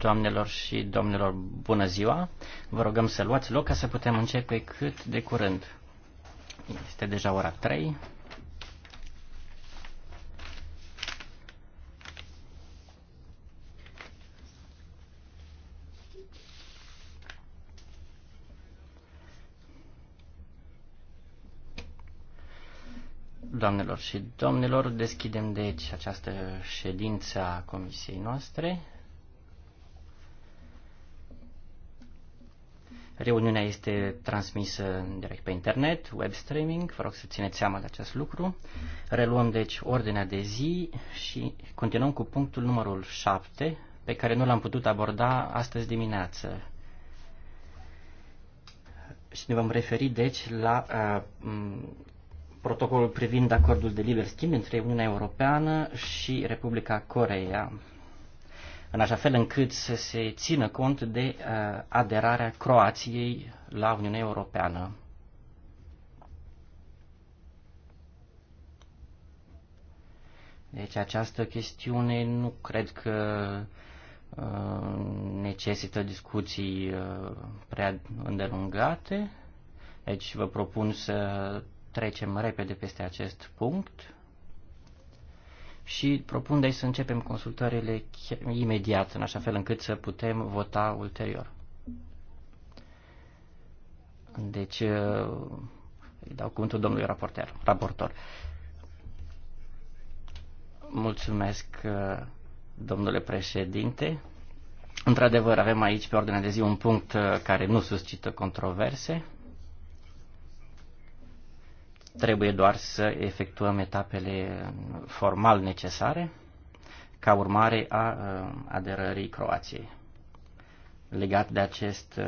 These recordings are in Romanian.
Doamnelor și domnilor, bună ziua! Vă rugăm să luați loc ca să putem începe cât de curând. Este deja ora 3. Doamnelor și domnilor, deschidem deci această ședință a comisiei noastre. Reuniunea este transmisă direct pe internet, web streaming, vă rog să țineți seama de acest lucru. Reluăm deci ordinea de zi și continuăm cu punctul numărul 7, pe care nu l-am putut aborda astăzi dimineață. Și ne vom referi deci la uh, protocolul privind acordul de liber schimb între Uniunea Europeană și Republica Coreea, în așa fel încât să se țină cont de uh, aderarea Croației la Uniunea Europeană. Deci această chestiune nu cred că uh, necesită discuții uh, prea îndelungate. Deci vă propun să trecem repede peste acest punct și propun de să începem consultările imediat, în așa fel încât să putem vota ulterior. Deci, uh, îi dau cuvântul domnului raporter, raportor. Mulțumesc, uh, domnule președinte. Într-adevăr, avem aici pe ordinea de zi un punct uh, care nu suscită controverse, Trebuie doar să efectuăm etapele formal necesare ca urmare a aderării Croației. Legat de acest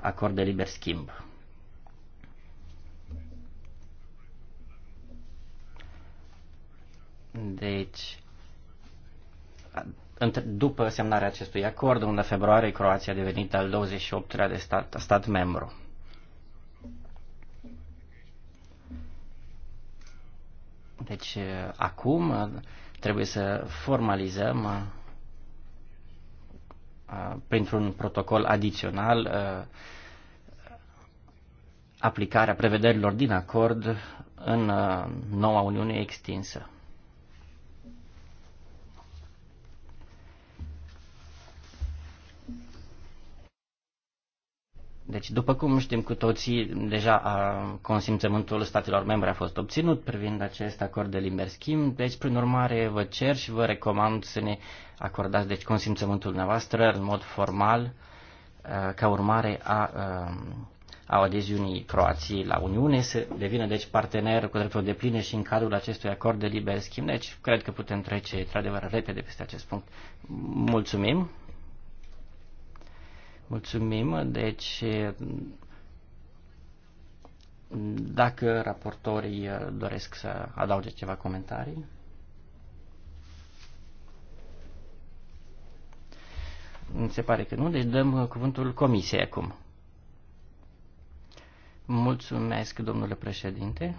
acord de liber schimb. Deci, după semnarea acestui acord, în februarie, Croația a devenit al 28-lea de stat, stat membru. Deci uh, acum uh, trebuie să formalizăm uh, printr-un protocol adițional aplicarea prevederilor din acord în noua Uniune extinsă. Deci, după cum știm cu toții, deja a, consimțământul statelor membre a fost obținut privind acest acord de liber schimb, deci, prin urmare, vă cer și vă recomand să ne acordați deci, consimțământul dumneavoastră în mod formal ca urmare a, a, a adeziunii Croației la Uniune, să devină, deci, partener cu dreptul de pline și în cadrul acestui acord de liber schimb. Deci, cred că putem trece, într-adevăr, repede peste acest punct. Mulțumim! Mulțumim. Deci, dacă raportorii uh, doresc să adauge ceva comentarii. Mi se pare că nu, deci dăm uh, cuvântul comisiei acum. Mulțumesc, domnule președinte.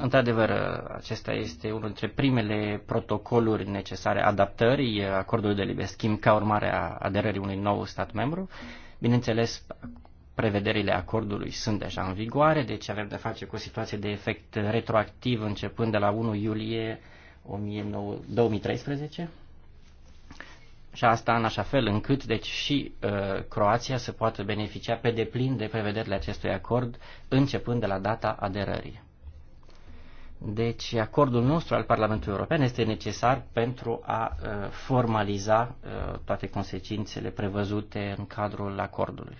Într-adevăr, acesta este unul dintre primele protocoluri necesare adaptării acordului de liber schimb ca urmare a aderării unui nou stat membru. Bineînțeles, prevederile acordului sunt deja în vigoare, deci avem de face cu o situație de efect retroactiv începând de la 1 iulie 2013. Și asta în așa fel încât, deci, și uh, Croația să poată beneficia pe deplin de prevederile acestui acord, începând de la data aderării. Deci acordul nostru al Parlamentului European este necesar pentru a uh, formaliza uh, toate consecințele prevăzute în cadrul acordului.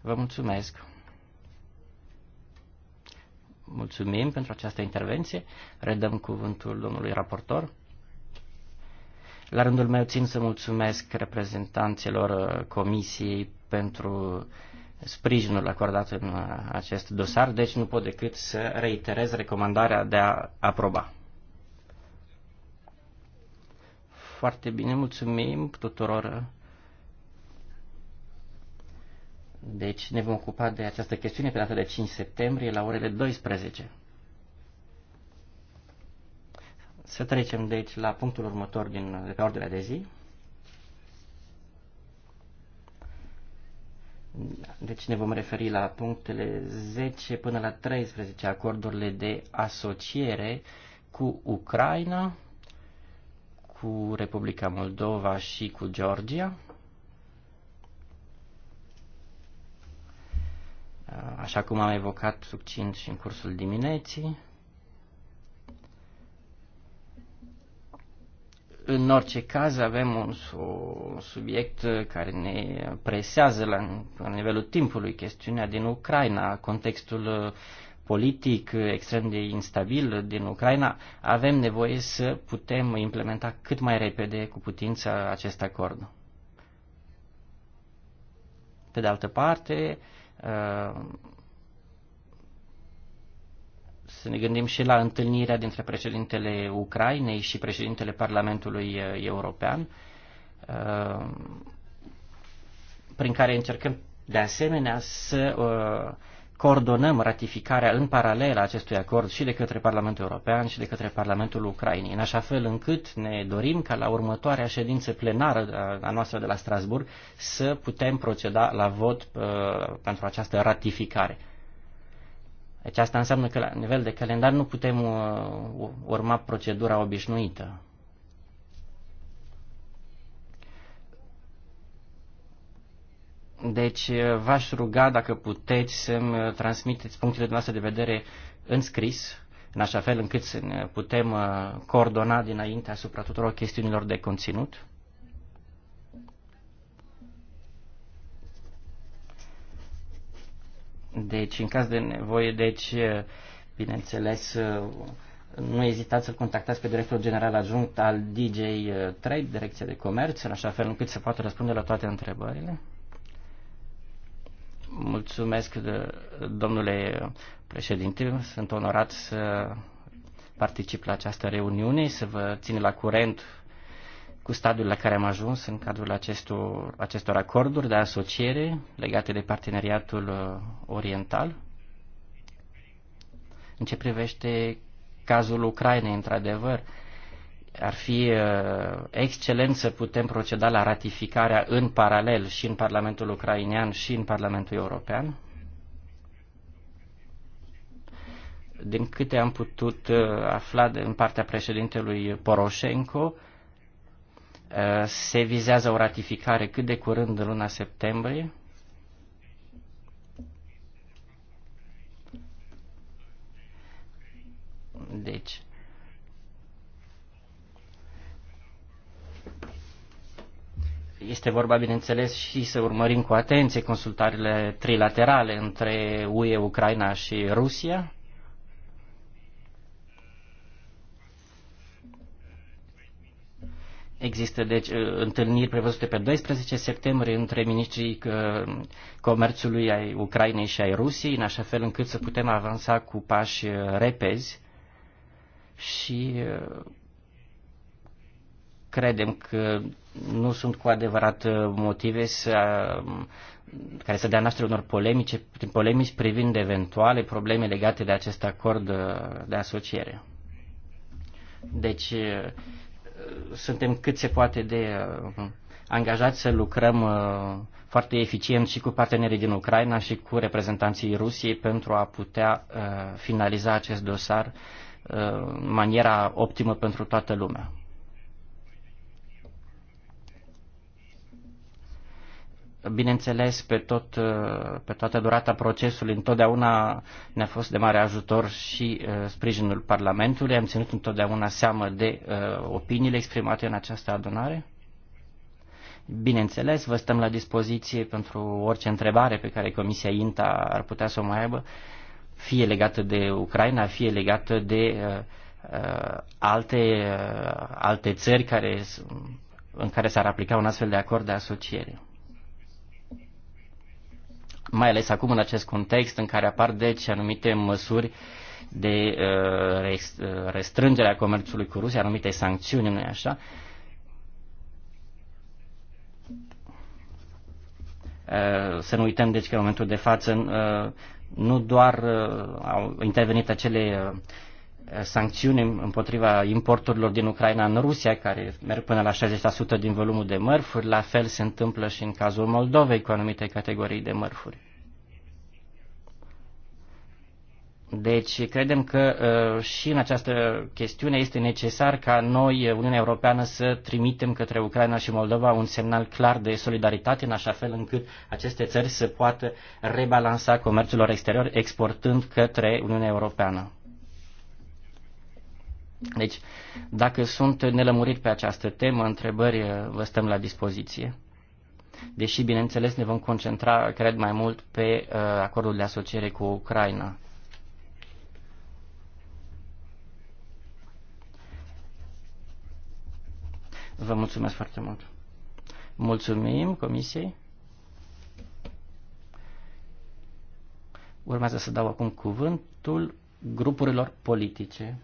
Vă mulțumesc. Mulțumim pentru această intervenție. Redăm cuvântul domnului raportor. La rândul meu țin să mulțumesc reprezentanților uh, Comisiei pentru sprijinul acordat în uh, acest dosar, deci nu pot decât să reiterez recomandarea de a aproba. Foarte bine, mulțumim tuturor. Deci ne vom ocupa de această chestiune pe data de 5 septembrie la orele 12. Să trecem deci la punctul următor din, de pe ordinea de zi. Deci ne vom referi la punctele 10 până la 13, acordurile de asociere cu Ucraina, cu Republica Moldova și cu Georgia. Așa cum am evocat succint și în cursul dimineții, În orice caz avem un, un subiect uh, care ne presează la, la nivelul timpului, chestiunea din Ucraina, contextul uh, politic uh, extrem de instabil din Ucraina, avem nevoie să putem implementa cât mai repede cu putință acest acord. Pe de altă parte, să ne gândim și la întâlnirea dintre președintele Ucrainei și președintele Parlamentului uh, European, uh, prin care încercăm de asemenea să uh, coordonăm ratificarea în paralel a acestui acord și de către Parlamentul European și de către Parlamentul Ucrainei, în așa fel încât ne dorim ca la următoarea ședință plenară a noastră de la Strasburg să putem proceda la vot pentru această ratificare. Deci asta înseamnă că la nivel de calendar nu putem uh, urma procedura obișnuită. Deci uh, v-aș ruga dacă puteți să-mi uh, transmiteți punctele noastre de vedere în scris, în așa fel încât să ne putem coordona dinainte asupra tuturor chestiunilor de conținut. Deci, în caz de nevoie, deci, bineînțeles, nu ezitați să-l contactați pe directorul general adjunct al DJ Trade, Direcția de Comerț, în așa fel încât să poată răspunde la toate întrebările. Mulțumesc, domnule președinte, sunt onorat să particip la această reuniune, să vă țin la curent cu stadiul la care am ajuns în cadrul acestor, acestor acorduri de asociere legate de parteneriatul uh, oriental. În ce privește cazul Ucrainei, într-adevăr, ar fi uh, excelent să putem proceda la ratificarea în paralel și în Parlamentul ucrainean și în Parlamentul European. Din câte am putut uh, afla în partea președintelui uh, Uh, se vizează o ratificare cât de curând în luna septembrie. Deci, este vorba, bineînțeles, și să urmărim cu atenție consultările trilaterale între UE, Ucraina și Rusia. Există deci uh, întâlniri prevăzute pe 12 septembrie între ministrii uh, comerțului ai Ucrainei și ai Rusiei, în așa fel încât să putem avansa cu pași uh, repezi și credem că nu sunt cu adevărat motive să, um, care să dea naștere unor polemice, polemici privind eventuale probleme legate de acest acord de asociere. Deci, suntem cât se poate de uh, angajați să lucrăm uh, foarte eficient și cu partenerii din Ucraina și cu reprezentanții Rusiei pentru a putea uh, finaliza acest dosar în maniera optimă pentru toată lumea. Bineînțeles, pe, tot, uh, pe toată durata procesului întotdeauna ne-a fost de mare ajutor și uh, sprijinul Parlamentului. Am ținut întotdeauna seamă de uh, opiniile exprimate în această adunare. Bineînțeles, vă stăm la dispoziție pentru orice întrebare pe care Comisia INTA ar putea să o mai aibă, fie legată de Ucraina, fie legată de uh, uh, alte, uh, alte țări care, în care s-ar aplica un astfel de acord de asociere mai ales acum în acest context în care apar deci anumite măsuri de uh, uh, restrângere a comerțului cu Rusia, anumite sancțiuni, nu-i așa? Uh, să nu uităm, deci, că în momentul de față nu doar au intervenit acele Eh, sancțiuni împotriva importurilor din Ucraina în Rusia, care merg până la 60% din volumul de mărfuri. La fel se întâmplă și în cazul Moldovei cu anumite categorii de mărfuri. Deci credem că uh, și în această chestiune este necesar ca noi, Uniunea Europeană, să trimitem către Ucraina și Moldova un semnal clar de solidaritate, în așa fel încât aceste țări să poată rebalansa comerțul lor exterior exportând către Uniunea Europeană. Deci, dacă sunt nelămurit pe această temă, întrebări eh, vă stăm la dispoziție. Deși, bineînțeles, ne vom concentra, cred, mai mult pe uh, acordul de asociere cu Ucraina. Vă mulțumesc foarte mult. Mulțumim Comisiei. Urmează să dau acum cuvântul grupurilor politice.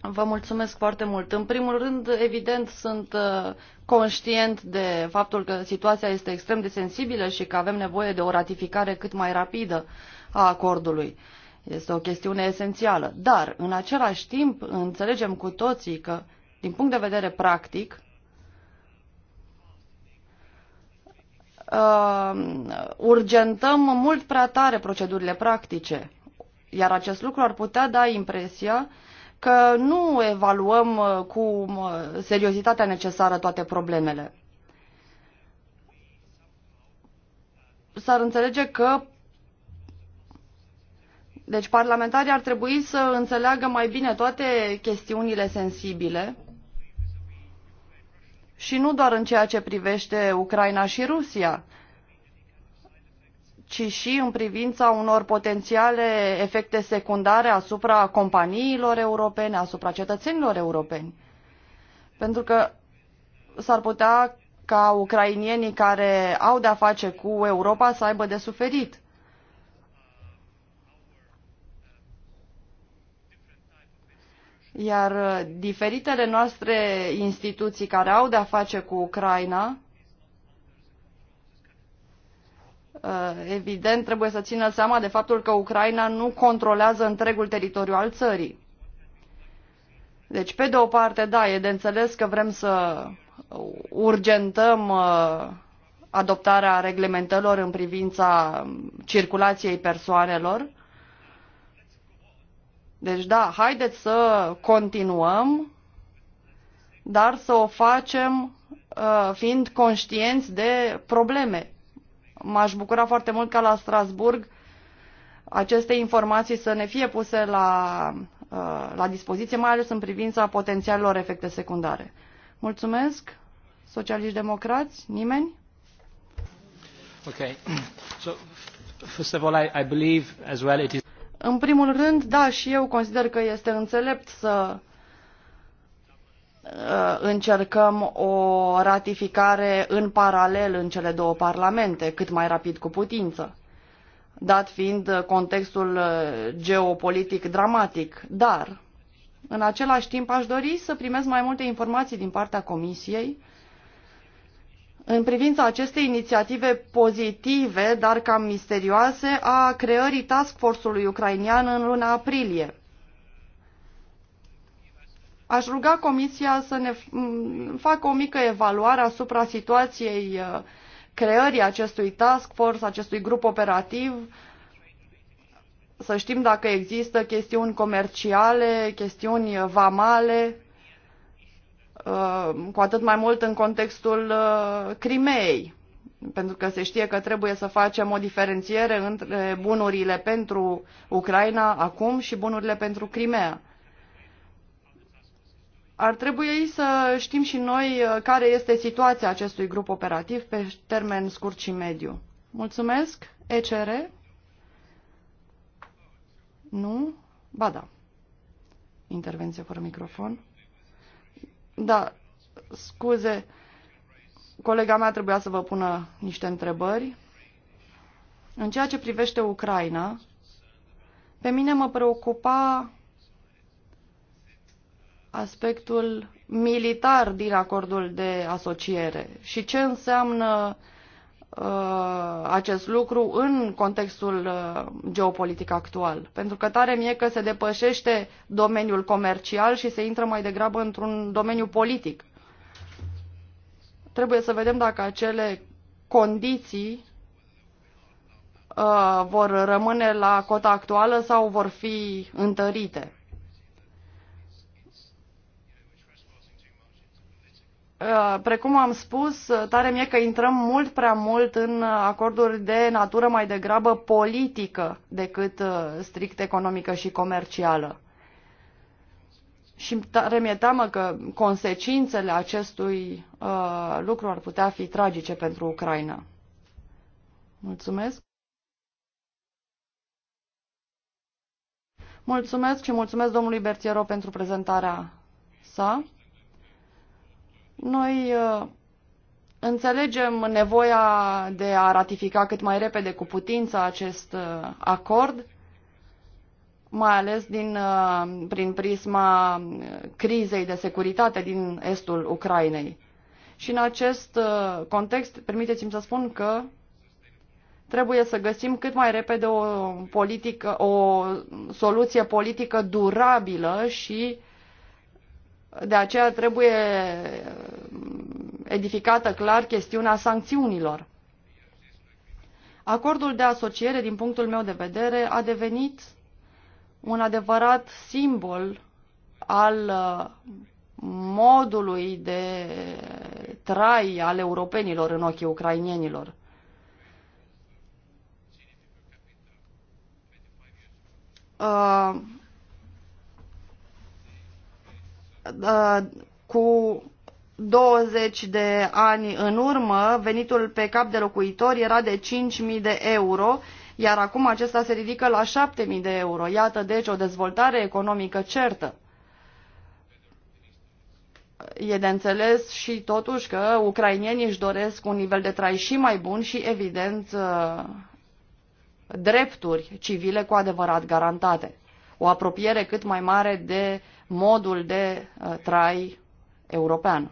Vă mulțumesc foarte mult. În primul rând, evident, sunt uh, conștient de faptul că situația este extrem de sensibilă și că avem nevoie de o ratificare cât mai rapidă a acordului. Este o chestiune esențială. Dar, în același timp, înțelegem cu toții că, din punct de vedere practic, uh, urgentăm mult prea tare procedurile practice iar acest lucru ar putea da impresia că nu evaluăm uh, cu uh, seriozitatea necesară toate problemele. S-ar înțelege că deci parlamentarii ar trebui să înțeleagă mai bine toate chestiunile sensibile și nu doar în ceea ce privește Ucraina și Rusia, ci și în privința unor potențiale efecte secundare asupra companiilor europene, asupra cetățenilor europeni. Pentru că s-ar putea ca ucrainienii care au de-a face cu Europa să aibă de suferit. Iar diferitele noastre instituții care au de-a face cu Ucraina Uh, evident, trebuie să țină seama de faptul că Ucraina nu controlează întregul teritoriu al țării. Deci, pe de o parte, da, e de înțeles că vrem să urgentăm uh, adoptarea reglementărilor în privința circulației persoanelor. Deci, da, haideți să continuăm, dar să o facem uh, fiind conștienți de probleme M-aș bucura foarte mult ca la Strasburg aceste informații să ne fie puse la, uh, la dispoziție, mai ales în privința potențialelor efecte secundare. Mulțumesc. Socialiști democrați? Nimeni? Ok. So, first of all, I, I believe as well it is... În primul rând, da, și eu consider că este înțelept să Uh, încercăm o ratificare în paralel în cele două parlamente, cât mai rapid cu putință, dat fiind contextul uh, geopolitic dramatic. Dar, în același timp, aș dori să primez mai multe informații din partea Comisiei în privința acestei inițiative pozitive, dar cam misterioase, a creării task force-ului ucrainian în luna aprilie Aș ruga Comisia să ne facă o mică evaluare asupra situației uh, creării acestui task force, acestui grup operativ, să știm dacă există chestiuni comerciale, chestiuni uh, vamale, uh, cu atât mai mult în contextul Crimeei, pentru că se știe că trebuie să facem o diferențiere între bunurile pentru Ucraina acum și bunurile pentru Crimea. Ar trebui să știm și noi uh, care este situația acestui grup operativ pe termen scurt și mediu. Mulțumesc. ECR? Nu? Ba da. Intervenție fără microfon. Da, scuze. Colega mea trebuia să vă pună niște întrebări. În ceea ce privește Ucraina, pe mine mă preocupa aspectul militar din acordul de asociere și ce înseamnă uh, acest lucru în contextul uh, geopolitic actual. Pentru că tare mie că se depășește domeniul comercial și se intră mai degrabă într-un domeniu politic. Trebuie să vedem dacă acele condiții uh, vor rămâne la cota actuală sau vor fi întărite. Uh, precum am spus, uh, tare mie că intrăm mult prea mult în uh, acorduri de natură mai degrabă politică decât strict economică și comercială. Și tare mi-e teamă că consecințele acestui uh, lucru ar putea fi tragice pentru Ucraina. Mulțumesc! Mulțumesc și mulțumesc domnului Bertiero pentru prezentarea sa. Noi uh, înțelegem nevoia de a ratifica cât mai repede cu putință acest uh, acord, mai ales din, uh, prin prisma crizei de securitate din estul Ucrainei. Și în acest context, permiteți-mi să spun că trebuie să găsim cât mai repede o, politică, o soluție politică durabilă și de aceea trebuie uh, edificată clar chestiunea sancțiunilor. Acordul de asociere, din punctul meu de vedere, a devenit un adevărat simbol al uh, modului de trai al europenilor în ochii ucrainienilor. Uh, cu 20 de ani în urmă, venitul pe cap de locuitor era de 5.000 de euro, iar acum acesta se ridică la 7.000 de euro. Iată, deci, o dezvoltare economică certă. E de înțeles și totuși că ucrainienii își doresc un nivel de trai și mai bun și, evident, drepturi civile cu adevărat garantate. O apropiere cât mai mare de uh, modul de uh, trai european.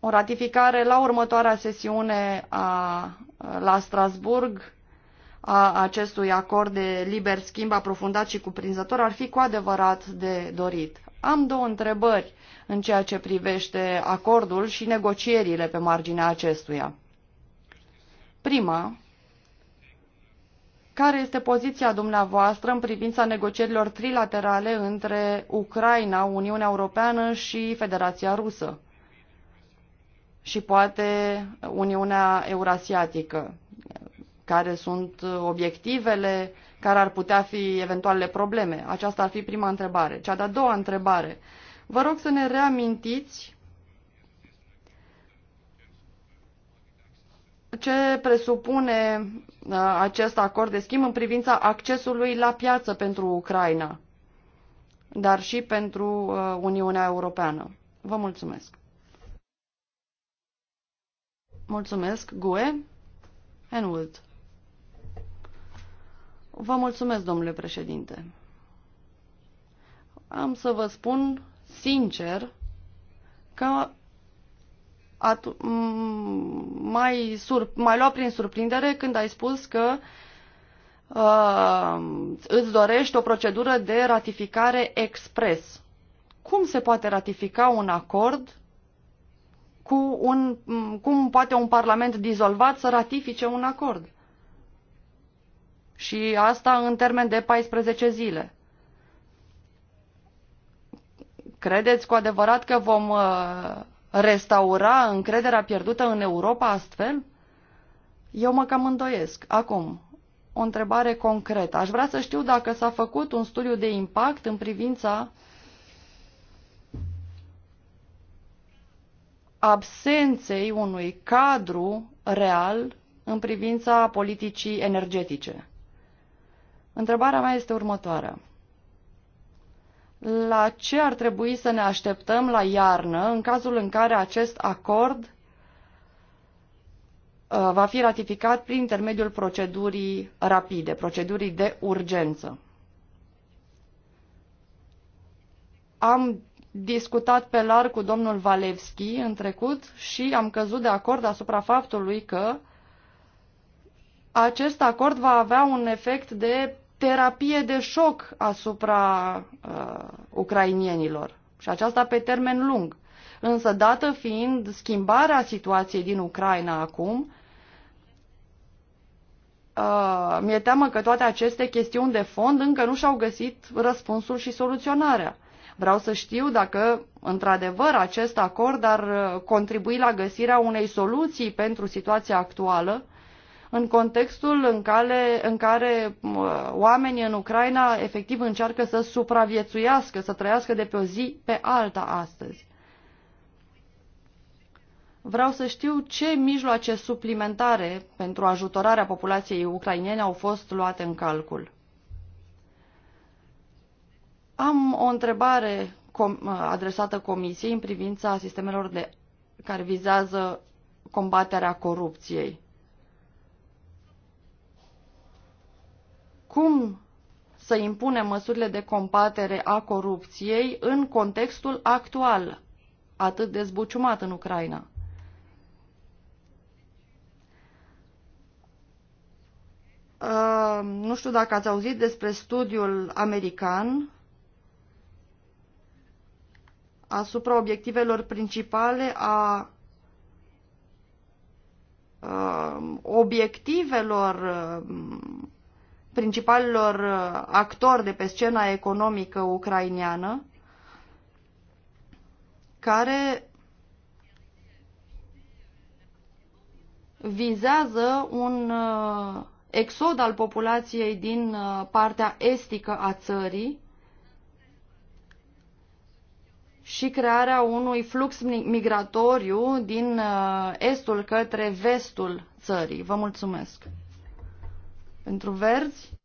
O ratificare la următoarea sesiune a, uh, la Strasburg a acestui acord de liber schimb aprofundat și cuprinzător ar fi cu adevărat de dorit. Am două întrebări în ceea ce privește acordul și negocierile pe marginea acestuia. Prima care este poziția dumneavoastră în privința negocierilor trilaterale între Ucraina, Uniunea Europeană și Federația Rusă? Și poate Uniunea Eurasiatică? Care sunt obiectivele? Care ar putea fi eventualele probleme? Aceasta ar fi prima întrebare. Cea de-a doua întrebare. Vă rog să ne reamintiți ce presupune uh, acest acord de schimb în privința accesului la piață pentru Ucraina, dar și pentru uh, Uniunea Europeană. Vă mulțumesc! Mulțumesc, Gue Enwood. Vă mulțumesc, domnule președinte. Am să vă spun sincer că mai, sur, mai luat prin surprindere când ai spus că uh, îți dorești o procedură de ratificare expres. Cum se poate ratifica un acord cu un, cum poate un parlament dizolvat să ratifice un acord? Și asta în termen de 14 zile. Credeți cu adevărat că vom uh, restaura încrederea pierdută în Europa astfel? Eu mă cam îndoiesc. Acum, o întrebare concretă. Aș vrea să știu dacă s-a făcut un studiu de impact în privința absenței unui cadru real în privința politicii energetice. Întrebarea mea este următoarea la ce ar trebui să ne așteptăm la iarnă în cazul în care acest acord uh, va fi ratificat prin intermediul procedurii rapide, procedurii de urgență. Am discutat pe larg cu domnul Valevski în trecut și am căzut de acord asupra faptului că acest acord va avea un efect de terapie de șoc asupra uh, ucrainienilor și aceasta pe termen lung. Însă, dată fiind schimbarea situației din Ucraina acum, uh, mi-e teamă că toate aceste chestiuni de fond încă nu și-au găsit răspunsul și soluționarea. Vreau să știu dacă, într-adevăr, acest acord ar uh, contribui la găsirea unei soluții pentru situația actuală în contextul în care, în care oamenii în Ucraina efectiv încearcă să supraviețuiască, să trăiască de pe o zi pe alta astăzi. Vreau să știu ce mijloace suplimentare pentru ajutorarea populației ucrainene au fost luate în calcul. Am o întrebare com adresată Comisiei în privința sistemelor de, care vizează combaterea corupției. cum să impunem măsurile de combatere a corupției în contextul actual, atât de zbuciumat în Ucraina. Uh, nu știu dacă ați auzit despre studiul american asupra obiectivelor principale a uh, obiectivelor uh, principalilor uh, actori de pe scena economică ucraineană, care vizează un uh, exod al populației din uh, partea estică a țării și crearea unui flux migratoriu din estul către vestul țării. Vă mulțumesc! Pentru verzi?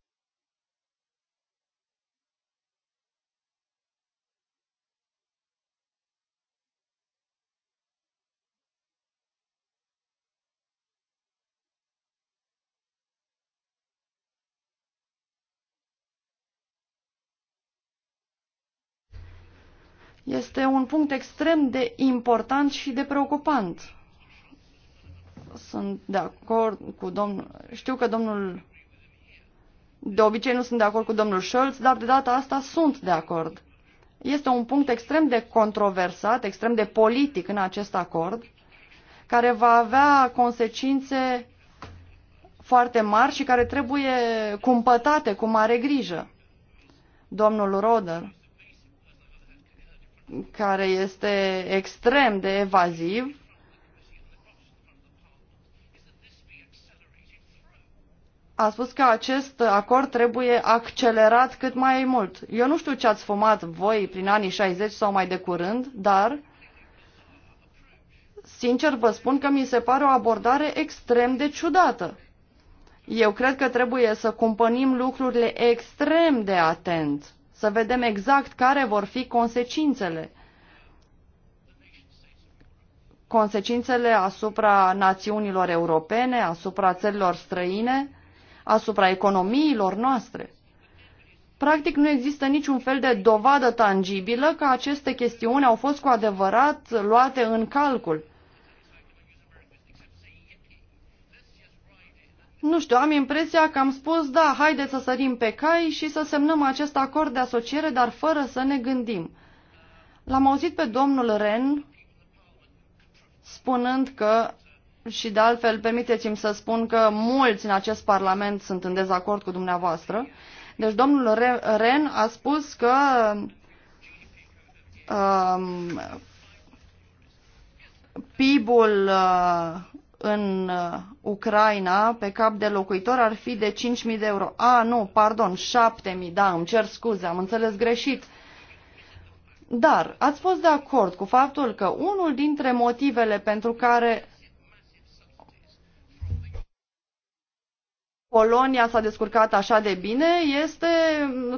Este un punct extrem de important și de preocupant. Sunt de acord cu domnul... Știu că domnul de obicei nu sunt de acord cu domnul Scholz, dar de data asta sunt de acord. Este un punct extrem de controversat, extrem de politic în acest acord, care va avea consecințe foarte mari și care trebuie cumpătate cu mare grijă. Domnul Roder, care este extrem de evaziv, a spus că acest acord trebuie accelerat cât mai mult. Eu nu știu ce ați fumat voi prin anii 60 sau mai de curând, dar sincer vă spun că mi se pare o abordare extrem de ciudată. Eu cred că trebuie să cumpănim lucrurile extrem de atent, să vedem exact care vor fi consecințele. Consecințele asupra națiunilor europene, asupra țărilor străine, asupra economiilor noastre. Practic nu există niciun fel de dovadă tangibilă că aceste chestiuni au fost cu adevărat luate în calcul. Nu știu, am impresia că am spus, da, haideți să sărim pe cai și să semnăm acest acord de asociere, dar fără să ne gândim. L-am auzit pe domnul Ren spunând că și de altfel permiteți-mi să spun că mulți în acest Parlament sunt în dezacord cu dumneavoastră. Deci domnul Ren a spus că um, PIB-ul uh, în uh, Ucraina pe cap de locuitor ar fi de 5.000 de euro. A, nu, pardon, 7.000, da, îmi cer scuze, am înțeles greșit. Dar ați fost de acord cu faptul că unul dintre motivele pentru care Polonia s-a descurcat așa de bine este,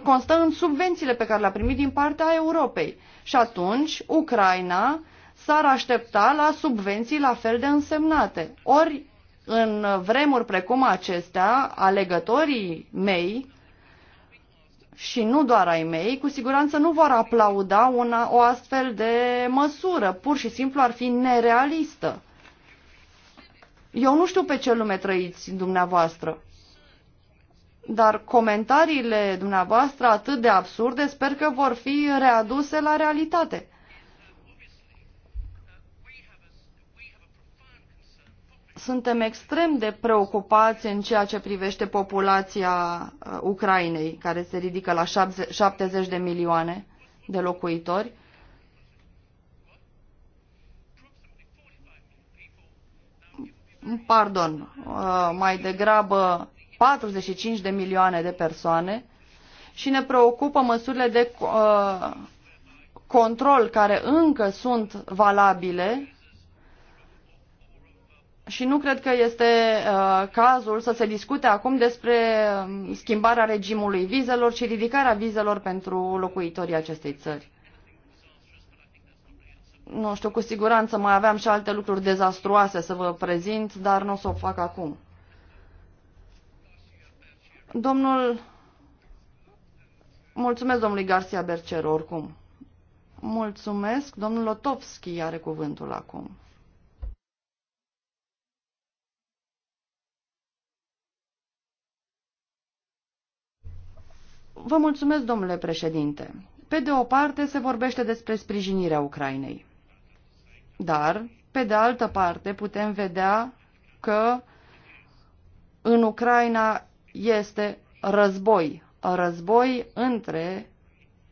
constă în subvențiile pe care le-a primit din partea Europei. Și atunci Ucraina s-ar aștepta la subvenții la fel de însemnate. Ori în vremuri precum acestea, alegătorii mei și nu doar ai mei, cu siguranță nu vor aplauda una, o astfel de măsură. Pur și simplu ar fi nerealistă. Eu nu știu pe ce lume trăiți dumneavoastră. Dar comentariile dumneavoastră atât de absurde sper că vor fi readuse la realitate. Suntem extrem de preocupați în ceea ce privește populația uh, Ucrainei, care se ridică la 70 de milioane de locuitori. pardon, uh, mai degrabă 45 de milioane de persoane și ne preocupă măsurile de uh, control care încă sunt valabile și nu cred că este uh, cazul să se discute acum despre um, schimbarea regimului vizelor și ridicarea vizelor pentru locuitorii acestei țări. Nu știu, cu siguranță mai aveam și alte lucruri dezastruoase să vă prezint, dar nu o să o fac acum. Domnul... Mulțumesc domnului Garcia Bercer, oricum. Mulțumesc. Domnul Lotovski are cuvântul acum. Vă mulțumesc, domnule președinte. Pe de o parte se vorbește despre sprijinirea Ucrainei. Dar, pe de altă parte, putem vedea că în Ucraina este război, război între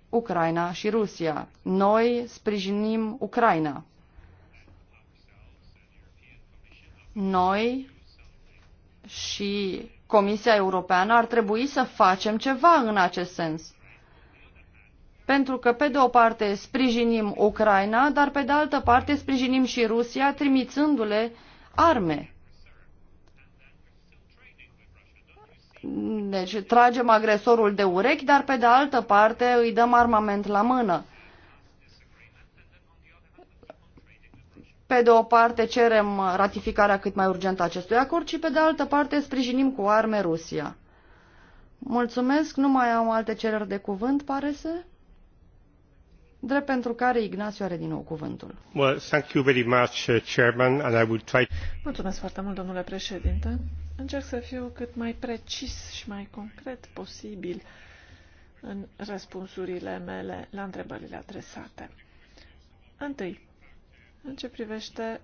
Ucraina și Rusia. Noi sprijinim Ucraina. Noi și Comisia Europeană ar trebui să facem ceva în acest sens. Pentru că, pe de o parte, sprijinim Ucraina, dar pe de altă parte, sprijinim și Rusia, trimițându-le arme. Deci tragem agresorul de urechi, dar pe de altă parte îi dăm armament la mână. Pe de o parte cerem ratificarea cât mai urgentă a acestui acord și pe de altă parte sprijinim cu arme Rusia. Mulțumesc, nu mai am alte cereri de cuvânt, pare să? drept pentru care Ignacio are din nou cuvântul. Well, thank you very much, uh, Chairman, and I will try... Mulțumesc foarte mult, domnule președinte. Încerc să fiu cât mai precis și mai concret posibil în răspunsurile mele la întrebările adresate. Întâi, în ce privește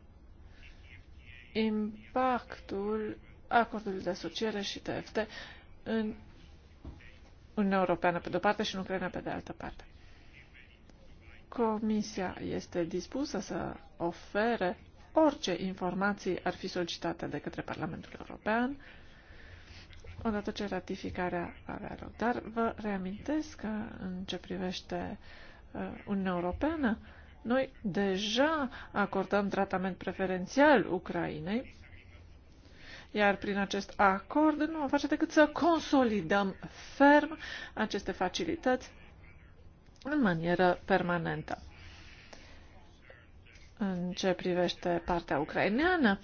impactul acordului de asociere și TFT în Uniunea Europeană pe de-o parte și în Ucraina pe de altă parte. Comisia este dispusă să ofere orice informații ar fi solicitate de către Parlamentul European odată ce ratificarea avea loc. Dar vă reamintesc că în ce privește uh, Uniunea Europeană, noi deja acordăm tratament preferențial Ucrainei, iar prin acest acord nu vom face decât să consolidăm ferm aceste facilități în manieră permanentă în ce privește partea ucraineană.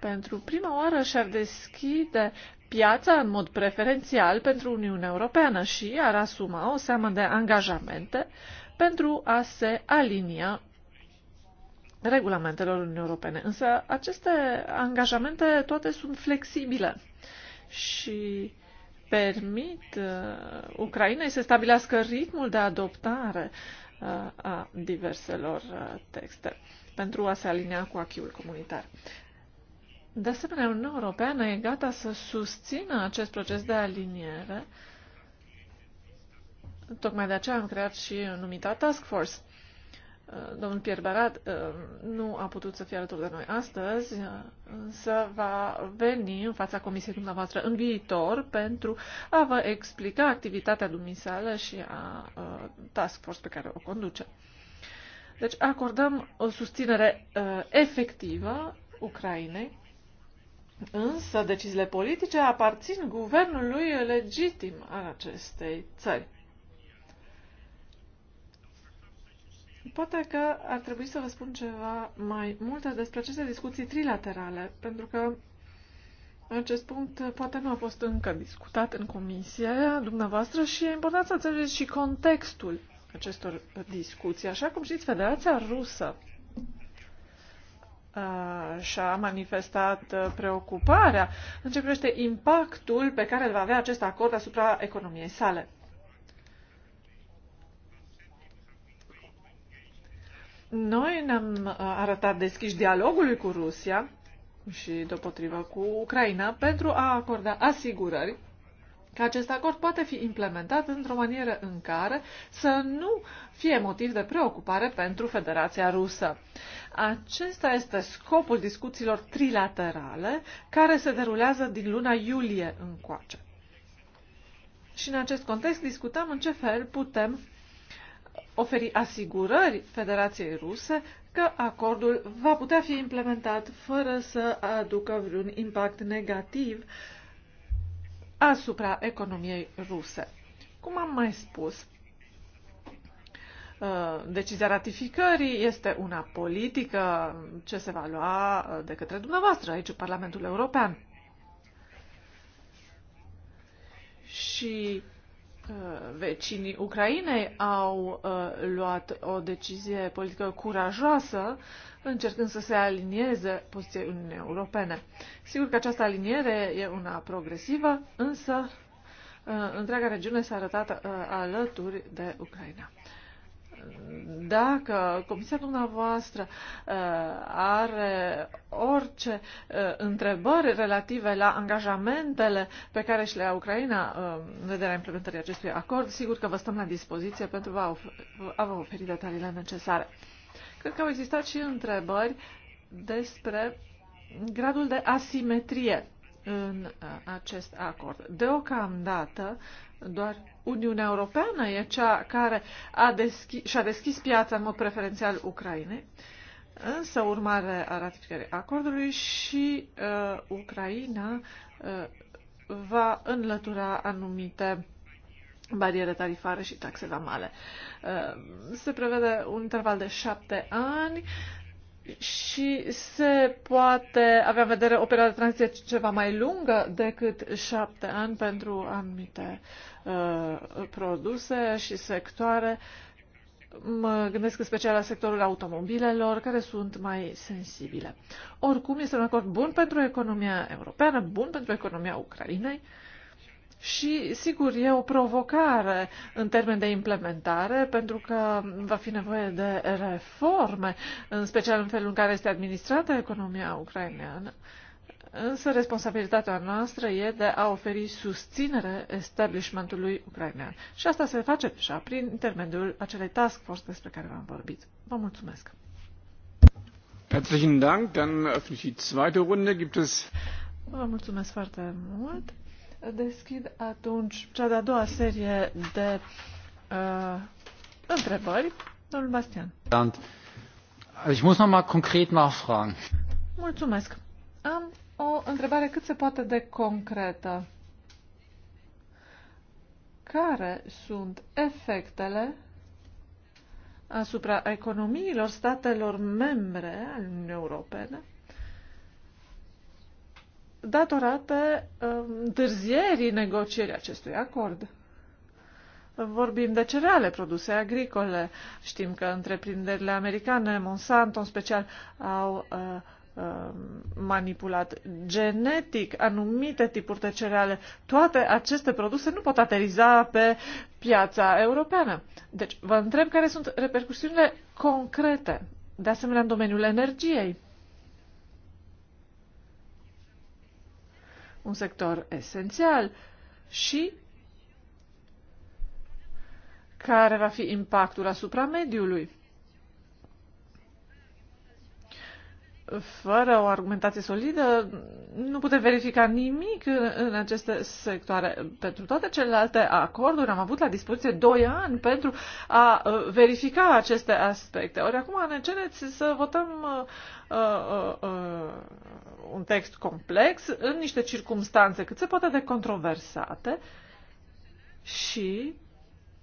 Pentru prima oară și-ar deschide piața în mod preferențial pentru Uniunea Europeană și ar asuma o seamă de angajamente pentru a se alinia regulamentelor Uniunii Europene. Însă aceste angajamente toate sunt flexibile și permit uh, Ucrainei să stabilească ritmul de adoptare a diverselor texte pentru a se alinea cu achiul comunitar. De asemenea, Uniunea Europeană e gata să susțină acest proces de aliniere. Tocmai de aceea am creat și numita Task Force Uh, domnul Pierre Barat uh, nu a putut să fie alături de noi astăzi, uh, însă va veni în fața comisiei dumneavoastră în viitor pentru a vă explica activitatea dumneavoastră și a task force pe care o conduce. Deci acordăm o susținere efectivă Ucrainei, însă deciziile politice aparțin guvernului legitim al acestei țări. Poate că ar trebui să vă spun ceva mai multe despre aceste discuții trilaterale, pentru că acest punct poate nu a fost încă discutat în comisie dumneavoastră și e important să înțelegeți și contextul acestor discuții. Așa cum știți, Federația Rusă și-a manifestat preocuparea în ce privește impactul pe care îl va avea acest acord asupra economiei sale. Noi ne-am uh, arătat deschiși dialogului cu Rusia și, deopotrivă, cu Ucraina pentru a acorda asigurări că acest acord poate fi implementat într-o manieră în care să nu fie motiv de preocupare pentru Federația Rusă. Acesta este scopul discuțiilor trilaterale care se derulează din luna iulie încoace. Și în acest context discutăm în ce fel putem oferi asigurări Federației Ruse că acordul va putea fi implementat fără să aducă vreun impact negativ asupra economiei ruse. Cum am mai spus, uh, decizia ratificării este una politică ce se va lua de către dumneavoastră aici, Parlamentul European. Și Uh, vecinii Ucrainei au uh, luat o decizie politică curajoasă, încercând să se alinieze poziției Uniunii Europene. Sigur că această aliniere e una progresivă, însă uh, întreaga regiune s-a arătat alături de Ucraina dacă comisia dumneavoastră uh, are orice uh, întrebări relative la angajamentele pe care și le a Ucraina uh, în vederea implementării acestui acord, sigur că vă stăm la dispoziție pentru a vă oferi detaliile necesare. Cred că au existat și întrebări despre gradul de asimetrie în acest acord. Deocamdată, doar Uniunea Europeană e cea care a deschi- și-a deschis piața în mod preferențial Ucrainei, însă urmare a ratificării acordului și uh, Ucraina uh, va înlătura anumite bariere tarifare și taxe vamale. Uh, se prevede un interval de șapte ani și se poate avea vedere o perioadă de tranziție ceva mai lungă decât șapte ani pentru anumite uh, produse și sectoare. Mă gândesc în special la sectorul automobilelor, care sunt mai sensibile. Oricum, este un acord bun pentru economia europeană, bun pentru economia Ucrainei, uh, și, sigur, e o provocare în termen de implementare, pentru că va fi nevoie de reforme, în special în felul în care este administrată economia ucraineană. Însă responsabilitatea noastră e de a oferi susținere establishmentului ucrainean. Și asta se face deja prin intermediul acelei task force despre care v-am vorbit. Vă mulțumesc! Herzlichen Dank. Dann öffne ich die zweite Runde. Gibt es Vă mulțumesc foarte mult. Deschid atunci cea de-a doua serie de uh, întrebări. Domnul Bastian. Ich muss mal konkret nachfragen. Mulțumesc. Am o întrebare cât se poate de concretă. Care sunt efectele asupra economiilor statelor membre al Uniunii Europene datorate um, întârzierii negocierii acestui acord. Vorbim de cereale, produse agricole. Știm că întreprinderile americane, Monsanto în special, au uh, uh, manipulat genetic anumite tipuri de cereale. Toate aceste produse nu pot ateriza pe piața europeană. Deci, vă întreb care sunt repercusiunile concrete, de asemenea în domeniul energiei. un sector esențial și care va fi impactul asupra mediului. Fără o argumentație solidă, nu putem verifica nimic în, în aceste sectoare. Pentru toate celelalte acorduri am avut la dispoziție 2 ani pentru a verifica aceste aspecte. Ori acum ne cereți să votăm uh, uh, uh, un text complex în niște circumstanțe cât se poate de controversate și,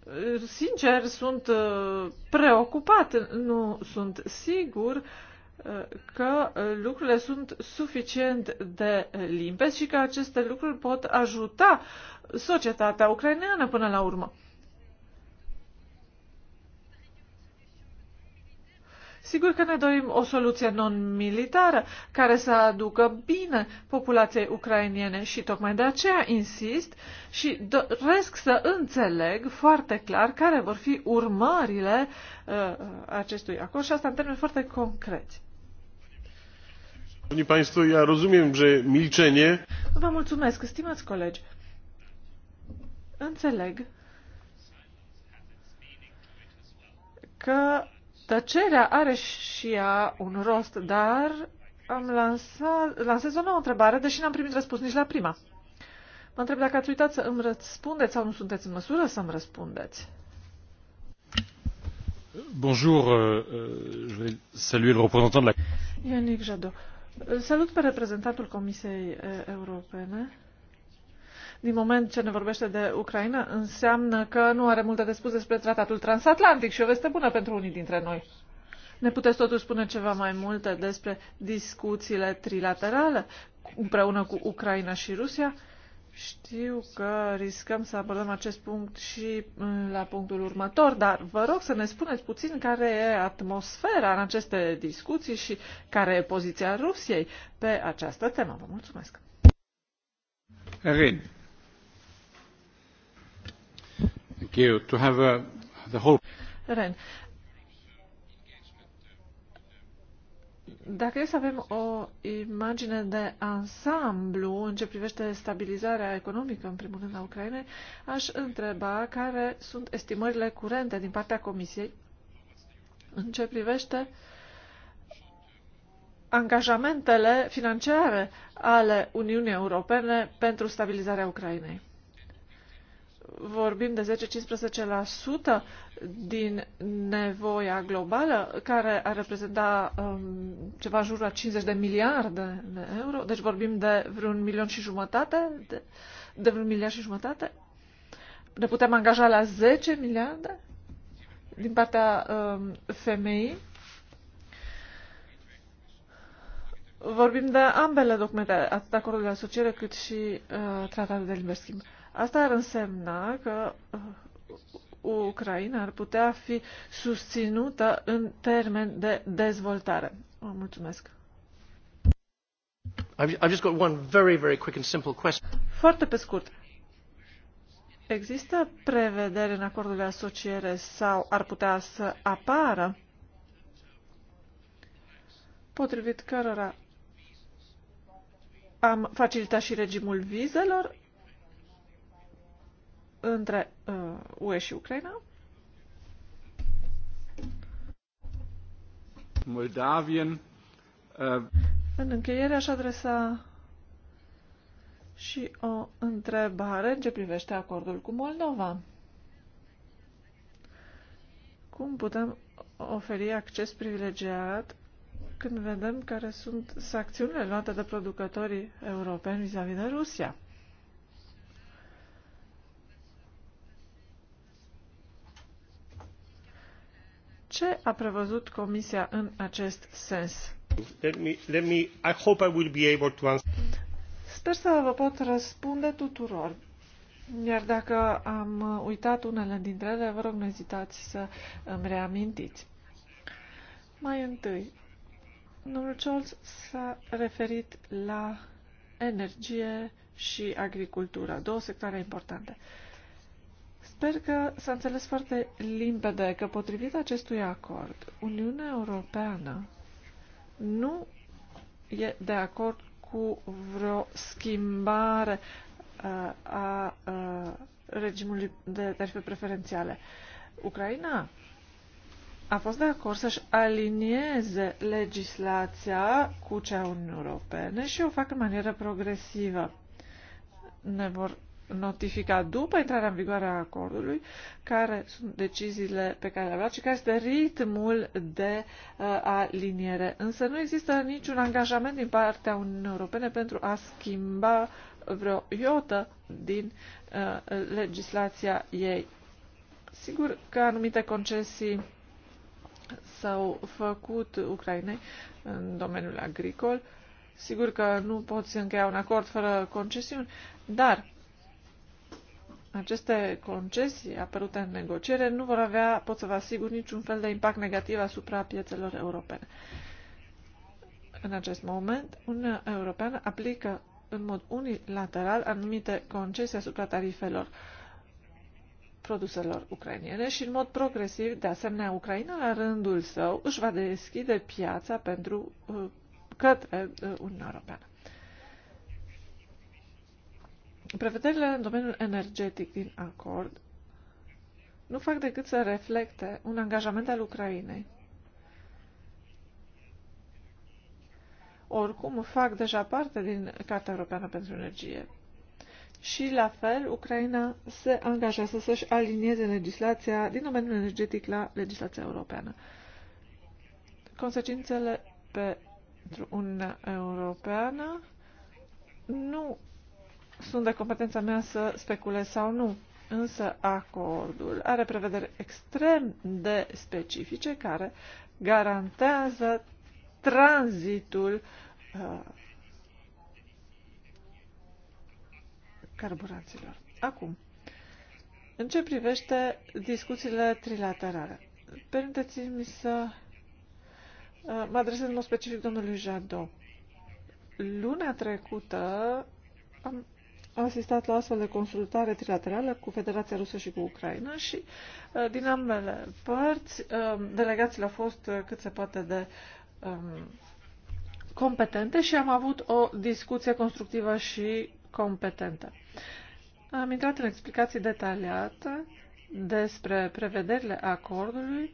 uh, sincer, sunt uh, preocupat. Nu sunt sigur uh, că lucrurile sunt suficient de limpezi și că aceste lucruri pot ajuta societatea ucraineană până la urmă. Sigur că ne dorim o soluție non-militară care să aducă bine populației ucrainiene și tocmai de aceea insist și doresc să înțeleg foarte clar care vor fi urmările uh, acestui acord și asta în termeni foarte concreți. Państwo, ja rozumiem, że milczenie... Vă mulțumesc, stimați colegi. Înțeleg că Tăcerea are și ea un rost, dar am lansat, lansez o nouă întrebare, deși n-am primit răspuns nici la prima. Mă întreb dacă ați uitat să îmi răspundeți sau nu sunteți în măsură să îmi răspundeți. Bonjour, euh, euh, je vais saluer le représentant de la... Salut pe reprezentantul Comisiei eh, Europene din moment ce ne vorbește de Ucraina, înseamnă că nu are multe de spus despre tratatul transatlantic și o veste bună pentru unii dintre noi. Ne puteți totuși spune ceva mai multe despre discuțiile trilaterale împreună cu Ucraina și Rusia? Știu că riscăm să abordăm acest punct și la punctul următor, dar vă rog să ne spuneți puțin care e atmosfera în aceste discuții și care e poziția Rusiei pe această temă. Vă mulțumesc. Rin. Uh, dacă e să avem o imagine de ansamblu în ce privește stabilizarea economică, în primul rând, a Ucrainei, aș întreba care sunt estimările curente din partea Comisiei în ce privește angajamentele financiare ale Uniunii Europene pentru stabilizarea Ucrainei vorbim de 10-15% din nevoia globală, care ar reprezenta um, ceva jur la 50 de miliarde de euro, deci vorbim de vreun milion și jumătate, de, de vreun miliard și jumătate. Ne putem angaja la 10 miliarde din partea um, femeii. Vorbim de ambele documente, atât acordul de asociere cât și uh, tratatul de liber schimb. Uh, Asta ar însemna că uh, Ucraina ar putea fi susținută în termen de dezvoltare. Vă mulțumesc. I've just got one very, very quick and simple question. Foarte pe scurt. Există prevedere în acordul de asociere sau ar putea să apară potrivit cărora am facilitat și regimul vizelor între uh, UE și Ucraina. Moldavien. Uh... În încheiere aș adresa și o întrebare în ce privește acordul cu Moldova. Cum putem oferi acces privilegiat când vedem care sunt sancțiunile luate de producătorii europeni vis-a-vis -vis de Rusia? Ce a prevăzut Comisia în acest sens? Let me, let me, I hope I will be able to answer. Sper să vă pot răspunde tuturor. Iar dacă am uitat unele dintre ele, vă rog, nu ezitați să îmi reamintiți. Mai întâi, domnul Charles s-a referit la energie și agricultură, două sectoare importante. Uh, Sper că s-a înțeles foarte limpede că, potrivit acestui acord, Uniunea Europeană nu e de acord cu vreo schimbare uh, a uh, regimului de tarife preferențiale. Ucraina a fost de acord să-și alinieze legislația cu cea Uniunii Europene și o fac în manieră progresivă. Ne vor notifica după intrarea în vigoare a acordului, care sunt deciziile pe care le-a luat și care este ritmul de uh, aliniere. Însă nu există niciun angajament din partea Uniunii Europene pentru a schimba vreo iotă din uh, legislația ei. Sigur că anumite concesii s-au făcut Ucrainei în domeniul agricol. Sigur că nu poți încheia un acord fără concesiuni, dar aceste concesii apărute în negociere nu vor avea, pot să vă asigur, niciun fel de impact negativ asupra piețelor europene. În acest moment, Uniunea Europeană aplică în mod unilateral anumite concesii asupra tarifelor produselor ucrainiene și în mod progresiv, de asemenea, Ucraina la rândul său își va deschide piața pentru uh, către uh, Uniunea Europeană. Prevederile în domeniul energetic din acord nu fac decât să reflecte un angajament al Ucrainei. Oricum fac deja parte din Carta Europeană pentru Energie. Și la fel, Ucraina se angajează să-și alinieze legislația din domeniul energetic la legislația europeană. Consecințele pentru Uniunea Europeană nu sunt de competența mea să speculez sau nu. Însă acordul are prevederi extrem de specifice care garantează tranzitul uh, carburanților. Acum, în ce privește discuțiile trilaterale, permiteți-mi să uh, mă adresez în mod specific domnului Jadot. Luna trecută am asistat la astfel de consultare trilaterală cu Federația Rusă și cu Ucraina și uh, din ambele părți um, delegațiile au fost uh, cât se poate de um, competente și am avut o discuție constructivă și competentă. Am intrat în explicații detaliate despre prevederile acordului,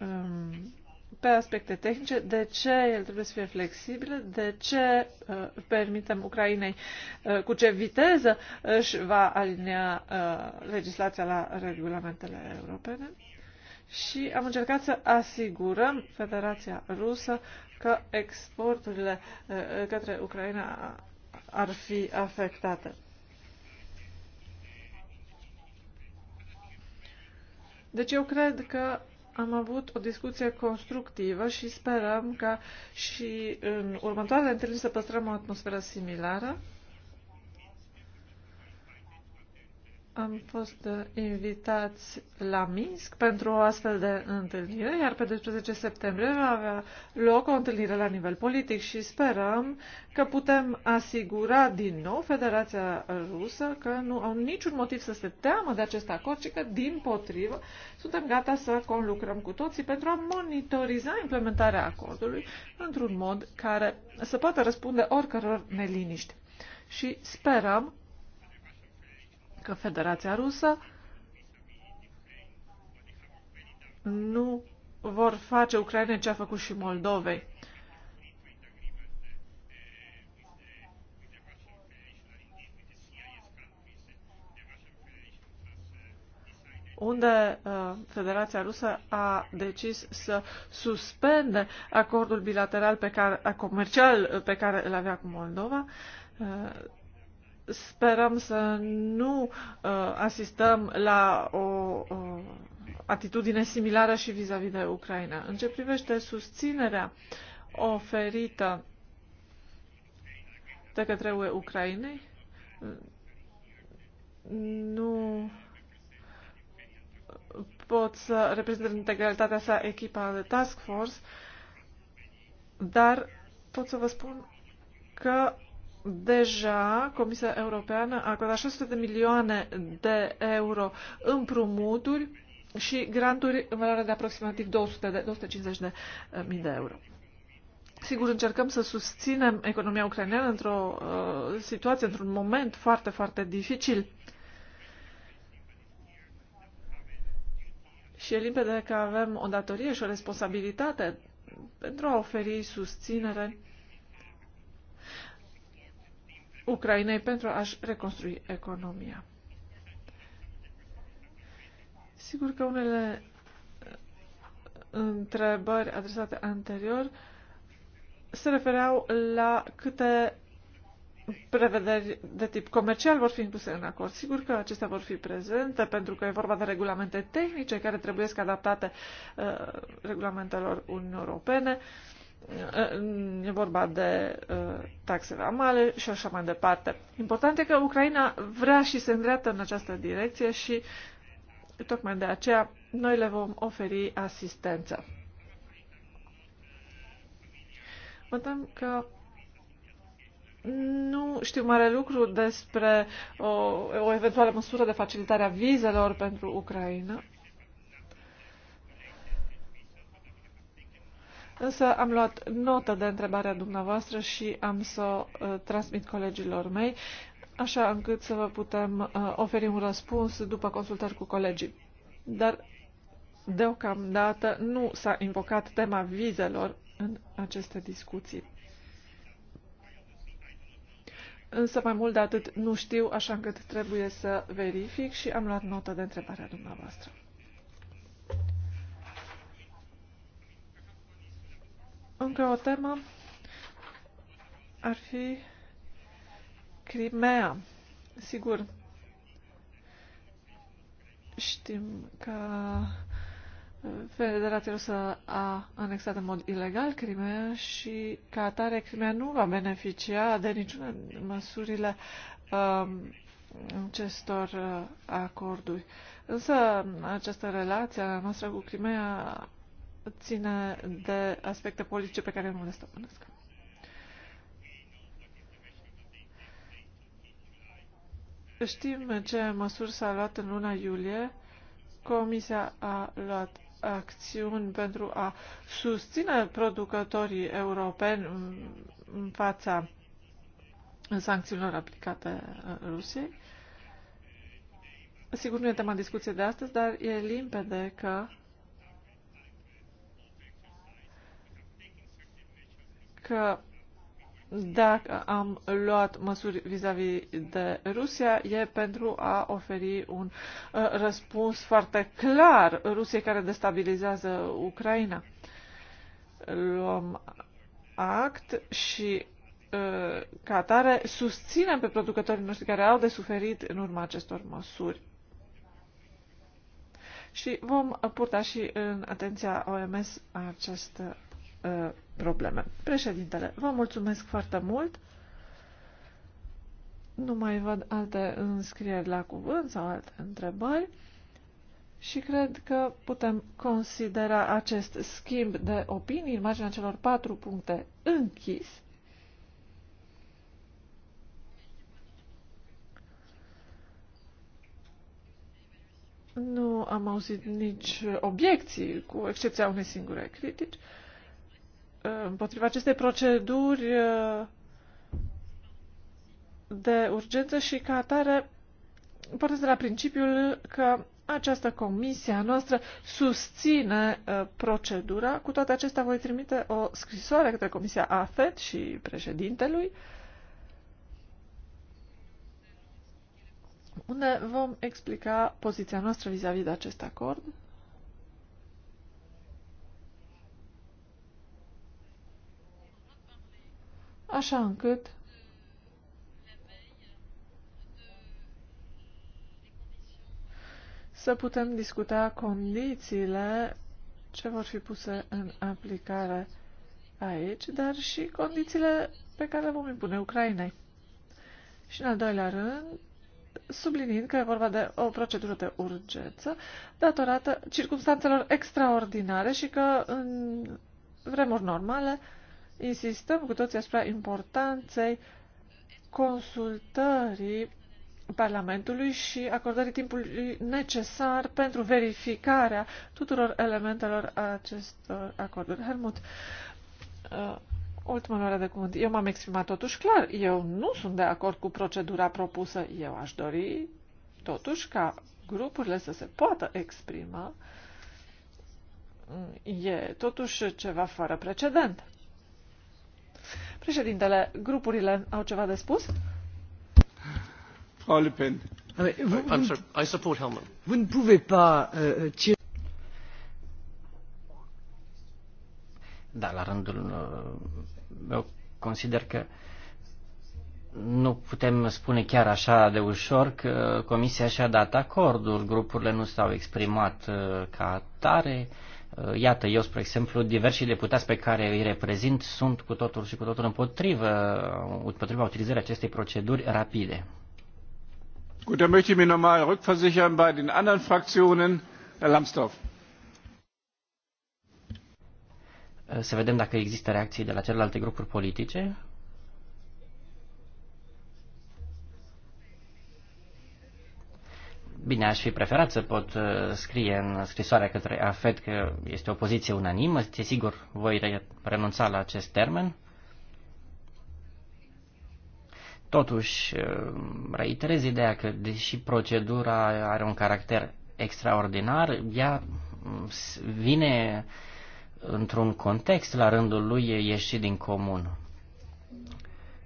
um, pe aspecte tehnice, de ce el trebuie să fie flexibil, de ce uh, permitem Ucrainei uh, cu ce viteză își va alinia uh, legislația la regulamentele europene. Și am încercat să asigurăm Federația Rusă că exporturile uh, către Ucraina ar fi afectate. Deci eu cred că am avut o discuție constructivă și sperăm ca și în următoarele întâlniri să păstrăm o atmosferă similară. Am fost uh, invitați la Minsk pentru o astfel de întâlnire, iar pe 12 septembrie va avea loc o întâlnire la nivel politic și sperăm că putem asigura din nou Federația Rusă că nu au niciun motiv să se teamă de acest acord, ci că, din potrivă, suntem gata să conlucrăm cu toții pentru a monitoriza implementarea acordului într-un mod care să poată răspunde oricăror neliniști. Și sperăm că Federația Rusă nu vor face Ucraina ce a făcut și Moldovei. unde uh, Federația Rusă a decis să suspende acordul bilateral pe care, comercial pe care îl avea cu Moldova, uh, Sperăm să nu uh, asistăm la o, uh, atitudine similară și vis-a-vis -vis de Ucraina. În ce privește susținerea oferită de către UE Ucrainei, nu pot să reprezint în integralitatea sa echipa de task force, dar pot să vă spun că Deja, Comisia Europeană a acordat 600 de milioane de euro împrumuturi și granturi în valoare de aproximativ 200 de, 250 de eh, mii de euro. Sigur, încercăm să susținem economia ucraineană într-o uh, situație, într-un moment foarte, foarte dificil. Și e limpede că avem o datorie și o responsabilitate pentru a oferi susținere uh, Ucrainei pentru a-și reconstrui economia. Sigur că unele uh, întrebări adresate anterior se refereau la câte prevederi de tip comercial vor fi incluse în acord. Sigur că acestea vor fi prezente pentru că e vorba de regulamente tehnice care trebuie să adaptate uh, regulamentelor Uniunii Europene. Uh, e vorba de taxe vamale și așa mai departe. Important e că Ucraina vrea și se îndreaptă în această direcție și tocmai de aceea noi le vom oferi asistență. Mă că nu știu mare lucru despre o, o eventuală măsură de facilitare a vizelor pentru Ucraina. Însă am luat notă de întrebarea dumneavoastră și am să o uh, transmit colegilor mei, așa încât să vă putem uh, oferi un răspuns după consultări cu colegii. Dar deocamdată nu s-a invocat tema vizelor în aceste discuții. Însă mai mult de atât nu știu, așa încât trebuie să verific și am luat notă de întrebarea dumneavoastră. Încă o temă ar fi Crimea. Sigur, știm că Federația Rusă a anexat în mod ilegal Crimea și ca atare Crimea nu va beneficia de niciuna din măsurile um, acestor uh, acorduri. Însă această relație a noastră cu Crimea ține de aspecte politice pe care nu le stăpânesc. Știm ce măsuri s-a luat în luna iulie. Comisia a luat acțiuni pentru a susține producătorii europeni în fața sancțiunilor aplicate Rusiei. Sigur, nu e tema discuției de astăzi, dar e limpede că că dacă am luat măsuri vis-a-vis -vis de Rusia, e pentru a oferi un uh, răspuns foarte clar Rusiei care destabilizează Ucraina. Luăm act și uh, ca atare susținem pe producătorii noștri care au de suferit în urma acestor măsuri. Și vom purta și în atenția OMS acest Uh, probleme. Președintele, vă mulțumesc foarte mult. Nu mai văd alte înscrieri la cuvânt sau alte întrebări și cred că putem considera acest schimb de opinii în marginea celor patru puncte închis. Nu am auzit nici obiecții, cu excepția unei singure critici împotriva acestei proceduri uh, de urgență și ca atare pornesc de la principiul că această comisie a noastră susține uh, procedura. Cu toate acestea voi trimite o scrisoare către Comisia AFET și președintelui unde vom explica poziția noastră vis-a-vis -vis de acest acord așa încât să putem discuta condițiile ce vor fi puse în aplicare aici, dar și condițiile pe care le vom impune Ucrainei. Și în al doilea rând, sublinind că e vorba de o procedură de urgență datorată circunstanțelor extraordinare și că în vremuri normale Insistăm cu toții asupra importanței consultării Parlamentului și acordării timpului necesar pentru verificarea tuturor elementelor acestor acorduri. Helmut, uh, ultima oră de cuvânt. Eu m-am exprimat totuși clar. Eu nu sunt de acord cu procedura propusă. Eu aș dori totuși ca grupurile să se poată exprima. E totuși ceva fără precedent. Președintele, grupurile au ceva de spus? Frau Le Pen. Ah, I support Helmut. Vous ne pouvez pas euh, euh, tirer... Da, la rândul uh, meu consider că nu putem spune chiar așa de ușor că Comisia și-a dat acordul, grupurile nu s-au exprimat uh, ca atare. Uh, Uh, iată, eu, spre exemplu, diversi deputați pe care îi reprezint sunt cu totul și cu totul împotrivă, împotriva utilizării acestei proceduri rapide. Gut, dann möchte ich mich nochmal rückversichern bei den anderen Fraktionen. Herr Lambsdorff. Uh, să vedem dacă există reacții de la celelalte grupuri politice. Bine, aș fi preferat să pot uh, scrie în scrisoarea către AFED că este o poziție unanimă. Ți sigur, voi renunța la acest termen. Totuși, uh, reiterez ideea că, deși procedura are un caracter extraordinar, ea mm, vine într-un context la rândul lui ieșit din comun.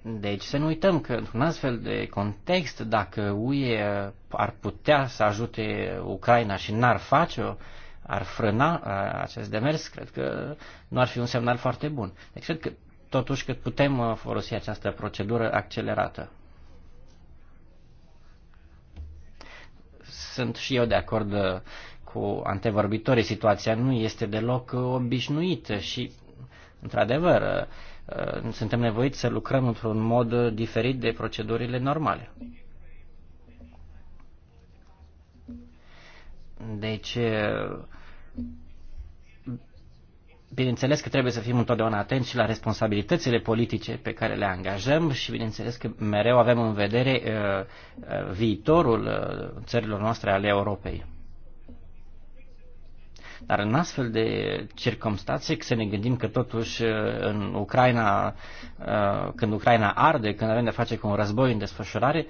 Deci să nu uităm că într-un astfel de context, dacă UE ar putea să ajute Ucraina și n-ar face-o, ar frâna acest demers, cred că nu ar fi un semnal foarte bun. Deci cred că totuși că putem folosi această procedură accelerată. Sunt și eu de acord cu antevorbitorii, situația nu este deloc obișnuită și, într-adevăr, Uh, suntem nevoiți să lucrăm într-un mod diferit de procedurile normale. Deci, uh, bineînțeles că trebuie să fim întotdeauna atenți și la responsabilitățile politice pe care le angajăm și bineînțeles că mereu avem în vedere uh, viitorul țărilor noastre ale Europei. Dar în astfel de circumstanțe, să ne gândim că totuși uh, în Ucraina, uh, când Ucraina arde, când avem de face cu un război în desfășurare,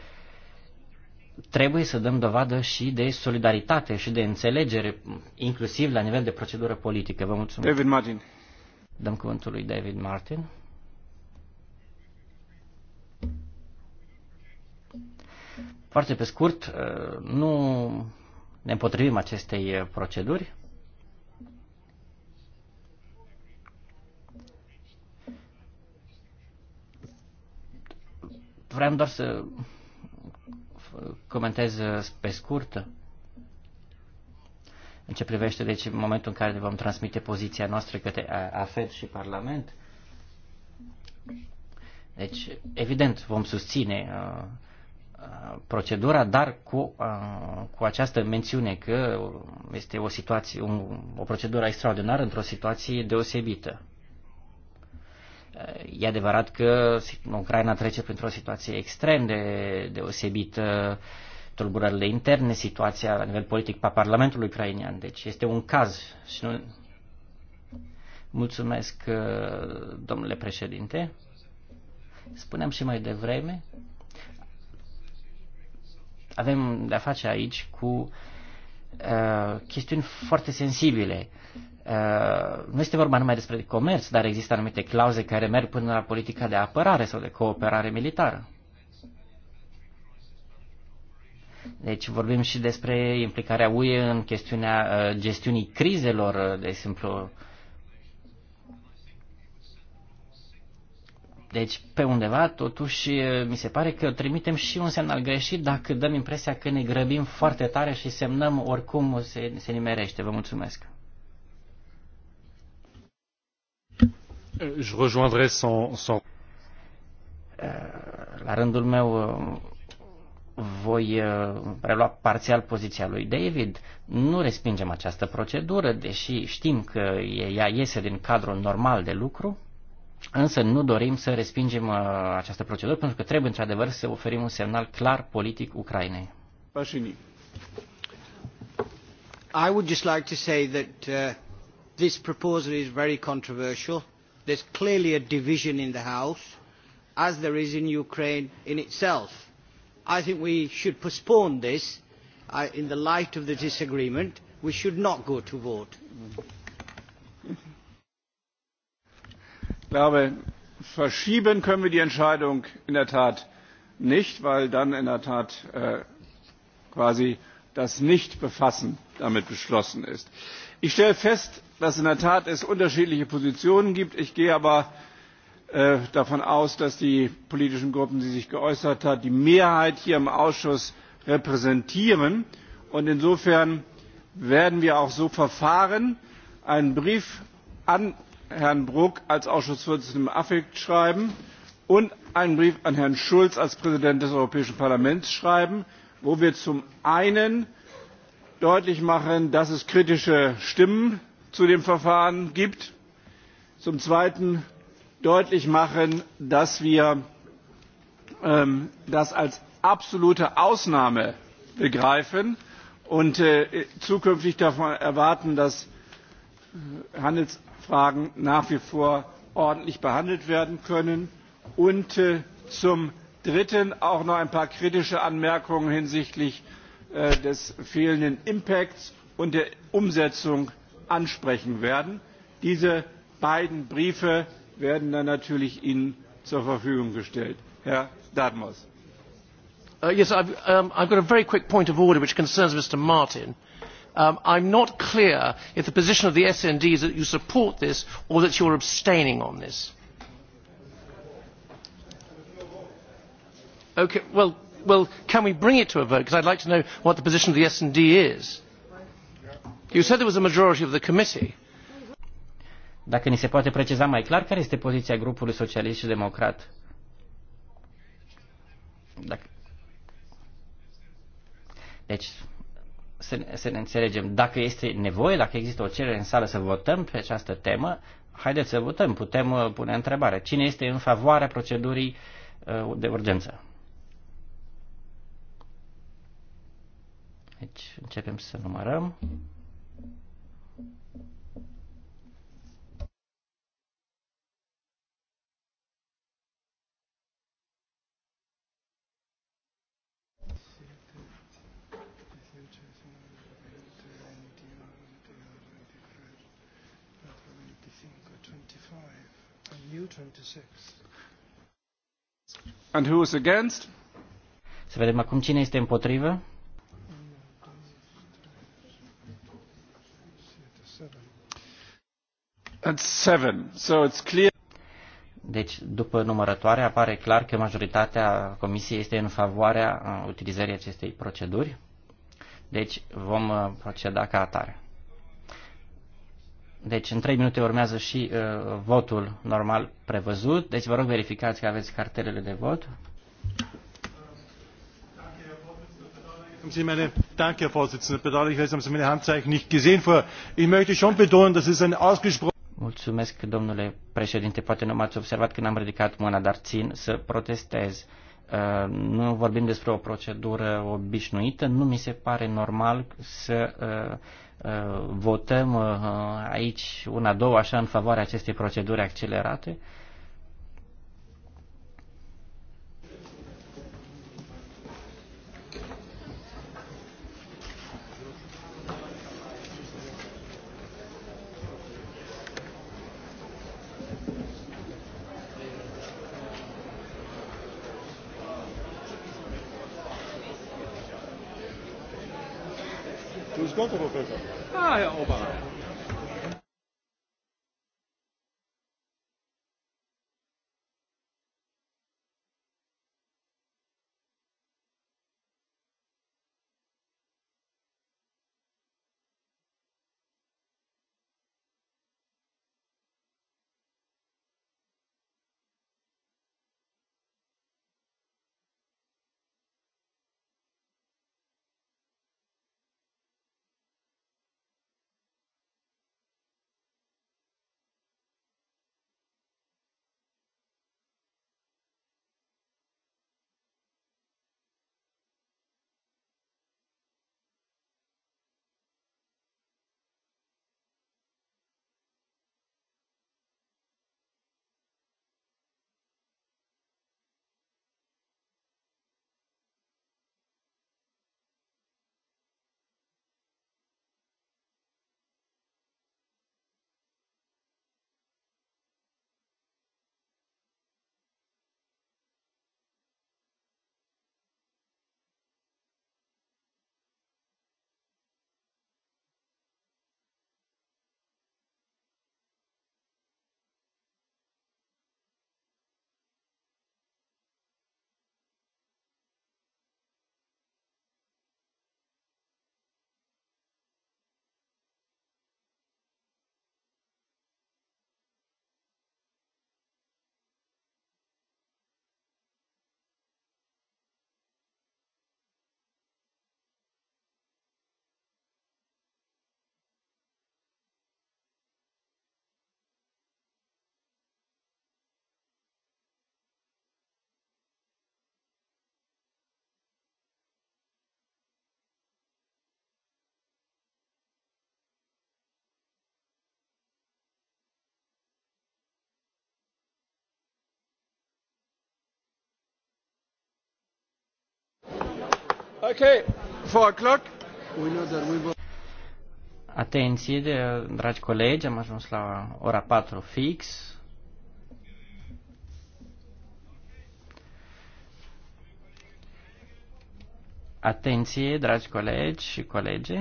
trebuie să dăm dovadă și de solidaritate și de înțelegere, inclusiv la nivel de procedură politică. Vă mulțumesc. David Martin. Dăm cuvântul lui David Martin. Foarte pe scurt, uh, nu ne împotrivim acestei proceduri. Vreau doar să comentez uh, pe scurt în ce privește deci în momentul în care vom transmite poziția noastră către AFED și Parlament. Deci, evident, vom susține uh, uh, procedura, dar cu, uh, cu această mențiune că este o situație, un, o procedură extraordinară într-o situație deosebită. Uh, e adevărat că Ucraina trece printr-o situație extrem de deosebită, tulburările interne, situația la nivel politic a Parlamentului ucrainian. Deci este un caz și nu... Mulțumesc, uh, domnule președinte. Spuneam și mai devreme, avem de-a face aici cu uh, chestiuni foarte sensibile. Uh, Uh, nu este vorba numai despre comerț, dar există anumite clauze care merg până la politica de apărare sau de cooperare militară. Deci vorbim și despre implicarea UE în chestiunea uh, gestiunii crizelor, uh, de exemplu. Deci, pe undeva, totuși, mi se pare că trimitem și un semnal greșit dacă dăm impresia că ne grăbim foarte tare și semnăm oricum se, se nimerește. Vă mulțumesc! Je rejoindrai sans, sans... Eh, la rândul meu eh, voi eh, prelua parțial poziția lui David. Nu respingem această procedură, deși știm că ea iese din cadrul normal de lucru, însă nu dorim să respingem această procedură pentru că trebuie într-adevăr să oferim un semnal clar politic Ucrainei. Pașini. I would just like to say that uh, this proposal is very controversial there is clearly a division in the House, as there is in Ukraine in itself. I think we should postpone this I, uh, in the light of the disagreement. We should not go to vote. Ich glaube, verschieben können wir die Entscheidung in der Tat nicht, weil dann in der Tat äh, quasi das Nichtbefassen damit beschlossen ist. Ich stelle fest, dass es in der Tat unterschiedliche Positionen gibt. Ich gehe aber äh, davon aus, dass die politischen Gruppen, die sich geäußert haben die Mehrheit hier im Ausschuss repräsentieren. Und insofern werden wir auch so verfahren, einen Brief an Herrn Brok als Ausschussvorsitzenden im afet schreiben und einen Brief an Herrn Schulz als Präsident des Europäischen Parlaments schreiben, wo wir zum einen deutlich machen, dass es kritische Stimmen zu dem verfahren gibt zum zweiten deutlich machen dass wir ähm, das als absolute ausnahme begreifen und äh, zukünftig davon erwarten dass äh, handelsfragen nach wie vor ordentlich behandelt werden können und äh, zum dritten auch noch ein paar kritische anmerkungen hinsichtlich des fehlenden impacts und der umsetzung ansprechen werden. diese beiden briefe werden dann natürlich ihnen zur verfügung gestellt. herr dartmouth. Uh, yes, I've, um, I've got a very quick point of order which concerns Mr Martin. Um, I'm not clear if the position of the SND is that you support this or that you're abstaining on this. Okay, well, well, can we bring it to a vote? Because I'd like to know what the position of the SND is. You said there was a majority of the committee. Dacă ni se poate preciza mai clar care este poziția grupului socialist și democrat. Dacă... Deci, să, să ne înțelegem, dacă este nevoie, dacă există o cerere în sală să votăm pe această temă, haideți să votăm, putem uh, pune întrebare. Cine este în favoarea procedurii uh, de urgență? Deci începem să numărăm. And who is against? Să vedem acum cine este împotrivă. And seven. So it's clear. Deci, după numărătoare, apare clar că majoritatea Comisiei este în favoarea uh, utilizării acestei proceduri. Deci, vom uh, proceda ca atare. Deci în 3 minute urmează și uh, votul normal prevăzut. Deci vă rog verificați că aveți cartelele de vot. haben sie meine danke herr Vorsitzender. Bedauere ich, haben sie meine handzeichen nicht gesehen vor. ich möchte schon betonen dass es ein ausgesprochen Mulțumesc, domnule președinte. Poate nu m-ați observat când am ridicat mâna, dar țin să protestez. Uh, nu vorbim despre o procedură obișnuită. Nu mi se pare normal să uh, Uh, votăm uh, aici una, două, așa, în favoarea acestei proceduri accelerate, Ah, Herr Oberheim. Okay, four o'clock. We know that we will... Atenție, de, dragi colegi, am ajuns la ora 4 fix. Atenție, dragi colegi și colege.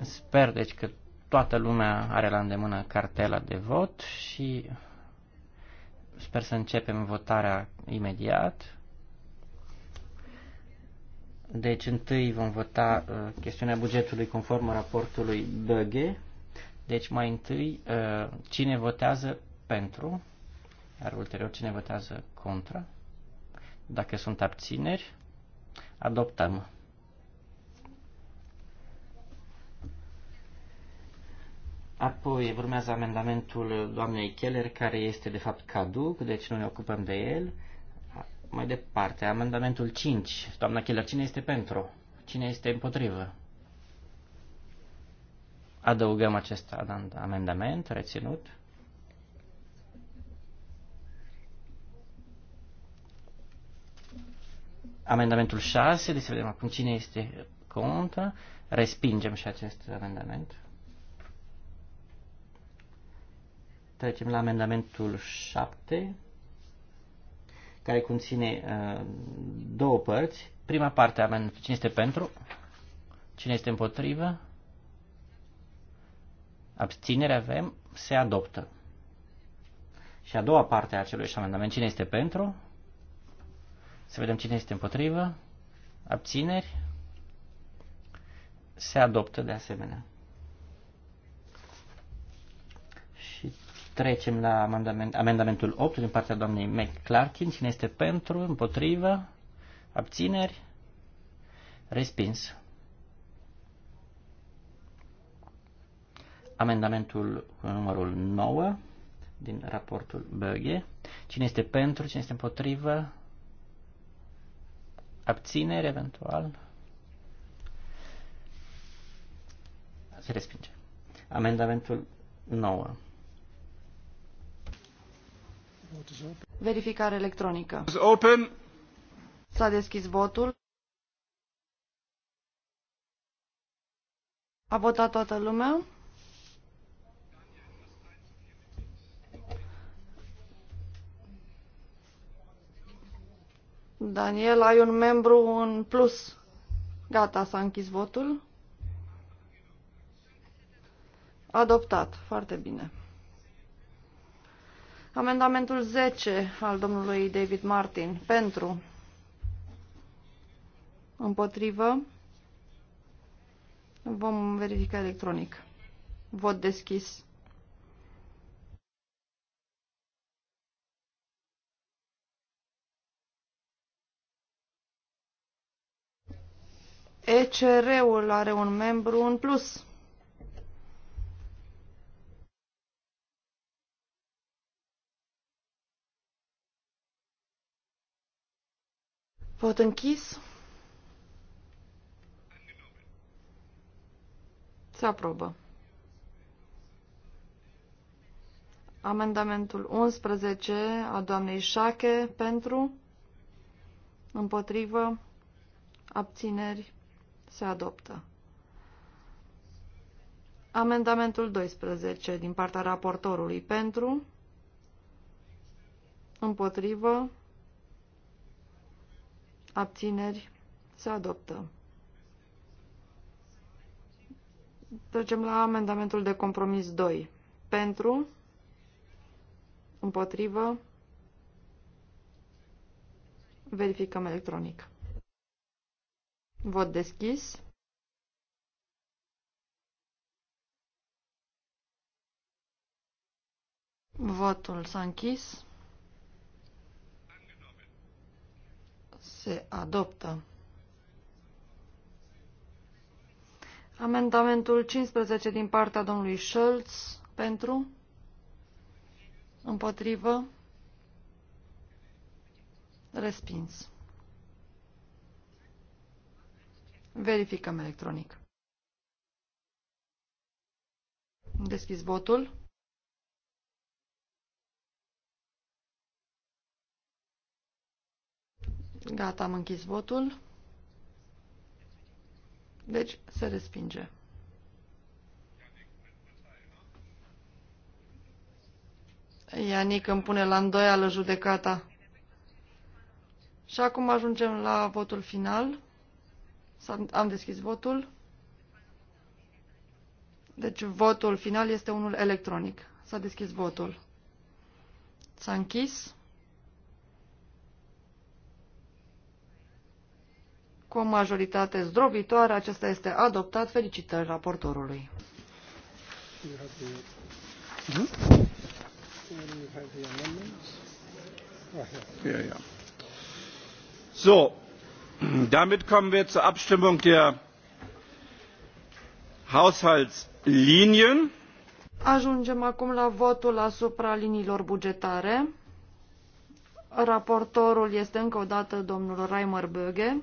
Sper, deci, că toată lumea are la îndemână cartela de vot și Sper să începem votarea imediat. Deci întâi vom vota uh, chestiunea bugetului conform raportului Böge. Deci mai întâi uh, cine votează pentru, iar ulterior cine votează contra. Dacă sunt abțineri, adoptăm. Apoi urmează amendamentul doamnei Keller, care este de fapt caduc, deci nu ne ocupăm de el. Mai departe, amendamentul 5. Doamna Keller, cine este pentru? Cine este împotrivă? Adăugăm acest amendament reținut. Amendamentul 6, deci vedem acum cine este contra. Respingem și acest amendament. Trecem la amendamentul 7, care conține uh, două părți. Prima parte a amendamentului, cine este pentru, cine este împotrivă, abținere avem, se adoptă. Și a doua parte a acelui amendament, cine este pentru, să vedem cine este împotrivă, abțineri, se adoptă de asemenea. Trecem la amendament, amendamentul 8 din partea doamnei McClarkin. Cine este pentru, împotrivă, abțineri, respins. Amendamentul cu numărul 9 din raportul Böge. Cine este pentru, cine este împotrivă, abțineri eventual, se respinge. Amendamentul 9. Verificare electronică. S-a deschis votul. A votat toată lumea. Daniel, ai un membru în plus. Gata, s-a închis votul. Adoptat. Foarte bine. Amendamentul 10 al domnului David Martin. Pentru. Împotrivă. Vom verifica electronic. Vot deschis. ECR-ul are un membru în plus. Vot închis. Se aprobă. Amendamentul 11 a doamnei Șache pentru, împotrivă, abțineri, se adoptă. Amendamentul 12 din partea raportorului pentru, împotrivă, abțineri, se adoptă. Trecem la amendamentul de compromis 2. Pentru, împotrivă, verificăm electronic. Vot deschis. Votul s-a închis. se adoptă. Amendamentul 15 din partea domnului Schultz pentru, împotrivă, respins. Verificăm electronic. Deschis votul. Gata, am închis votul. Deci se respinge. Ianic îmi pune la îndoială judecata. Și acum ajungem la votul final. Am deschis votul. Deci votul final este unul electronic. S-a deschis votul. S-a închis. Cu o majoritate zdrobitoare, acesta este adoptat. Felicitări raportorului. So, damit kommen wir zur Abstimmung der Haushaltslinien. Ajungem acum la votul asupra liniilor bugetare. Raportorul este încă o dată domnul Reimer Böge.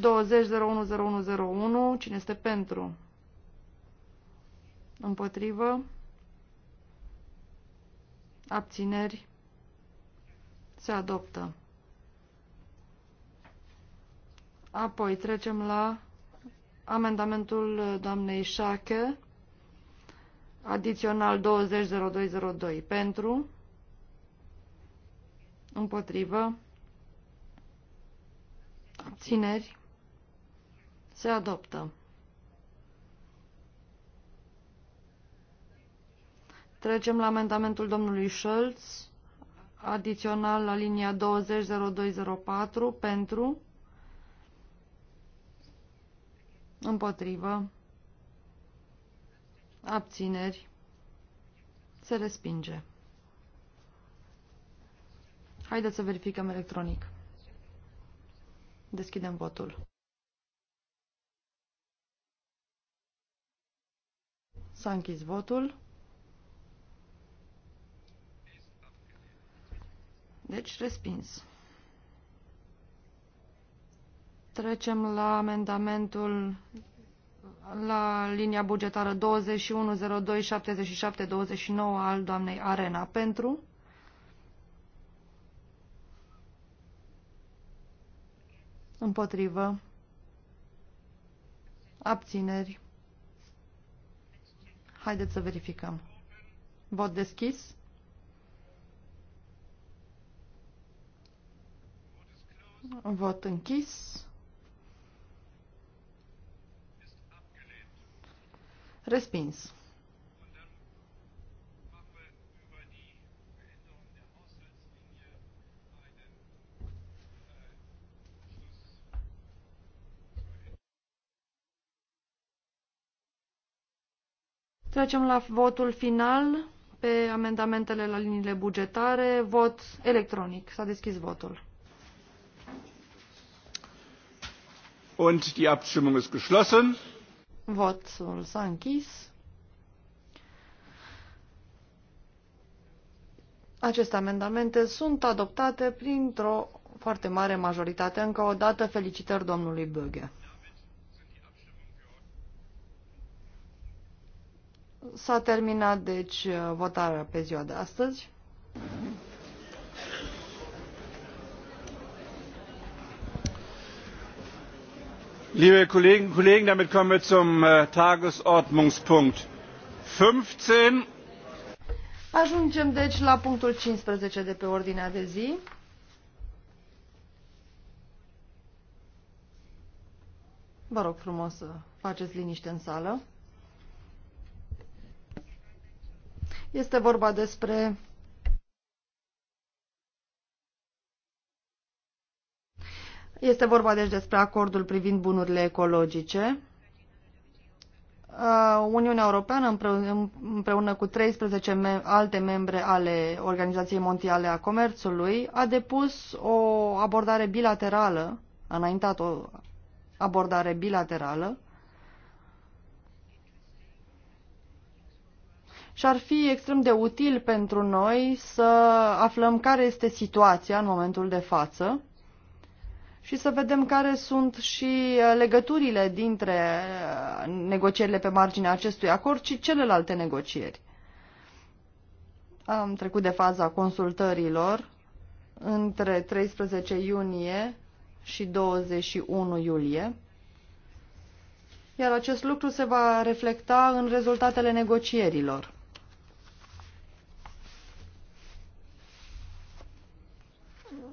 20010101 cine este pentru? Împotrivă? Abțineri? Se adoptă. Apoi trecem la amendamentul doamnei Șache, adițional 200202 pentru, împotrivă, abțineri, se adoptă. Trecem la amendamentul domnului Schulz, adițional la linia 200204, pentru, împotrivă, abțineri, se respinge. Haideți să verificăm electronic. Deschidem votul. S-a închis votul. Deci respins. Trecem la amendamentul la linia bugetară 21027729 al doamnei Arena pentru împotrivă abțineri Haideți să verificăm. Vot deschis. Vot închis. Respins. Trecem la votul final pe amendamentele la liniile bugetare. Vot electronic. S-a deschis votul. Und die Abstimmung ist geschlossen. Votul s-a închis. Aceste amendamente sunt adoptate printr-o foarte mare majoritate. Încă o dată felicitări domnului Böge. S-a terminat, deci, uh, votarea pe ziua de astăzi. Liebe Kolleginnen und Kollegen, damit kommen wir zum äh, Tagesordnungspunkt 15. Ajungem deci la punctul 15 de pe ordinea de zi. Vă rog frumos să faceți liniște în sală. Este vorba despre Este vorba deci despre acordul privind bunurile ecologice. Uh, Uniunea Europeană împreună cu 13 alte membre ale Organizației Mondiale a Comerțului a depus o abordare bilaterală, a înaintat o abordare bilaterală și ar fi extrem de util pentru noi să aflăm care este situația în momentul de față și să vedem care sunt și uh, legăturile dintre uh, negocierile pe marginea acestui acord și celelalte negocieri. Am trecut de faza consultărilor între 13 iunie și 21 iulie, iar acest lucru se va reflecta în rezultatele negocierilor.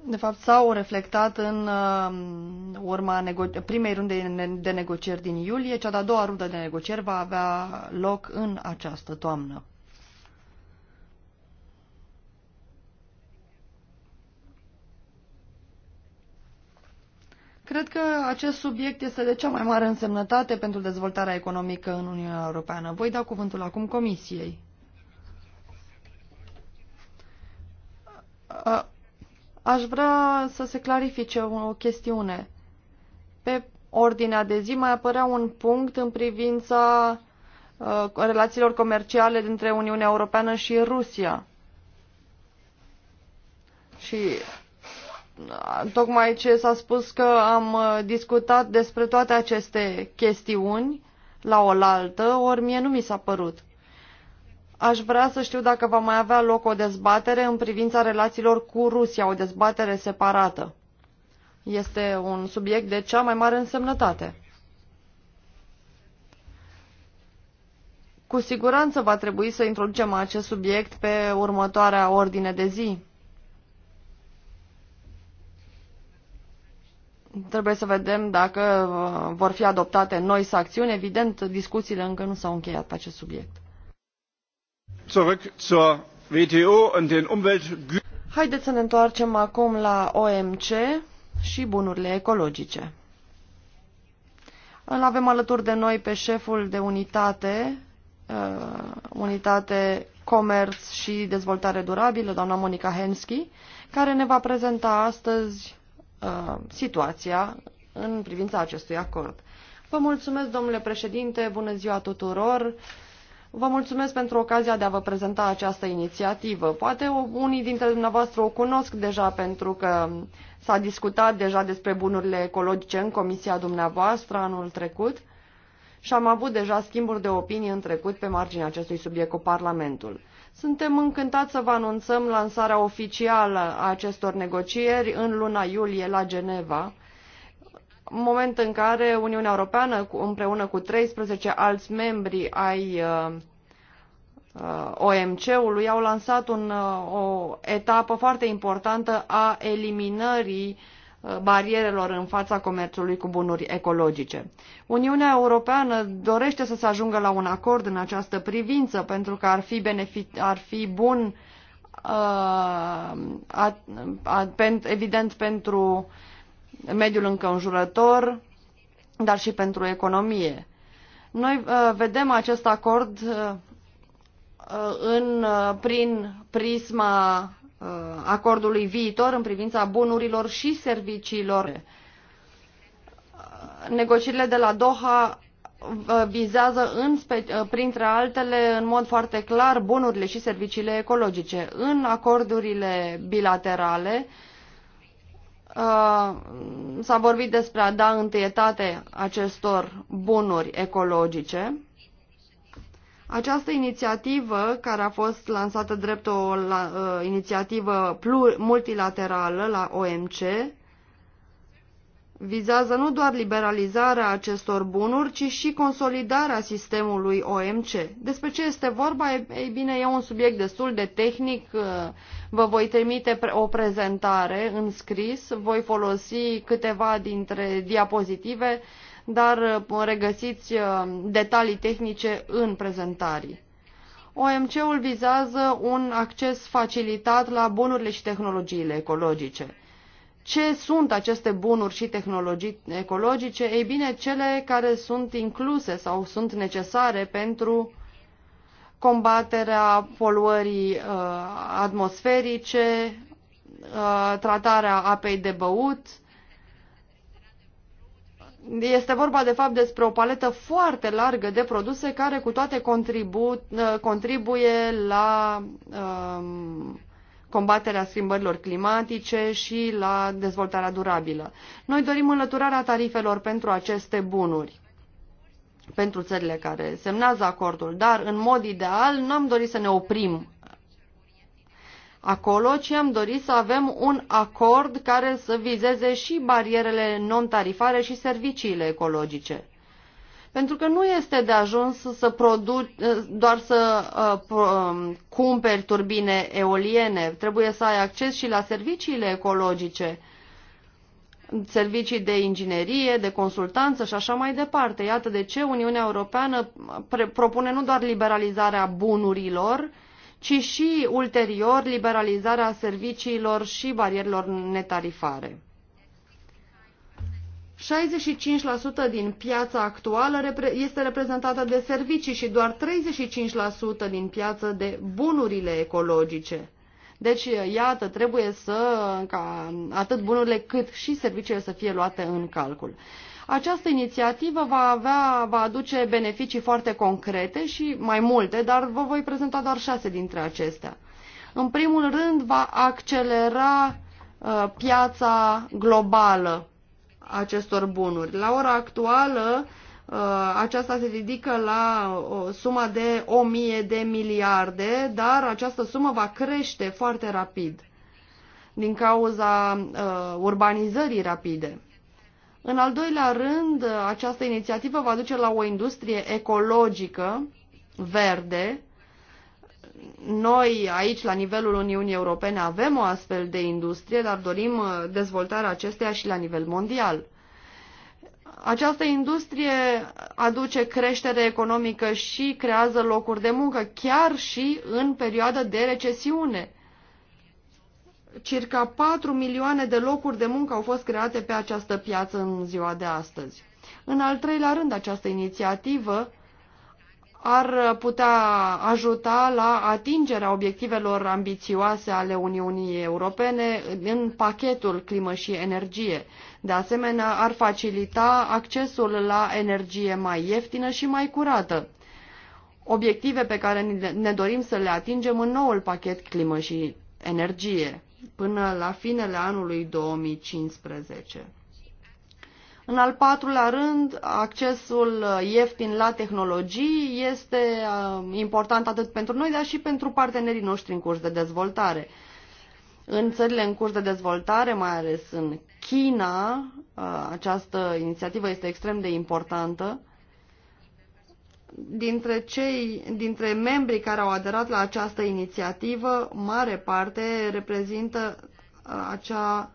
de fapt, s-au reflectat în um, urma primei runde de negocieri din iulie. Cea de-a doua rundă de negocieri va avea loc în această toamnă. Cred că acest subiect este de cea mai mare însemnătate pentru dezvoltarea economică în Uniunea Europeană. Voi da cuvântul acum Comisiei. Aș vrea să se clarifice o chestiune. Pe ordinea de zi mai apărea un punct în privința uh, relațiilor comerciale dintre Uniunea Europeană și Rusia. Și uh, tocmai ce s-a spus că am uh, discutat despre toate aceste chestiuni la oaltă, ori mie nu mi s-a părut. Aș vrea să știu dacă va mai avea loc o dezbatere în privința relațiilor cu Rusia, o dezbatere separată. Este un subiect de cea mai mare însemnătate. Cu siguranță va trebui să introducem acest subiect pe următoarea ordine de zi. Trebuie să vedem dacă uh, vor fi adoptate noi sancțiuni. Evident, discuțiile încă nu s-au încheiat pe acest subiect. Haideți să ne întoarcem acum la OMC și bunurile ecologice. Îl avem alături de noi pe șeful de unitate, uh, unitate comerț și dezvoltare durabilă, doamna Monica Hensky, care ne va prezenta astăzi uh, situația în privința acestui acord. Vă mulțumesc, domnule președinte, bună ziua tuturor. Uh, Vă mulțumesc pentru ocazia de a vă prezenta această inițiativă. Poate unii dintre dumneavoastră o cunosc deja pentru că s-a discutat deja despre bunurile ecologice în comisia dumneavoastră anul trecut și am avut deja schimburi de opinii în trecut pe marginea acestui subiect cu Parlamentul. Suntem încântați să vă anunțăm lansarea oficială a acestor negocieri în luna iulie la Geneva, moment în care Uniunea Europeană, împreună cu 13 alți membri ai uh, uh, OMC-ului, au lansat un, uh, o etapă foarte importantă a eliminării barierelor în fața comerțului cu bunuri ecologice. Uniunea Europeană dorește să se ajungă la un acord în această privință pentru că ar fi, benefit, ar fi bun, uh, a, a, pen, evident, pentru uh, mediul înconjurător, dar și pentru economie. Noi uh, vedem acest acord uh, uh, în, prin prisma acordului viitor în privința bunurilor și serviciilor. Negocierile de la Doha vizează în, printre altele în mod foarte clar bunurile și serviciile ecologice. În acordurile bilaterale, uh, Uh, s-a vorbit despre a da întâietate acestor bunuri ecologice. Această inițiativă, care a fost lansată drept o la, uh, inițiativă multilaterală la OMC, vizează nu doar liberalizarea acestor bunuri, ci și consolidarea sistemului OMC. Despre ce este vorba? Ei bine, e un subiect destul de tehnic, uh, Vă voi trimite o prezentare în scris, voi folosi câteva dintre diapozitive, dar uh, regăsiți uh, detalii tehnice în prezentarii. OMC-ul vizează un acces facilitat la bunurile și tehnologiile ecologice. Ce sunt aceste bunuri și tehnologii ecologice? Ei bine, cele care sunt incluse sau sunt necesare pentru combaterea poluării uh, atmosferice, uh, tratarea apei de băut. Este vorba de fapt despre o paletă foarte largă de produse care cu toate contribu- uh, contribuie la um, combaterea schimbărilor climatice și la dezvoltarea durabilă. Noi dorim înlăturarea tarifelor pentru aceste bunuri pentru țările care semnează acordul, dar în mod ideal nu am dorit să ne oprim acolo, ci am dorit să avem un acord care să vizeze și barierele non-tarifare și serviciile ecologice. Pentru că nu este de ajuns să produ- doar să uh, um, cumperi turbine eoliene, trebuie să ai acces și la serviciile ecologice servicii de inginerie, de consultanță și așa mai departe. Iată de ce Uniunea Europeană propune nu doar liberalizarea bunurilor, ci și ulterior liberalizarea serviciilor și barierilor netarifare. 65% din piața actuală este reprezentată de servicii și doar 35% din piață de bunurile ecologice. Deci, iată, trebuie să, ca atât bunurile cât și serviciile să fie luate în calcul. Această inițiativă va, avea, va aduce beneficii foarte concrete și mai multe, dar vă voi prezenta doar șase dintre acestea. În primul rând, va accelera uh, piața globală acestor bunuri. La ora actuală, uh, Uh, aceasta se ridică la suma de 1000 de miliarde, dar această sumă va crește foarte rapid din cauza uh, urbanizării rapide. În al doilea rând, această inițiativă va duce la o industrie ecologică, verde. Noi aici, la nivelul Uniunii Europene, avem o astfel de industrie, dar dorim uh, dezvoltarea acesteia și la nivel mondial. Această industrie aduce creștere economică și creează locuri de muncă, chiar și în perioada de recesiune. Circa 4 milioane de locuri de muncă au fost create pe această piață în ziua de astăzi. În al treilea rând, această inițiativă ar putea ajuta la atingerea obiectivelor ambițioase ale Uniunii Europene în pachetul climă și energie. De asemenea, ar facilita accesul la energie mai ieftină și mai curată, obiective pe care ne dorim să le atingem în noul pachet climă și energie până la finele anului 2015. În al patrulea rând, accesul ieftin la tehnologii este uh, important atât pentru noi, dar și pentru partenerii noștri în curs de dezvoltare. În țările în curs de dezvoltare, mai ales în China, această inițiativă este extrem de importantă. Dintre, cei, dintre membrii care au aderat la această inițiativă, mare parte reprezintă acea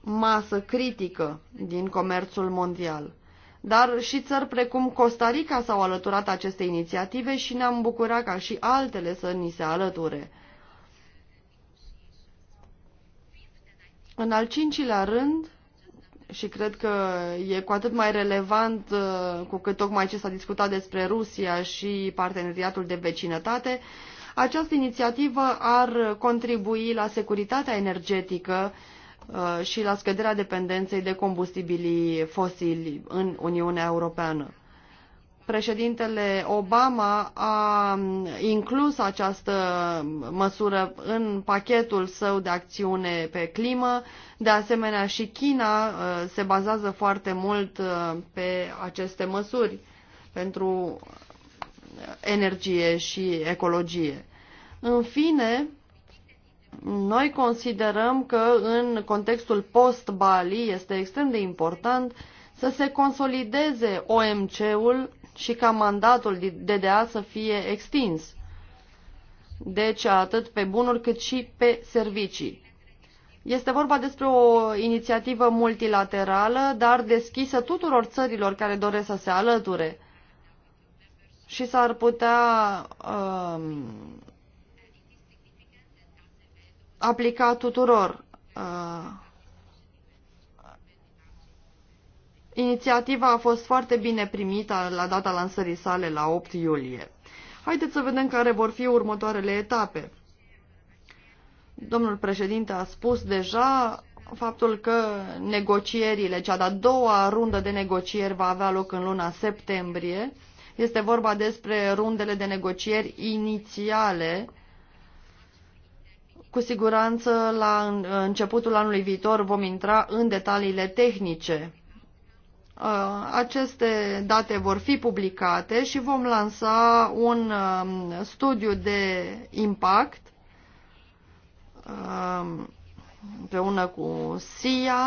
masă critică din comerțul mondial. Dar și țări precum Costa Rica s-au alăturat aceste inițiative și ne-am bucurat ca și altele să ni se alăture. În al cincilea rând, și cred că e cu atât mai relevant uh, cu cât tocmai ce s-a discutat despre Rusia și parteneriatul de vecinătate, această inițiativă ar contribui la securitatea energetică uh, și la scăderea dependenței de combustibilii fosili în Uniunea Europeană. Președintele Obama a inclus această măsură în pachetul său de acțiune pe climă. De asemenea, și China uh, se bazează foarte mult uh, pe aceste măsuri pentru energie și ecologie. În fine, noi considerăm că în contextul post-Bali este extrem de important să se consolideze OMC-ul și ca mandatul DDA să fie extins. Deci atât pe bunuri cât și pe servicii. Este vorba despre o inițiativă multilaterală, dar deschisă tuturor țărilor care doresc să se alăture. Și s-ar putea um, aplica tuturor. Uh, Inițiativa a fost foarte bine primită la data lansării sale la 8 iulie. Haideți să vedem care vor fi următoarele etape. Domnul președinte a spus deja faptul că negocierile, cea de-a doua rundă de negocieri va avea loc în luna septembrie. Este vorba despre rundele de negocieri inițiale. Cu siguranță la începutul anului viitor vom intra în detaliile tehnice Uh, aceste date vor fi publicate și vom lansa un um, studiu de impact um, împreună cu SIA,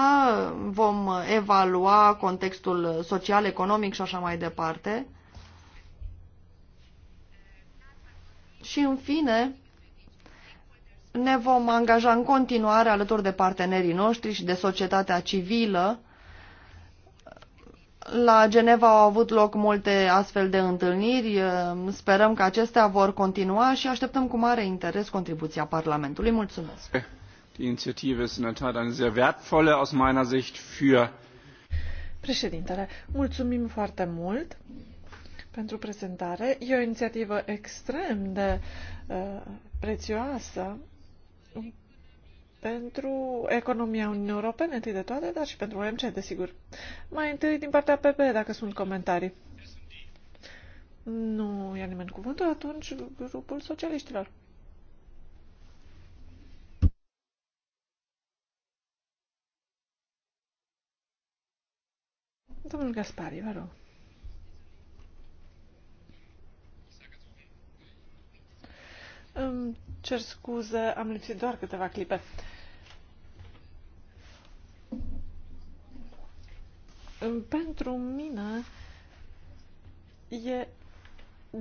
vom evalua contextul social, economic și așa mai departe. Și în fine, ne vom angaja în continuare alături de partenerii noștri și de societatea civilă la Geneva au avut loc multe astfel de întâlniri. Sperăm că acestea vor continua și așteptăm cu mare interes contribuția Parlamentului. Mulțumesc! Președintele, mulțumim foarte mult pentru prezentare. E o inițiativă extrem de uh, prețioasă pentru economia Uniunii Europene, întâi de toate, dar și pentru OMC, desigur. Mai întâi din partea PP, dacă sunt comentarii. Nu ia nimeni cuvântul, atunci grupul socialiștilor. Domnul Gaspari, vă rog. Îmi cer scuze, am lipsit doar câteva clipe. Uh, Pentru mine e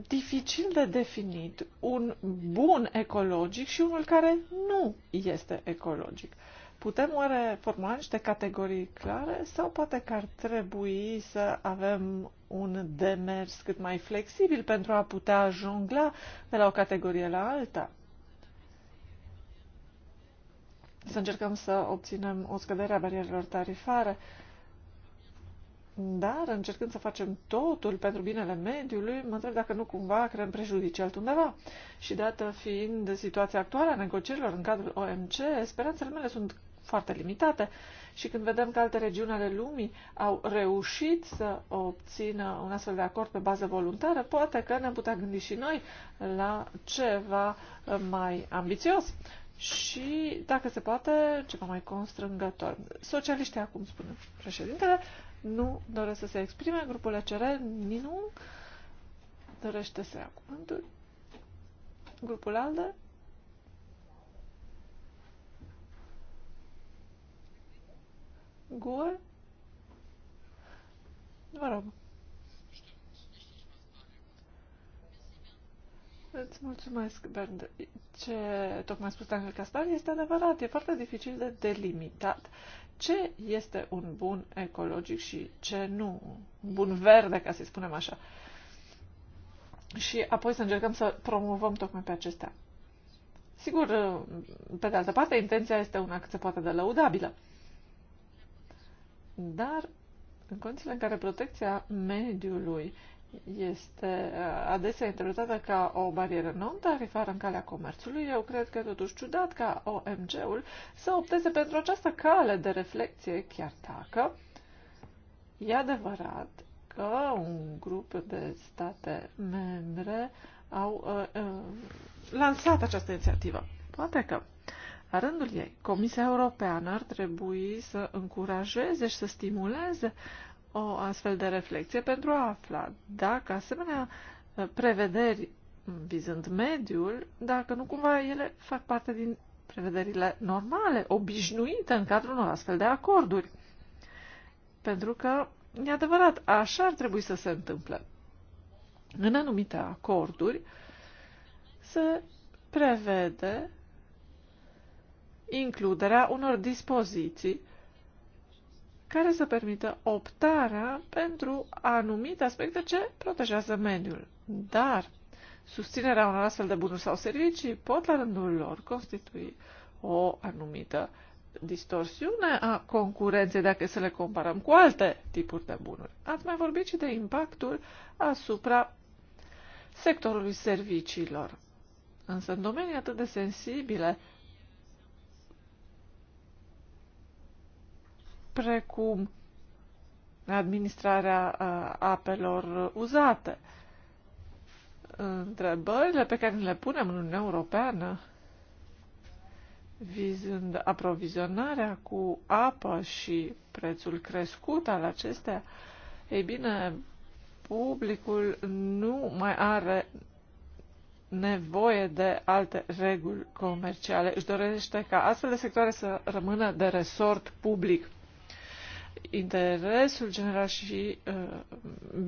dificil de definit un bun ecologic și unul care nu este ecologic. Putem oare forma niște categorii clare sau poate că ar trebui să avem un demers cât mai flexibil pentru a putea jongla de la o categorie la alta? Să încercăm să obținem o scădere a barierelor tarifare. Uh, dar, încercând să facem totul pentru binele mediului, mă întreb dacă nu cumva creăm prejudicii altundeva. Și dată fiind situația actuală a negocierilor în cadrul OMC, speranțele mele sunt foarte limitate și când vedem că alte regiuni ale lumii au reușit să obțină un astfel de acord pe bază voluntară, poate că ne-am putea gândi și noi la ceva mai ambițios și, dacă se poate, ceva mai constrângător. Socialiștii, acum spune președintele, nu doresc să se exprime. Grupul ECR, Ninu, dorește să ia cuvântul. Grupul ALDE, gol. vă rog. Îți mulțumesc, Bernd. Ce tocmai spus Daniel Caspar este adevărat. E foarte dificil de delimitat ce este un bun ecologic și ce nu. Un bun verde, ca să spunem așa. Și apoi să încercăm să promovăm tocmai pe acestea. Sigur, pe de altă parte, intenția este una cât se poate de lăudabilă. Dar, în condițiile în care protecția mediului este uh, adesea interpretată ca o barieră non-tarifară în calea comerțului, eu cred că e totuși ciudat ca OMG-ul să opteze pentru această cale de reflexie, chiar dacă e adevărat că un grup de state membre au uh, uh, lansat această inițiativă. Poate că, la rândul ei, Comisia Europeană ar trebui să încurajeze și să stimuleze uh, o astfel de reflexie pentru a afla dacă asemenea uh, prevederi vizând mediul, dacă nu cumva ele fac parte din prevederile normale, obișnuite în cadrul unor astfel de acorduri. Pentru că, e adevărat, așa ar trebui să se întâmple. În anumite acorduri se prevede includerea unor dispoziții care să permită optarea pentru anumite aspecte ce protejează mediul. Dar susținerea unor astfel de bunuri sau servicii pot la rândul lor constitui o anumită distorsiune a concurenței dacă să le comparăm cu alte tipuri de bunuri. Ați mai vorbit și de impactul asupra sectorului serviciilor. Însă în domenii atât de sensibile precum administrarea uh, apelor uzate. Întrebările pe care le punem în Uniunea Europeană vizând aprovizionarea cu apă și prețul crescut al acestea, ei bine, publicul nu mai are nevoie de alte reguli comerciale. Își dorește ca astfel de sectoare să rămână de resort public interesul general și uh,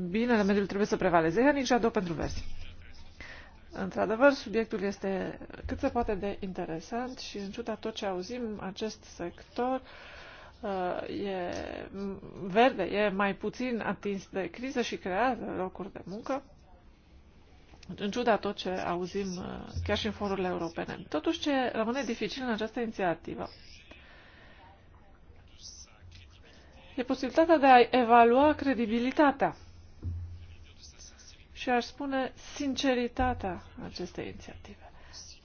binele mediului trebuie să prevaleze. nici Jadot pentru versi. Într-adevăr, subiectul este cât se poate de interesant și în ciuda tot ce auzim, acest sector uh, e verde, e mai puțin atins de criză și creează locuri de muncă, în ciuda tot ce auzim uh, chiar și în forurile europene. Totuși, ce rămâne dificil în această inițiativă e posibilitatea de a evalua credibilitatea și aș spune sinceritatea acestei inițiative.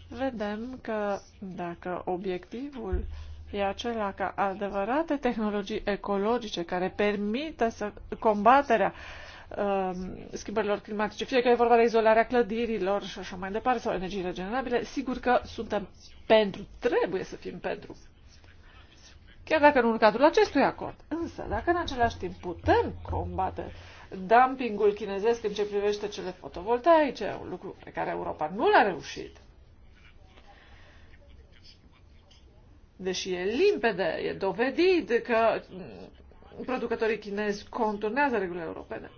Vedem că dacă obiectivul e acela ca adevărate tehnologii ecologice care permită să, combaterea um, schimbărilor climatice, fie că e vorba de izolarea clădirilor și așa mai departe, sau energii regenerabile, sigur că suntem pentru, trebuie să fim pentru chiar dacă nu în cadrul acestui acord. Însă, dacă în același timp putem combate dumpingul chinezesc în ce privește cele fotovoltaice, un lucru pe care Europa nu l-a reușit, deși e limpede, e dovedit că producătorii chinezi conturnează regulile europene.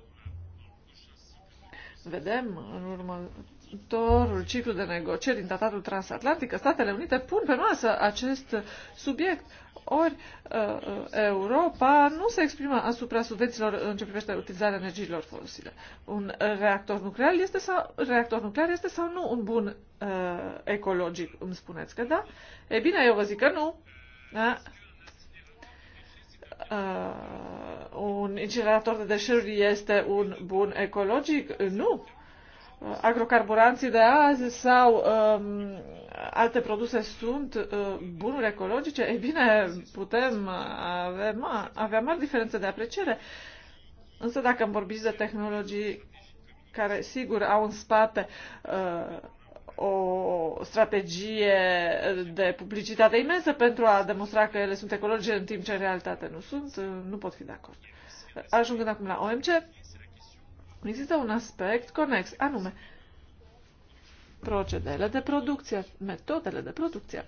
Vedem în urmă următorul ciclu de negocieri din tratatul transatlantic, Statele Unite pun pe masă acest subiect. Ori uh, uh, Europa nu se exprimă asupra subvenților în ce privește utilizarea energiilor fosile. Un reactor nuclear este sau, reactor nuclear este sau nu un bun uh, ecologic? Îmi spuneți că da? E bine, eu vă zic că nu. Da? Uh, un incinerator de deșeuri este un bun ecologic? Nu Uh, agrocarburanții de azi sau um, alte produse sunt uh, bunuri ecologice, e bine, putem avea, avea mari diferențe de apreciere. Însă dacă îmi vorbiți de tehnologii care, sigur, au în spate uh, o strategie de publicitate imensă pentru a demonstra că ele sunt ecologice, în timp ce în realitate nu sunt, uh, nu pot fi de acord. Ajungând acum la OMC, Există un aspect conex, anume procedele de producție, metodele de producție.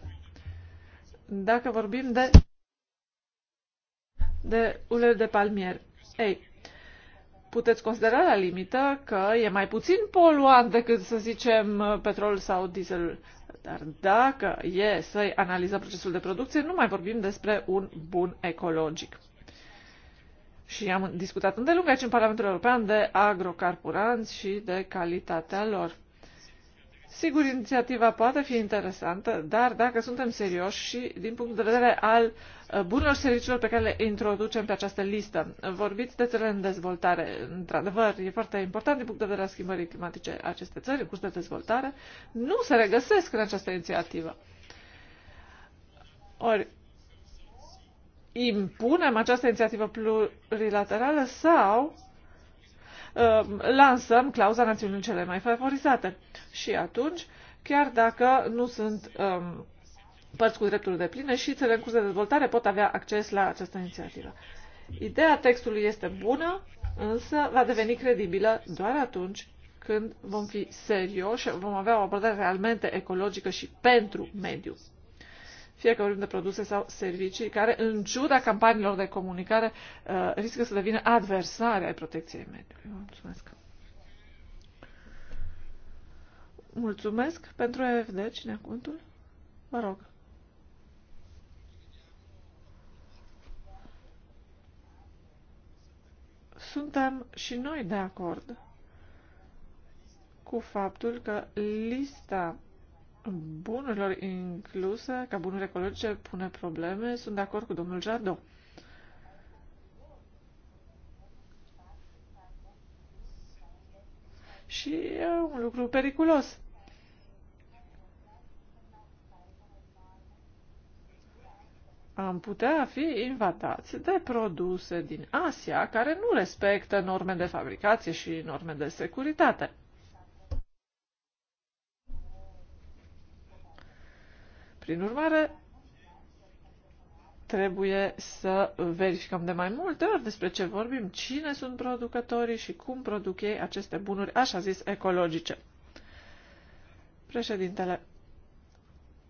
Dacă vorbim de, de ulei de palmier, ei, puteți considera la limită că e mai puțin poluant decât, să zicem, petrolul sau dieselul. Dar dacă e să analizăm procesul de producție, nu mai vorbim despre un bun ecologic. Și am discutat îndelung aici în Parlamentul European de agrocarburanți și de calitatea lor. Sigur, inițiativa poate fi interesantă, dar dacă suntem serioși și din punct de vedere al uh, bunilor serviciilor pe care le introducem pe această listă, vorbiți de țările în dezvoltare. Într-adevăr, e foarte important din punct de vedere al schimbării climatice aceste țări în curs de dezvoltare, nu se regăsesc în această inițiativă. Ori, impunem această inițiativă plurilaterală sau uh, lansăm clauza națiunii cele mai favorizate. Și atunci, chiar dacă nu sunt um, părți cu dreptul de pline și țările în curs de dezvoltare pot avea acces la această inițiativă. Ideea textului este bună, însă va deveni credibilă doar atunci când vom fi serioși, vom avea o abordare realmente ecologică și pentru mediu fie că vorbim de produse sau servicii, care, în ciuda campaniilor de comunicare, uh, riscă să devină adversare ai protecției mediului. Mulțumesc! Mulțumesc pentru EFD. Cine cuvântul? Vă rog. Suntem și noi de acord cu faptul că lista bunurilor incluse ca bunuri ecologice pune probleme. Sunt de acord cu domnul Jardot. Și e un lucru periculos. Am putea fi invadați de produse din Asia care nu respectă norme de fabricație și norme de securitate. Prin urmare, trebuie să verificăm de mai multe ori despre ce vorbim, cine sunt producătorii și cum produc ei aceste bunuri, așa zis, ecologice. Președintele,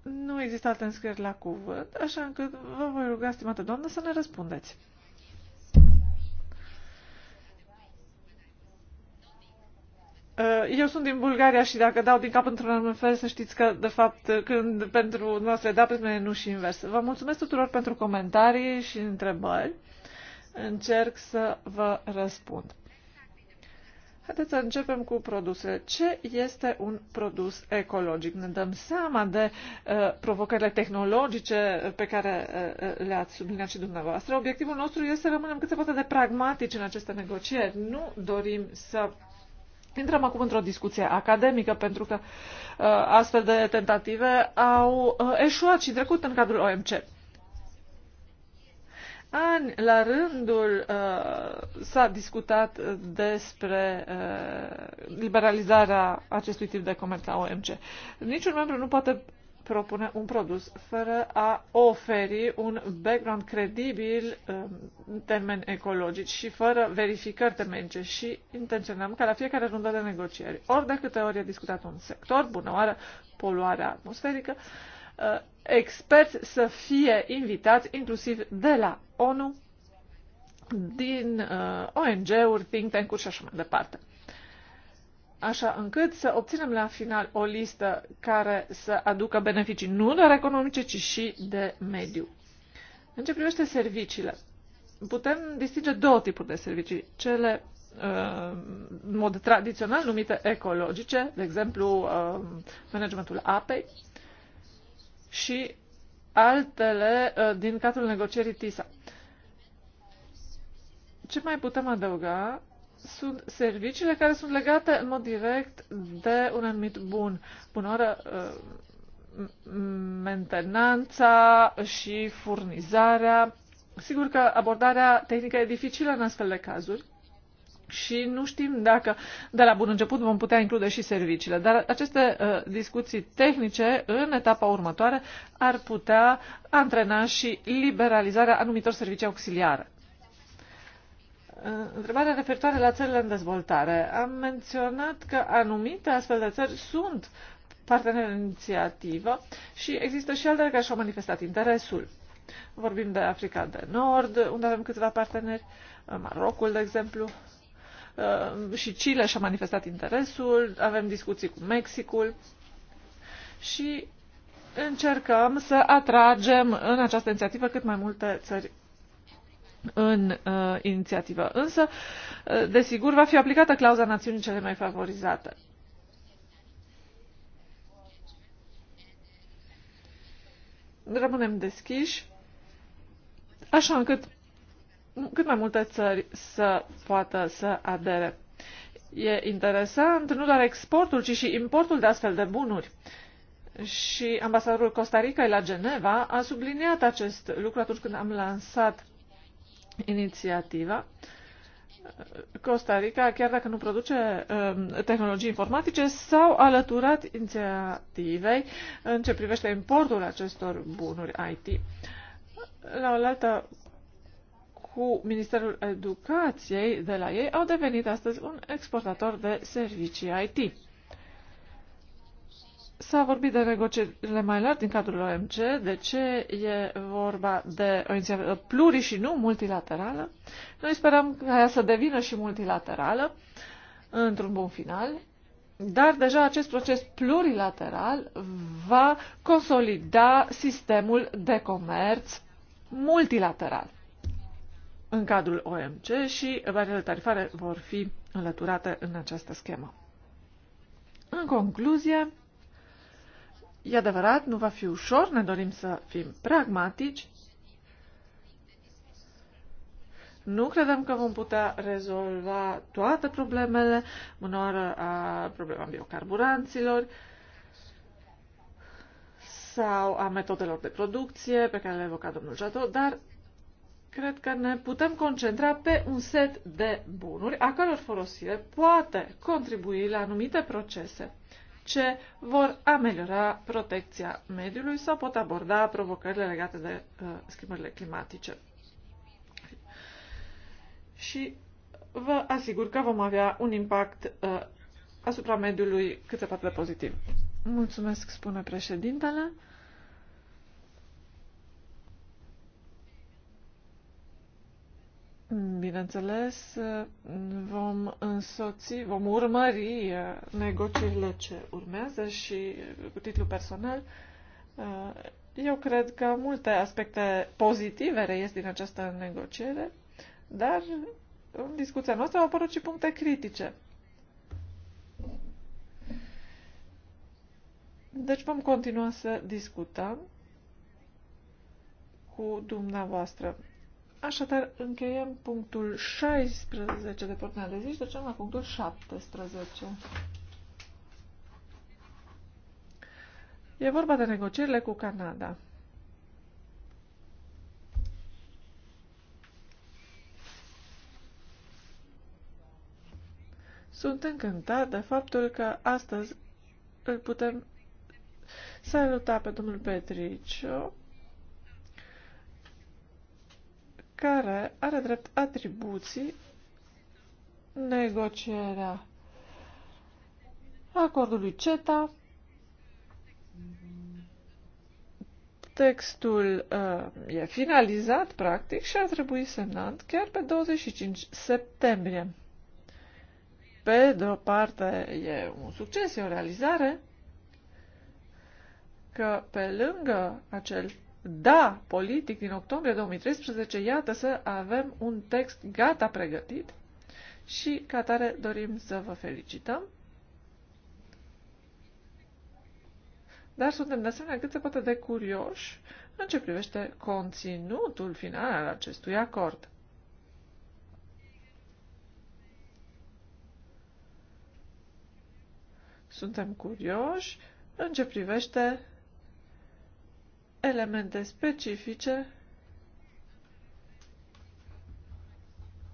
nu există alte înscrieri la cuvânt, așa încât vă voi ruga, stimată doamnă, să ne răspundeți. Uh, eu sunt din Bulgaria și dacă dau din cap într-un anumit fel, să știți că, de fapt, când pentru noastre da, pentru mine nu și invers. Vă mulțumesc tuturor pentru comentarii și întrebări. Încerc să vă răspund. Haideți să începem cu produse. Ce este un produs ecologic? Ne dăm seama de uh, provocările tehnologice pe care uh, uh, le-ați subliniat și dumneavoastră. Obiectivul nostru este să rămânem cât se poate de pragmatici în aceste negocieri. Nu dorim să Intrăm acum într-o discuție academică, pentru că uh, astfel de tentative au uh, eșuat și trecut în cadrul OMC. Ani la rândul uh, s-a discutat despre uh, liberalizarea acestui tip de comerț la OMC. Niciun membru nu poate propune un produs fără a oferi un background credibil um, în termeni ecologici și fără verificări temenice și intenționăm ca la fiecare rundă de negocieri, ori de câte ori e discutat un sector, bună oară, poluarea atmosferică, uh, experți să fie invitați inclusiv de la ONU, din uh, ONG-uri, think tank-uri și așa mai departe așa încât să obținem la final o listă care să aducă beneficii nu doar economice, ci și de mediu. În ce privește serviciile, putem distinge două tipuri de servicii. Cele uh, în mod tradițional numite ecologice, de exemplu uh, managementul apei și altele uh, din cadrul negocierii TISA. Ce mai putem adăuga sunt serviciile care sunt legate în mod direct de un anumit bun. Bună oră, uh, mentenanța și furnizarea. Sigur că abordarea tehnică e dificilă în astfel de cazuri și nu știm dacă de la bun început vom putea include și serviciile, dar aceste uh, discuții tehnice în etapa următoare ar putea antrena și liberalizarea anumitor servicii auxiliare. Uh, întrebarea referitoare la țările în dezvoltare. Am menționat că anumite astfel de țări sunt parteneri în inițiativă și există și altele care și-au manifestat interesul. Vorbim de Africa de Nord, unde avem câțiva parteneri, uh, Marocul, de exemplu, uh, și Chile și-a manifestat interesul, avem discuții cu Mexicul și încercăm să atragem în această inițiativă cât mai multe țări în uh, inițiativă. Însă, uh, desigur, va fi aplicată clauza națiunii cele mai favorizate. Rămânem deschiși, așa încât cât mai multe țări să poată să adere. E interesant nu doar exportul, ci și importul de astfel de bunuri. Și ambasadorul Costa Rica la Geneva a subliniat acest lucru atunci când am lansat inițiativa. Costa Rica, chiar dacă nu produce um, tehnologii informatice, s-au alăturat inițiativei în ce privește importul acestor bunuri IT. La o altă, cu Ministerul Educației de la ei, au devenit astăzi un exportator de servicii IT. S-a vorbit de negocierile mai largi din cadrul OMC, de ce e vorba de o inițiativă pluri și nu multilaterală. Noi sperăm ca ea să devină și multilaterală într-un bun final, dar deja acest proces plurilateral va consolida sistemul de comerț multilateral în cadrul OMC și barierele tarifare vor fi înlăturate în această schemă. În concluzie, E adevărat, nu va fi ușor, ne dorim să fim pragmatici. Nu credem că vom putea rezolva toate problemele, uneori a problema biocarburanților sau a metodelor de producție pe care le evoca domnul Jato, dar cred că ne putem concentra pe un set de bunuri a căror folosire poate contribui la anumite procese ce vor ameliora protecția mediului sau pot aborda provocările legate de uh, schimbările climatice. Și vă asigur că vom avea un impact uh, asupra mediului cât se poate pozitiv. Mulțumesc, spune președintele. Bineînțeles, vom însoți, vom urmări uh, negocierile ce urmează și cu titlu personal. Uh, eu cred că multe aspecte pozitive reies din această negociere, dar în discuția noastră au apărut și puncte critice. Deci vom continua să discutăm cu dumneavoastră. Așadar, încheiem punctul 16 de pornea de zi și trecem la punctul 17. E vorba de negocierile cu Canada. Sunt încântat de faptul că astăzi îl putem saluta pe domnul Petricio, care are drept atribuții negocierea acordului CETA, textul uh, e finalizat, practic, și a trebuit semnat chiar pe 25 septembrie. Pe de o parte e un succes, e o realizare, că pe lângă acel da politic din octombrie 2013, iată să avem un text gata pregătit și ca tare dorim să vă felicităm. Dar suntem de asemenea cât se poate de curioși în ce privește conținutul final al acestui acord. Suntem curioși în ce privește elemente specifice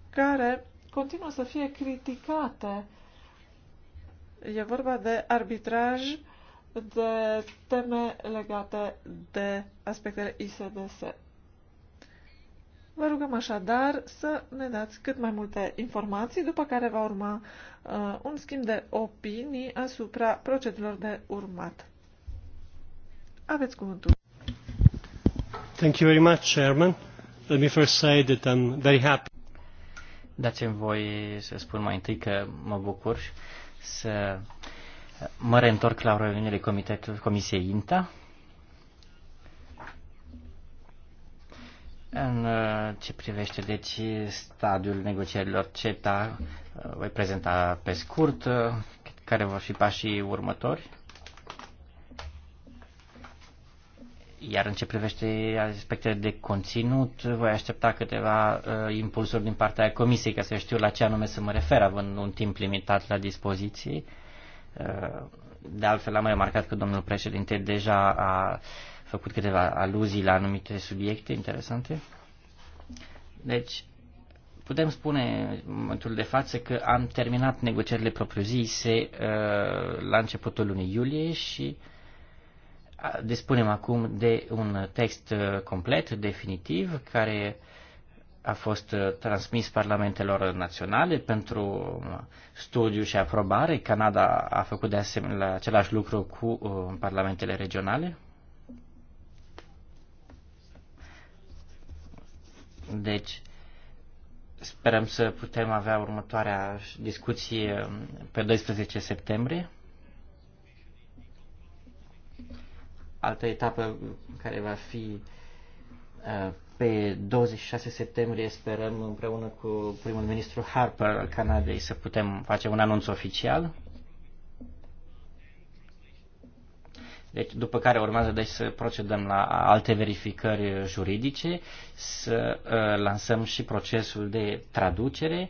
care continuă să fie criticate. E vorba de arbitraj, de teme legate de aspectele ISDS. Vă rugăm așadar să ne dați cât mai multe informații, după care va urma uh, un schimb de opinii asupra procedurilor de urmat. Aveți cuvântul. Thank you very much, Chairman. Let me first say that I'm very happy. Dați-mi voi să spun mai întâi că mă bucur să mă reîntorc la reuniunile Comisiei INTA. În uh, ce privește deci stadiul negocierilor CETA, uh, voi prezenta pe scurt uh, care vor fi pașii următori. Iar în ce privește aspectele de conținut, voi aștepta câteva uh, impulsuri din partea comisiei ca să știu la ce anume să mă refer, având un timp limitat la dispoziție. Uh, de altfel, am remarcat că domnul președinte deja a făcut câteva aluzii la anumite subiecte interesante. Deci, putem spune în momentul de față că am terminat negocierile propriu-zise uh, la începutul lunii iulie și uh, dispunem acum de un text uh, complet, definitiv, care a fost uh, transmis parlamentelor naționale pentru uh, studiu și aprobare. Canada a făcut de asemenea același lucru cu parlamentele regionale. Deci, sperăm să putem avea următoarea discuție um, pe 12 septembrie. altă etapă care va fi uh, pe 26 septembrie sperăm împreună cu primul ministru Harper al Canadei să putem face un anunț oficial. Deci, după care urmează deci, să procedăm la alte verificări juridice, să uh, lansăm și procesul de traducere,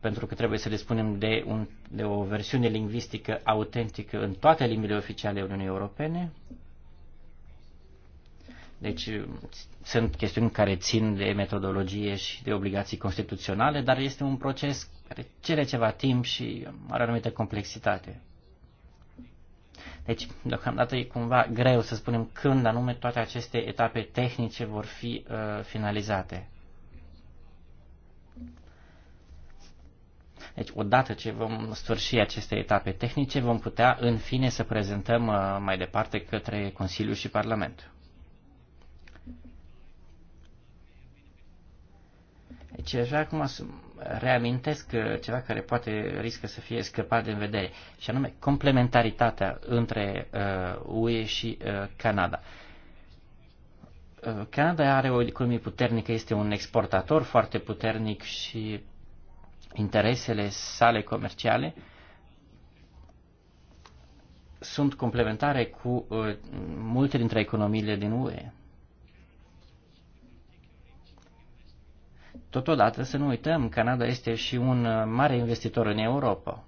pentru că trebuie să dispunem de, un, de o versiune lingvistică autentică în toate limbile oficiale Uniunii Europene, deci sunt chestiuni care țin de metodologie și de obligații constituționale, dar este un proces care cere ceva timp și are anumită complexitate. Deci, deocamdată e cumva greu să spunem când anume toate aceste etape tehnice vor fi uh, finalizate. Deci, odată ce vom sfârși aceste etape tehnice, vom putea, în fine, să prezentăm uh, mai departe către Consiliu și Parlament. Deci aș vrea acum reamintesc uh, ceva care poate riscă să fie scăpat de vedere, și anume complementaritatea între uh, UE și uh, Canada. Uh, Canada are o economie puternică, este un exportator foarte puternic și interesele sale comerciale sunt complementare cu uh, multe dintre economiile din UE. Totodată să nu uităm, Canada este și un uh, mare investitor în Europa.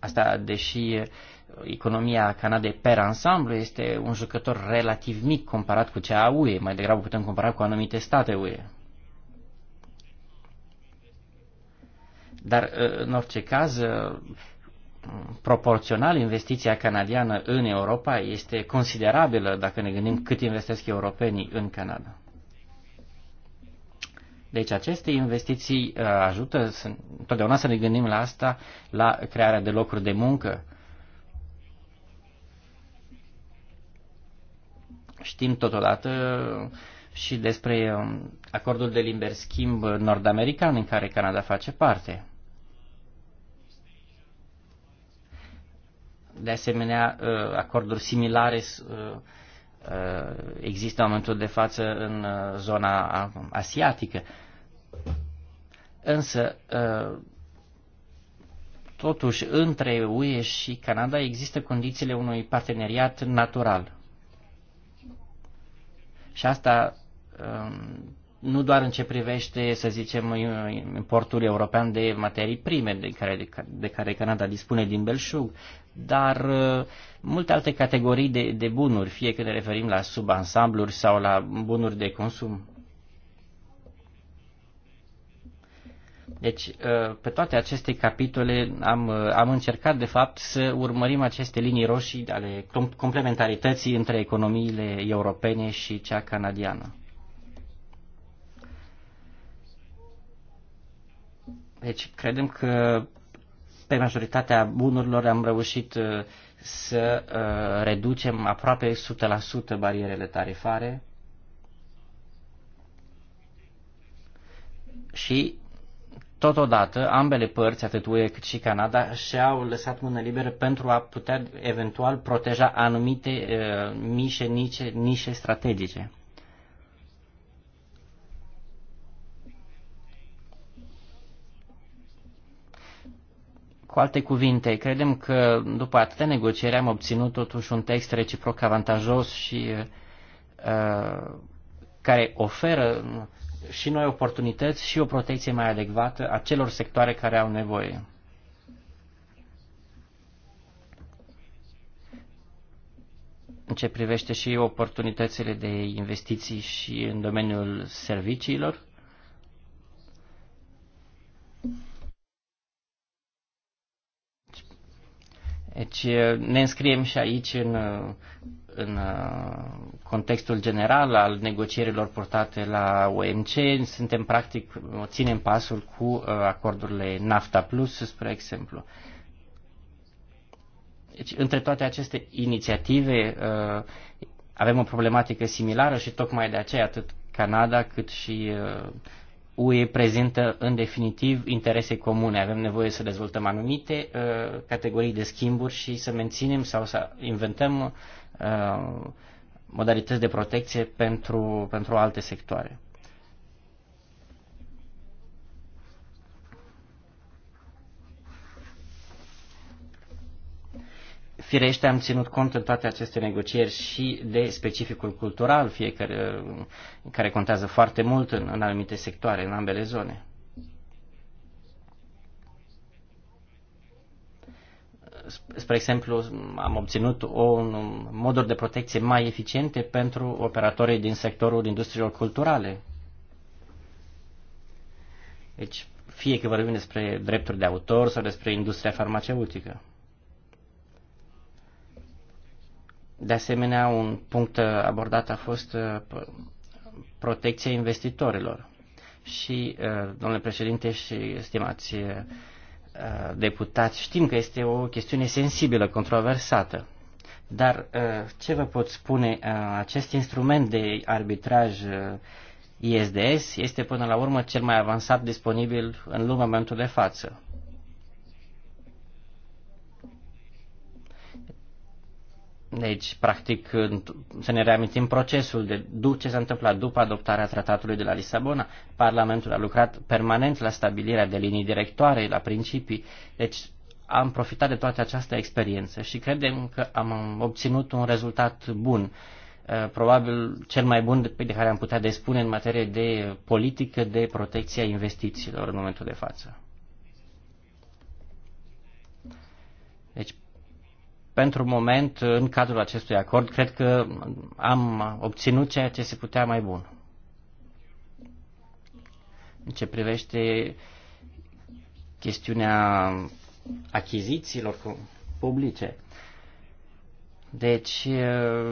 Asta, deși uh, economia Canadei per ansamblu este un jucător relativ mic comparat cu cea a UE, mai degrabă putem compara cu anumite state UE. Dar, uh, în orice caz, proporțional investiția canadiană în Europa este considerabilă dacă ne gândim cât investesc europenii în Canada. Deci aceste investiții uh, ajută să, întotdeauna să ne gândim la asta, la crearea de locuri de muncă. Știm totodată și despre um, acordul de liber schimb nord-american în care Canada face parte. De asemenea, uh, acorduri similare uh, uh, există în momentul de față în zona asiatică. Însă, totuși, între UE și Canada există condițiile unui parteneriat natural. Și asta um, nu doar în ce privește, să zicem, importul european de materii prime de care, de care Canada dispune din belșug, dar uh, multe alte categorii de, de bunuri, fie că ne referim la subansambluri sau la bunuri de consum. Deci, uh, pe toate aceste capitole am, uh, am încercat, de fapt, să urmărim aceste linii roșii ale complementarității între economiile europene și cea canadiană. Deci credem că pe majoritatea bunurilor am reușit uh, să uh, reducem aproape 100% barierele tarifare și Totodată, ambele părți, atât UE cât și Canada, și-au lăsat mână liberă pentru a putea eventual proteja anumite uh, nișe, nișe, nișe strategice. Cu alte cuvinte, credem că după atâtea negocieri am obținut totuși un text reciproc avantajos și uh, care oferă și noi oportunități și o protecție mai adecvată a celor sectoare care au nevoie. În ce privește și oportunitățile de investiții și în domeniul serviciilor, Deci ne înscriem și aici în, în uh, contextul general al negocierilor portate la OMC. Suntem practic, ținem pasul cu uh, acordurile NAFTA Plus, spre exemplu. Deci, între toate aceste inițiative uh, avem o problematică similară și tocmai de aceea atât Canada cât și UE prezintă în definitiv interese comune. Avem nevoie să dezvoltăm anumite uh, categorii de schimburi și să menținem sau să inventăm uh, modalități de protecție pentru, pentru alte sectoare. Firește, am ținut cont în toate aceste negocieri și de specificul cultural, fiecare, care contează foarte mult în, în anumite sectoare, în ambele zone. spre exemplu, am obținut o moduri de protecție mai eficiente pentru operatorii din sectorul industriilor culturale. Deci, fie că vorbim despre drepturi de autor sau despre industria farmaceutică. De asemenea, un punct uh, abordat a fost uh, protecția investitorilor. Și, uh, domnule președinte și stimați deputați, știm că este o chestiune sensibilă, controversată. Dar ce vă pot spune? Acest instrument de arbitraj ISDS este până la urmă cel mai avansat disponibil în lume momentul de față. Deci, practic, să ne reamintim procesul de ce s-a întâmplat după adoptarea tratatului de la Lisabona. Parlamentul a lucrat permanent la stabilirea de linii directoare, la principii. Deci, am profitat de toată această experiență și credem că am obținut un rezultat bun. Uh, probabil cel mai bun de care am putea despune în materie de politică de protecție a investițiilor în momentul de față. Deci pentru moment, în cadrul acestui acord, cred că am obținut ceea ce se putea mai bun. În ce privește chestiunea achizițiilor publice. Deci,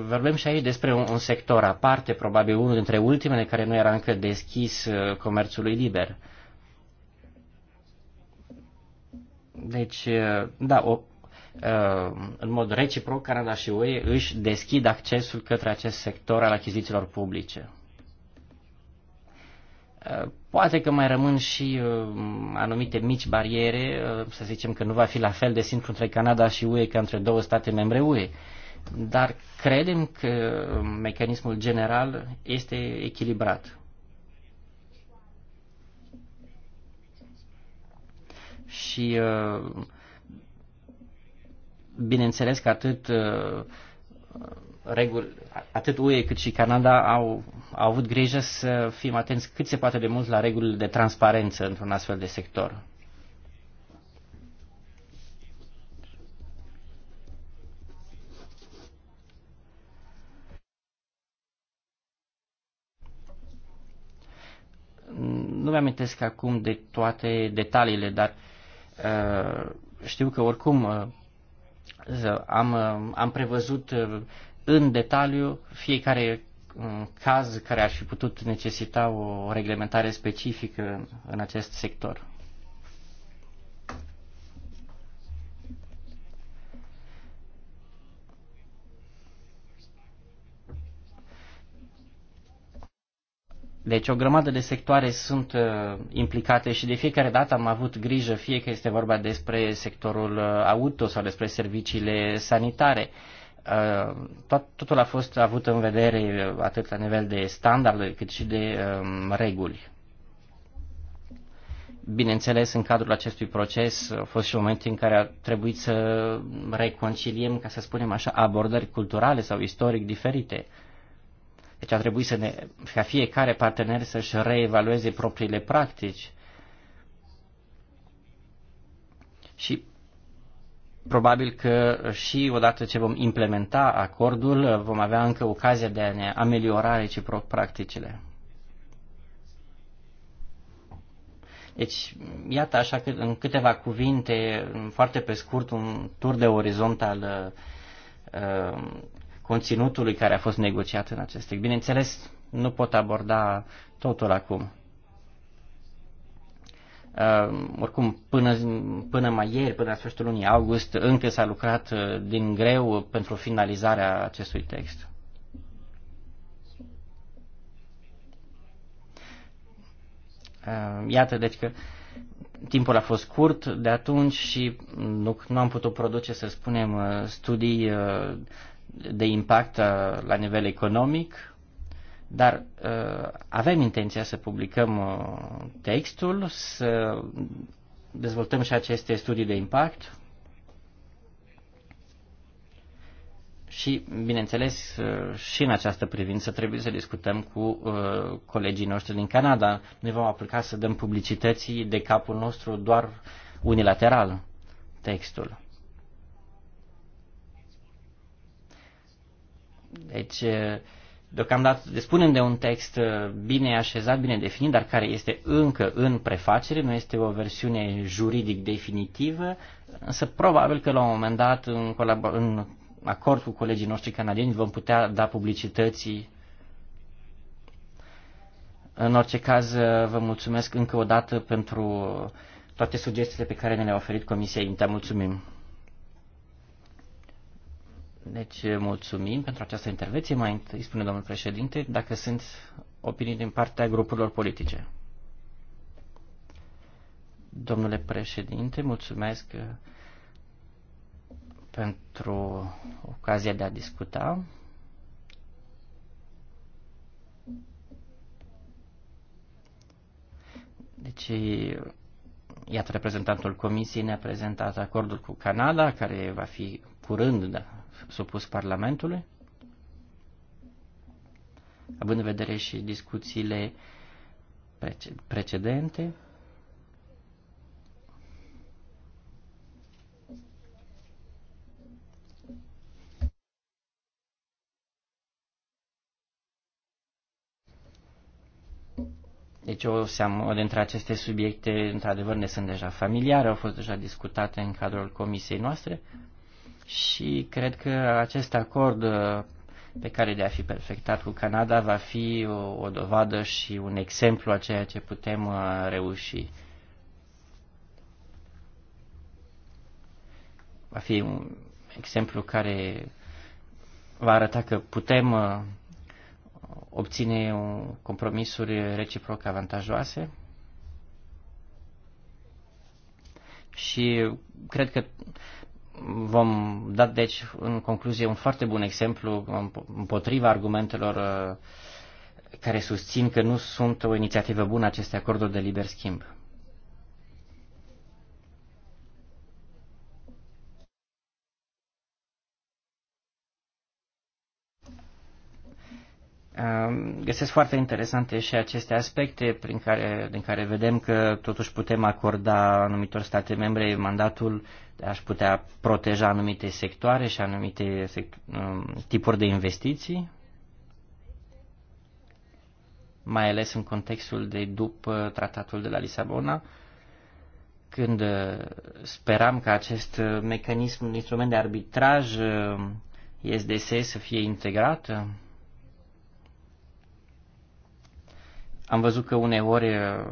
vorbim și aici despre un, un sector aparte, probabil unul dintre ultimele care nu era încă deschis uh, comerțului liber. Deci, uh, da, o Uh, în mod reciproc, Canada și UE își deschid accesul către acest sector al achizițiilor publice. Uh, poate că mai rămân și uh, anumite mici bariere, să zicem că nu va fi la fel de simplu între Canada și UE ca între două state membre UE, dar credem că mecanismul general este echilibrat. Și uh, Bineînțeles că atât uh, reguli, atât UE cât și Canada au, au avut grijă să fim atenți cât se poate de mult la regulile de transparență într-un astfel de sector. Nu mi am acum de toate detaliile, dar uh, știu că oricum uh, am, am prevăzut uh, în detaliu fiecare um, caz care ar fi putut necesita o reglementare specifică în acest sector. Deci o grămadă de sectoare sunt uh, implicate și de fiecare dată am avut grijă, fie că este vorba despre sectorul uh, auto sau despre serviciile sanitare. Uh, tot, totul a fost avut în vedere uh, atât la nivel de standard cât și de uh, reguli. Bineînțeles, în cadrul acestui proces au fost și momente în care a trebuit să reconciliem, ca să spunem așa, abordări culturale sau istoric diferite. Uh, deci ar trebui să ne, ca fiecare partener să-și reevalueze propriile practici. Și probabil că și odată ce vom implementa acordul, vom avea încă ocazia de a ne ameliora reciproc practicile. Deci, iată așa că în câteva cuvinte, foarte pe scurt, un tur de orizont al uh, conținutului care a fost negociat în acest text. Bineînțeles, nu pot aborda totul acum. Uh, oricum, până, până mai ieri, până la sfârșitul lunii august, încă s-a lucrat uh, din greu pentru finalizarea acestui text. Uh, iată, deci că timpul a fost scurt de atunci și nu, nu am putut produce, să spunem, uh, studii uh, de impact uh, la nivel economic, dar uh, avem intenția să publicăm uh, textul, să dezvoltăm și aceste studii de impact și, bineînțeles, și în această privință trebuie să discutăm cu colegii noștri din Canada. Noi vom aplica să dăm publicității de capul nostru doar unilateral textul. Deci, deocamdată spunem de un text bine așezat, bine definit, dar care este încă în prefacere, nu este o versiune juridic definitivă, însă probabil că la un moment dat, în, în acord cu colegii noștri canadieni, vom putea da publicității. În orice caz, vă mulțumesc încă o dată pentru toate sugestiile pe care ne le-a oferit Comisia INTA. Mulțumim! Deci mulțumim pentru această intervenție. Mai întâi spune domnul președinte dacă sunt opinii din partea grupurilor politice. Domnule președinte, mulțumesc uh, pentru ocazia de a discuta. Deci, iată, reprezentantul Comisiei ne-a prezentat acordul cu Canada, care va fi curând da supus Parlamentului? Având în vedere și discuțiile precedente, Deci o seamă dintre aceste subiecte, într-adevăr, ne sunt deja familiare, au fost deja discutate în cadrul comisiei noastre, și cred că acest acord uh, pe care de a fi perfectat cu Canada va fi o, o dovadă și un exemplu a ceea ce putem uh, reuși. Va fi un exemplu care va arăta că putem uh, obține compromisuri reciproc avantajoase și cred că Vom da, deci, în concluzie, un foarte bun exemplu împotriva argumentelor uh, care susțin că nu sunt o inițiativă bună aceste acorduri de liber schimb. Găsesc foarte interesante și aceste aspecte prin care, din care vedem că totuși putem acorda anumitor state membre mandatul de a-și putea proteja anumite sectoare și anumite sect um, tipuri de investiții, mai ales în contextul de după tratatul de la Lisabona, când uh, speram că acest uh, mecanism, instrument de arbitraj ISDS uh, să fie integrat Am văzut că uneori uh,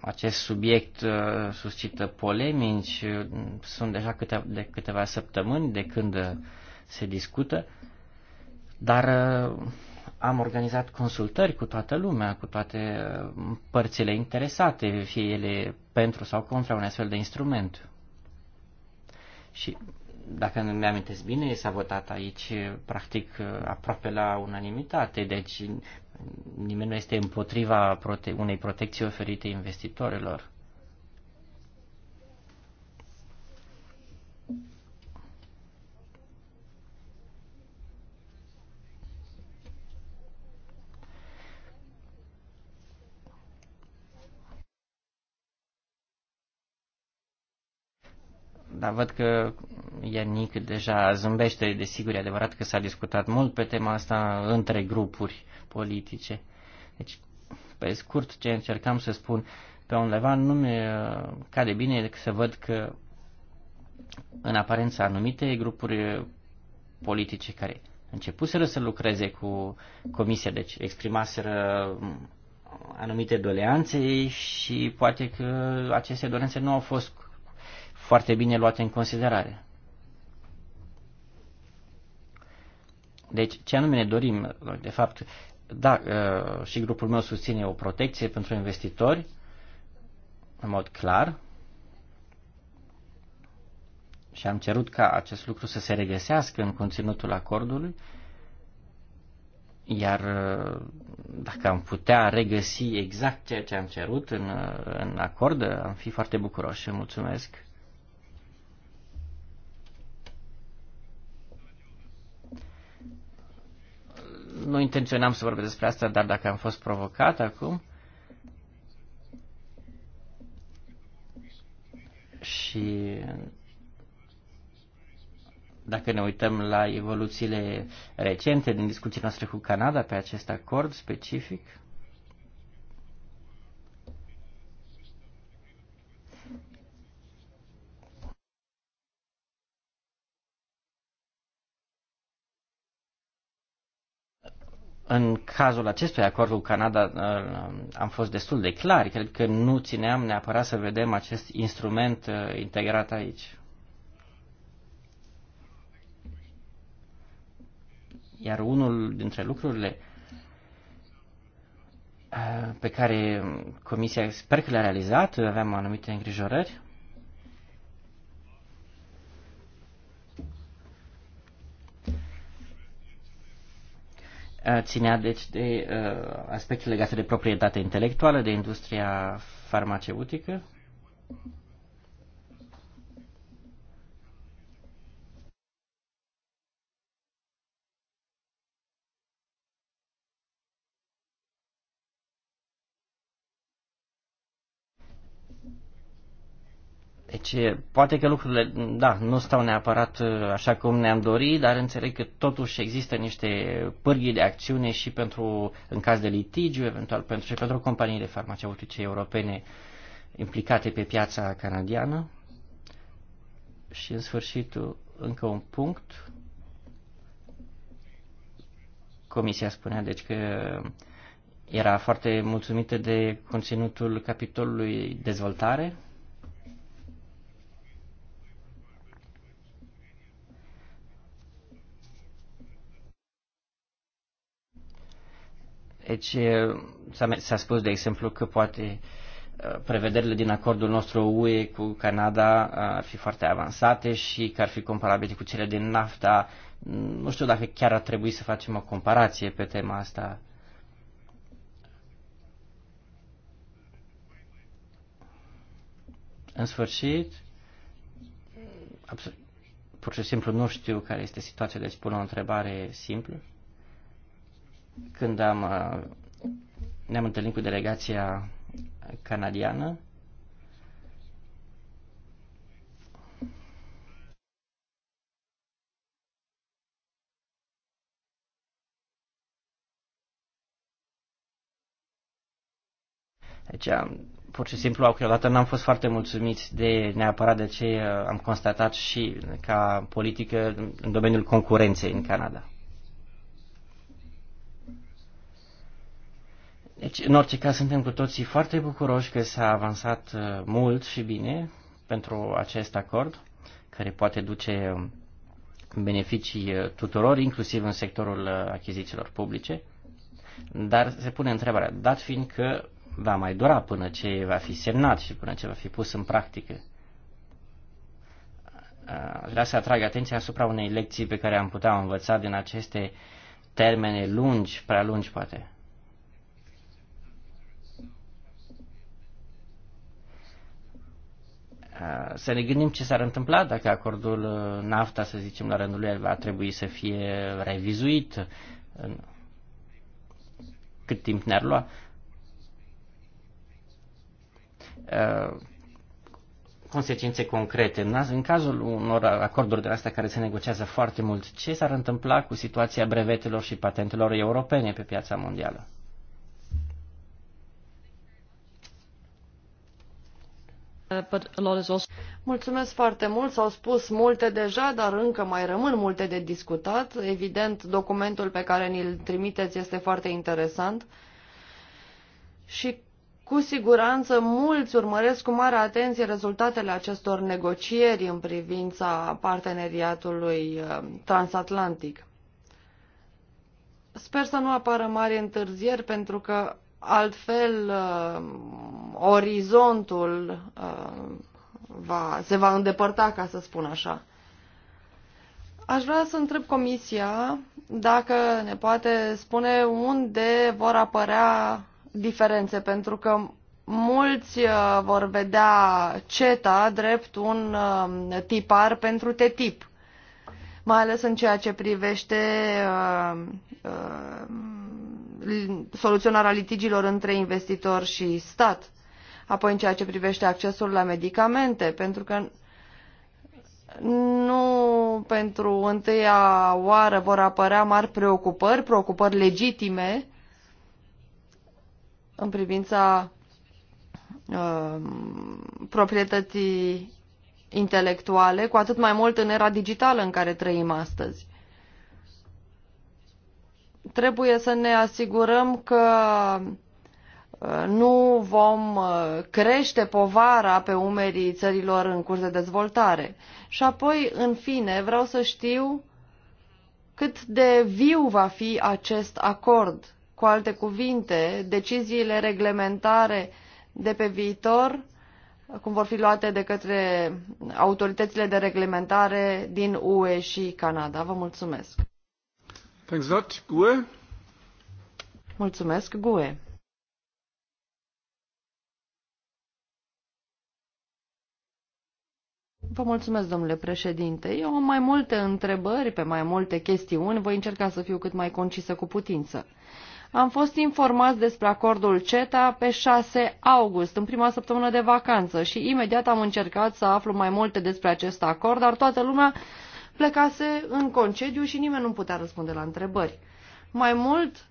acest subiect uh, suscită polemici, uh, sunt deja câteva, de câteva săptămâni de când se discută, dar am organizat consultări cu toată lumea, cu toate părțile interesate, fie ele pentru sau contra un astfel de instrument. Și dacă nu mi-amintesc bine, s-a votat aici practic aproape la unanimitate, deci nimeni nu este împotriva prote- unei protecții oferite investitorilor. Dar văd că Ianic deja zâmbește, desigur, e adevărat că s-a discutat mult pe tema asta între grupuri politice. Deci, pe scurt, ce încercam să spun, pe undeva nu mi uh, cade bine decât să văd că în aparență anumite grupuri politice care începuseră să lucreze cu comisia, deci exprimaseră mm, anumite doleanțe și poate că aceste doleanțe nu au fost foarte bine luate în considerare. Deci, ce anume ne dorim, de fapt, da, uh, și grupul meu susține o protecție pentru investitori, în mod clar, și am cerut ca acest lucru să se regăsească în conținutul acordului, iar uh, dacă am putea regăsi exact ceea ce am cerut în, uh, în acord, am fi foarte bucuroși. și Mulțumesc! nu intenționam să vorbesc despre asta, dar dacă am fost provocat acum, și dacă ne uităm la evoluțiile recente din discuții noastre cu Canada pe acest acord specific, În cazul acestui acord cu Canada uh, am fost destul de clar, cred că nu țineam neapărat să vedem acest instrument uh, integrat aici. Iar unul dintre lucrurile uh, pe care Comisia sper că le-a realizat, aveam anumite îngrijorări, ținea deci de uh, aspecte legate de proprietate intelectuală, de industria farmaceutică Deci, poate că lucrurile, da, nu stau neapărat uh, așa cum ne-am dorit, dar înțeleg că totuși există niște pârghii de acțiune și pentru, în caz de litigiu, eventual pentru, și pentru companiile farmaceutice europene implicate pe piața canadiană. Și, în sfârșit, încă un punct. Comisia spunea, deci, că era foarte mulțumită de conținutul capitolului dezvoltare Deci s-a spus, de exemplu, că poate prevederile din acordul nostru UE cu Canada ar fi foarte avansate și că ar fi comparabile cu cele din NAFTA. Nu știu dacă chiar ar trebui să facem o comparație pe tema asta. În sfârșit, pur și simplu nu știu care este situația, deci pun o întrebare simplă când am, uh, ne-am întâlnit cu delegația canadiană, Deci, pur și simplu, câteodată n-am fost foarte mulțumiți de neapărat de ce uh, am constatat și ca politică în domeniul concurenței în Canada. Deci, în orice caz, suntem cu toții foarte bucuroși că s-a avansat uh, mult și bine pentru acest acord, care poate duce um, beneficii uh, tuturor, inclusiv în sectorul uh, achizițiilor publice. Dar se pune întrebarea, dat fiind că va mai dura până ce va fi semnat și până ce va fi pus în practică. vrea să atrag atenția asupra unei lecții pe care am putea învăța din aceste termene lungi, prea lungi poate. Eh, să ne gândim ce s-ar întâmpla dacă acordul eh, NAFTA, să zicem, la rândul lui va trebui să fie revizuit. Cât timp ne-ar lua? Eh, consecințe concrete. În cazul unor acorduri de astea care se negociază foarte mult, ce s-ar întâmpla cu situația brevetelor și patentelor europene pe piața mondială? Uh, Mulțumesc foarte mult, s-au spus multe deja, dar încă mai rămân multe de discutat. Evident, documentul pe care ni-l trimiteți este foarte interesant și cu siguranță mulți urmăresc cu mare atenție rezultatele acestor negocieri în privința parteneriatului uh, transatlantic. Sper să nu apară mari întârzieri pentru că Altfel, uh, orizontul uh, va, se va îndepărta, ca să spun așa. Aș vrea să întreb Comisia dacă ne poate spune unde vor apărea diferențe, pentru că mulți uh, vor vedea CETA drept un tipar pentru te-tip, mai ales în ceea ce privește uh, uh, soluționarea litigiilor între investitor și stat. Apoi în ceea ce privește accesul la medicamente, pentru că nu pentru întâia oară vor apărea mari preocupări, preocupări legitime în privința uh, proprietății intelectuale, cu atât mai mult în era digitală în care trăim astăzi trebuie să ne asigurăm că uh, nu vom uh, crește povara pe umerii țărilor în curs de dezvoltare. Și apoi, în fine, vreau să știu cât de viu va fi acest acord. Cu alte cuvinte, deciziile reglementare de pe viitor, cum vor fi luate de către autoritățile de reglementare din UE și Canada. Vă mulțumesc! Thanks GUE. Mulțumesc, GUE. Vă mulțumesc, domnule președinte. Eu am mai multe întrebări pe mai multe chestiuni. Voi încerca să fiu cât mai concisă cu putință. Am fost informați despre acordul CETA pe 6 august, în prima săptămână de vacanță, și imediat am încercat să aflu mai multe despre acest acord, dar toată lumea plecase în concediu și nimeni nu putea răspunde la întrebări. Mai mult, 150.000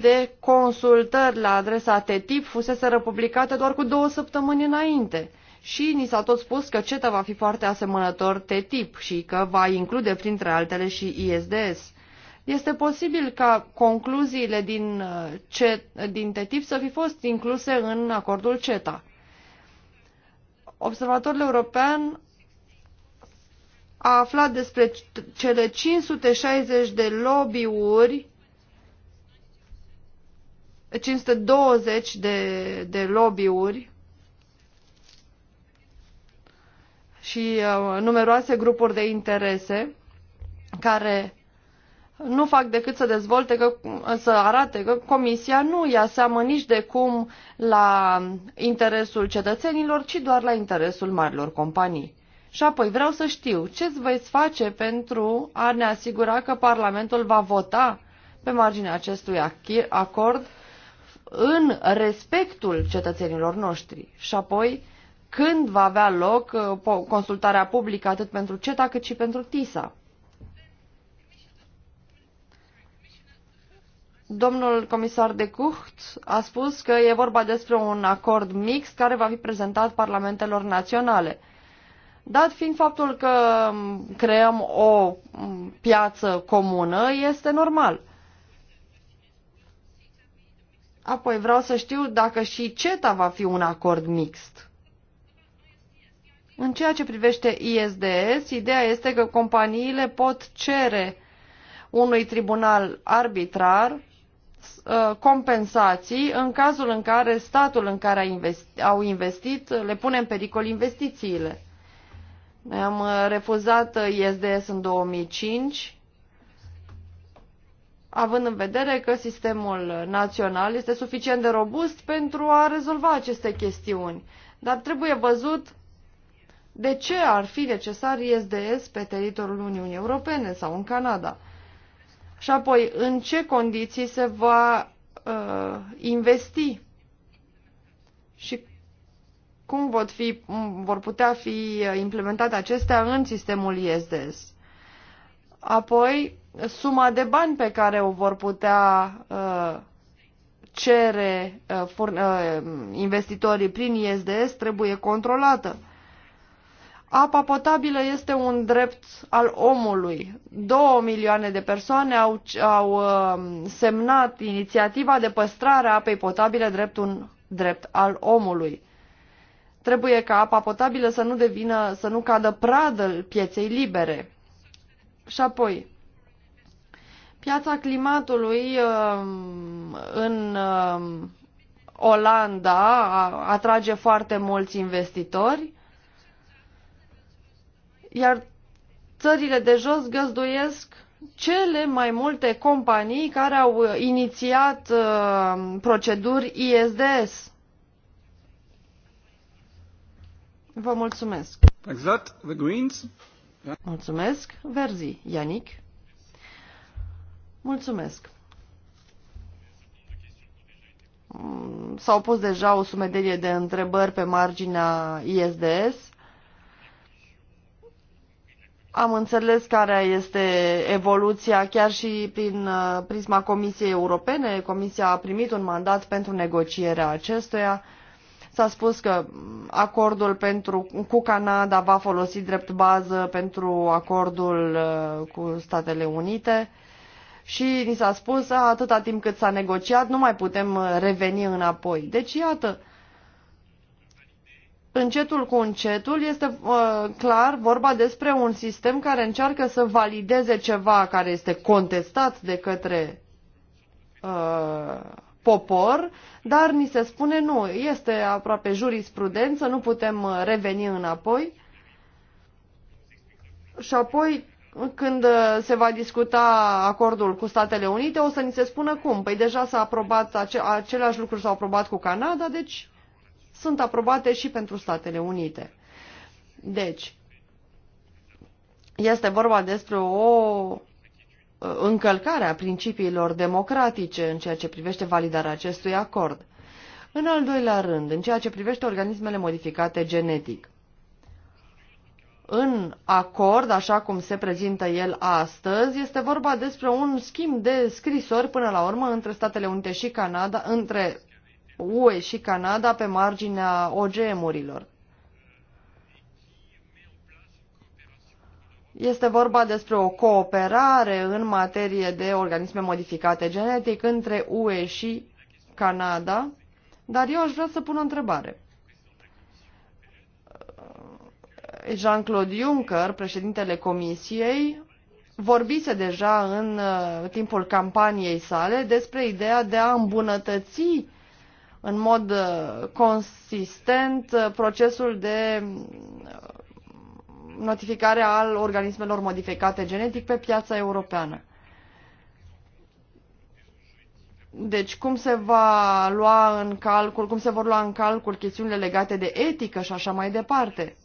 de consultări la adresa TTIP fusese republicate doar cu două săptămâni înainte. Și ni s-a tot spus că CETA va fi foarte asemănător TTIP și că va include printre altele și ISDS. Este posibil ca concluziile din, uh, din TTIP să fi fost incluse în acordul CETA. Observatorul European a aflat despre cele 560 de lobby-uri 520 de, de lobby-uri și uh, numeroase grupuri de interese care nu fac decât să dezvolte, că, să arate că Comisia nu ia seamă nici de cum la interesul cetățenilor, ci doar la interesul marilor companii. Și apoi vreau să știu ce veți face pentru a ne asigura că Parlamentul va vota pe marginea acestui acord în respectul cetățenilor noștri. Și apoi, când va avea loc uh, consultarea publică atât pentru CETA cât și pentru TISA? Domnul comisar de Cucht a spus că e vorba despre un acord mixt care va fi prezentat parlamentelor naționale. Dat fiind faptul că creăm o piață comună, este normal. Apoi vreau să știu dacă și CETA va fi un acord mixt. În ceea ce privește ISDS, ideea este că companiile pot cere unui tribunal arbitrar Uh, compensații în cazul în care statul în care au investit le pune în pericol investițiile. Noi am uh, refuzat uh, ISDS în 2005, având în vedere că sistemul național este suficient de robust pentru a rezolva aceste chestiuni. Dar trebuie văzut de ce ar fi necesar ISDS pe teritoriul Uniunii Europene sau în Canada și apoi în ce condiții se va uh, investi și cum vor, fi, vor putea fi uh, implementate acestea în sistemul ISDS. Apoi, suma de bani pe care o vor putea uh, cere uh, uh investitorii prin ISDS trebuie controlată. Apa potabilă este un drept al omului. Două milioane de persoane au, au um, semnat inițiativa de păstrare a apei potabile drept un drept al omului. Trebuie ca apa potabilă să nu devină, să nu cadă pradă pieței libere. Și apoi, piața climatului um, în um, Olanda atrage foarte mulți investitori iar țările de jos găzduiesc cele mai multe companii care au uh, inițiat uh, proceduri ISDS. Vă mulțumesc. Exact, the Greens. Mulțumesc. Verzi, Ianic. Mulțumesc. Mm, s-au pus deja o sumedenie de întrebări pe marginea ISDS. Am înțeles care este evoluția chiar și prin uh, prisma Comisiei Europene. Comisia a primit un mandat pentru negocierea acestuia. S-a spus că acordul pentru, cu Canada va folosi drept bază pentru acordul uh, cu Statele Unite și ni s-a spus, a, atâta timp cât s-a negociat, nu mai putem uh, reveni înapoi. Deci, iată, uh, încetul cu încetul este uh, clar vorba despre un sistem care încearcă să valideze ceva care este contestat de către uh, popor, dar ni se spune nu, este aproape jurisprudență, nu putem uh, reveni înapoi. Și apoi, când uh, se va discuta acordul cu Statele Unite, o să ni se spună cum. Păi deja s-a aprobat, ace- lucruri s au aprobat cu Canada, deci sunt aprobate și pentru Statele Unite. Deci, este vorba despre o uh, încălcare a principiilor democratice în ceea ce privește validarea acestui acord. În al doilea rând, în ceea ce privește organismele modificate genetic. În acord, așa cum se prezintă el astăzi, este vorba despre un schimb de scrisori până la urmă între Statele Unite și Canada, între UE și Canada pe marginea OGM-urilor. Este vorba despre o cooperare în materie de organisme modificate genetic între UE și Canada, dar eu aș vrea să pun o întrebare. Jean-Claude Juncker, președintele Comisiei, vorbise deja în uh, timpul campaniei sale despre ideea de a îmbunătăți în mod uh, consistent uh, procesul de uh, notificare al organismelor modificate genetic pe piața europeană. Deci cum se va lua în calcul, cum se vor lua în calcul chestiunile legate de etică și așa mai departe?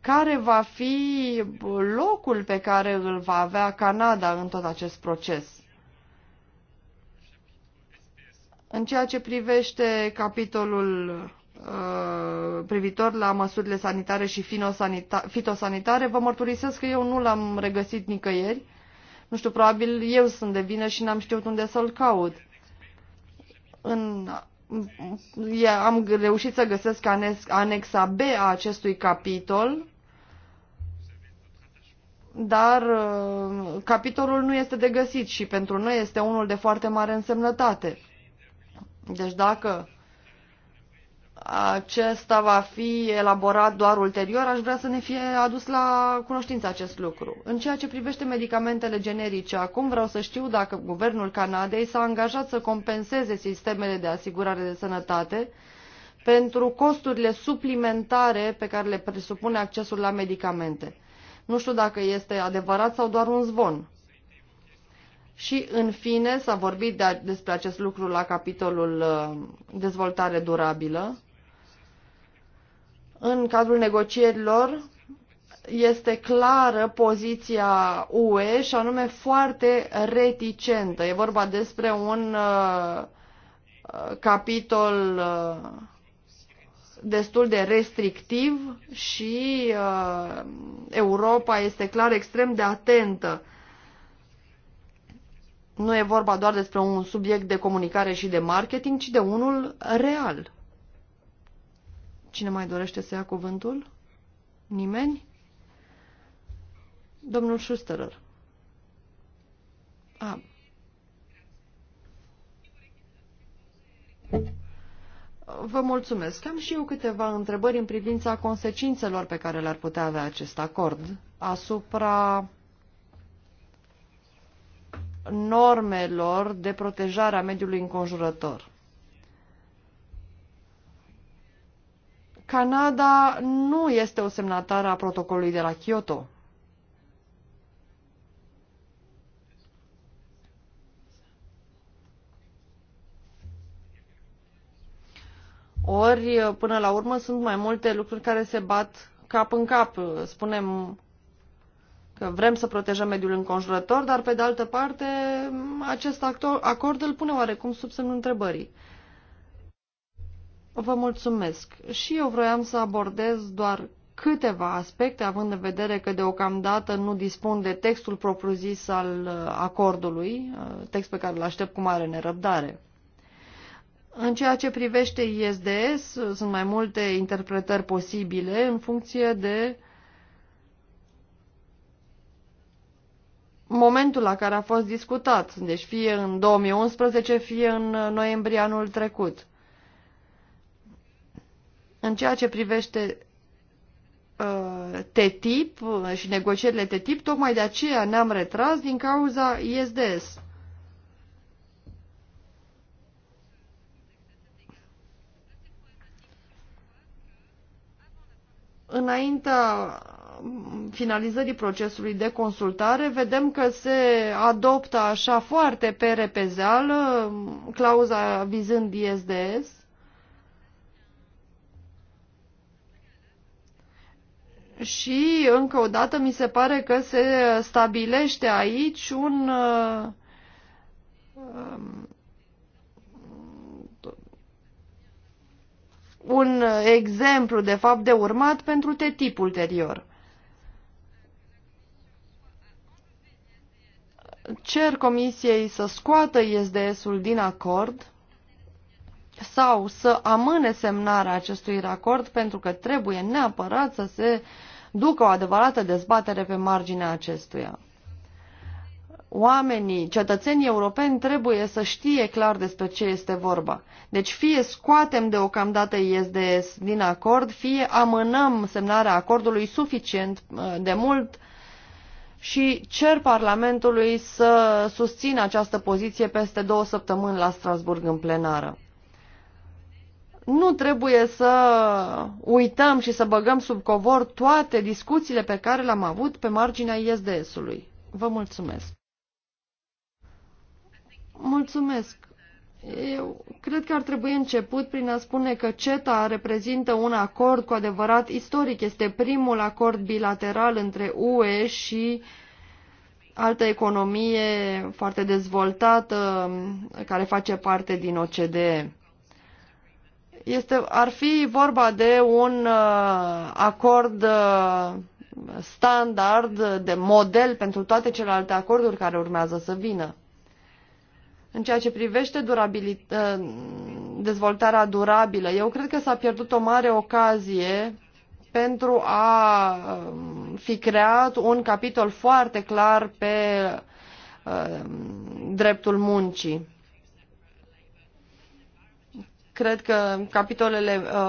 Care va fi locul pe care îl va avea Canada în tot acest proces? În ceea ce privește capitolul uh, privitor la măsurile sanitare și fitosanitare, vă mărturisesc că eu nu l-am regăsit nicăieri. Nu știu, probabil eu sunt de vină și n-am știut unde să-l caut. În, am reușit să găsesc anexa B a acestui capitol, dar uh, capitolul nu este de găsit și pentru noi este unul de foarte mare însemnătate. Deci dacă acesta va fi elaborat doar ulterior, aș vrea să ne fie adus la cunoștință acest lucru. În ceea ce privește medicamentele generice, acum vreau să știu dacă guvernul Canadei s-a angajat să compenseze sistemele de asigurare de sănătate pentru costurile suplimentare pe care le presupune accesul la medicamente. Nu știu dacă este adevărat sau doar un zvon. Și, în fine, s-a vorbit de, despre acest lucru la capitolul uh, dezvoltare durabilă. În cadrul negocierilor este clară poziția UE și anume foarte reticentă. E vorba despre un uh, capitol uh, destul de restrictiv și uh, Europa este clar extrem de atentă uh, nu e vorba doar despre un subiect de comunicare și de marketing, ci de unul real. Cine mai dorește să ia cuvântul? Nimeni? Domnul Schusterer. A. Vă mulțumesc. Am și eu câteva întrebări în privința consecințelor pe care le-ar putea avea acest acord asupra normelor de protejare a mediului înconjurător. Canada nu este o semnatară a protocolului de la Kyoto. Ori, până la urmă, sunt mai multe lucruri care se bat cap în cap. Spunem că vrem să protejăm mediul înconjurător, dar pe de altă parte acest acord îl pune oarecum sub semnul întrebării. Vă mulțumesc. Și eu vroiam să abordez doar câteva aspecte, având în vedere că deocamdată nu dispun de textul propriu-zis al uh, acordului, uh, text pe care îl aștept cu mare nerăbdare. În ceea ce privește ISDS, sunt mai multe interpretări posibile în funcție de momentul la care a fost discutat, deci fie în 2011, fie în noiembrie anul trecut. În ceea ce privește uh, TTIP și negocierile TTIP, tocmai de aceea ne-am retras din cauza ISDS. Înaintea finalizării procesului de consultare, vedem că se adoptă așa foarte pe repezeală clauza vizând ISDS. Și încă o dată mi se pare că se stabilește aici un um, un exemplu de fapt de urmat pentru tip ulterior. cer Comisiei să scoată ISDS-ul din acord sau să amâne semnarea acestui acord pentru că trebuie neapărat să se ducă o adevărată dezbatere pe marginea acestuia. Oamenii, cetățenii europeni trebuie să știe clar despre ce este vorba. Deci fie scoatem deocamdată ISDS din acord, fie amânăm semnarea acordului suficient uh, de mult și cer Parlamentului să susțină această poziție peste două săptămâni la Strasburg în plenară. Nu trebuie să uităm și să băgăm sub covor toate discuțiile pe care le-am avut pe marginea ISDS-ului. Vă mulțumesc! Mulțumesc! Eu cred că ar trebui început prin a spune că CETA reprezintă un acord cu adevărat istoric. Este primul acord bilateral între UE și altă economie foarte dezvoltată care face parte din OCDE. Este, ar fi vorba de un uh, acord uh, standard, de model pentru toate celelalte acorduri care urmează să vină. În ceea ce privește ă, dezvoltarea durabilă, eu cred că s-a pierdut o mare ocazie pentru a um, fi creat un capitol foarte clar pe ă, dreptul muncii. Cred că capitolele ă,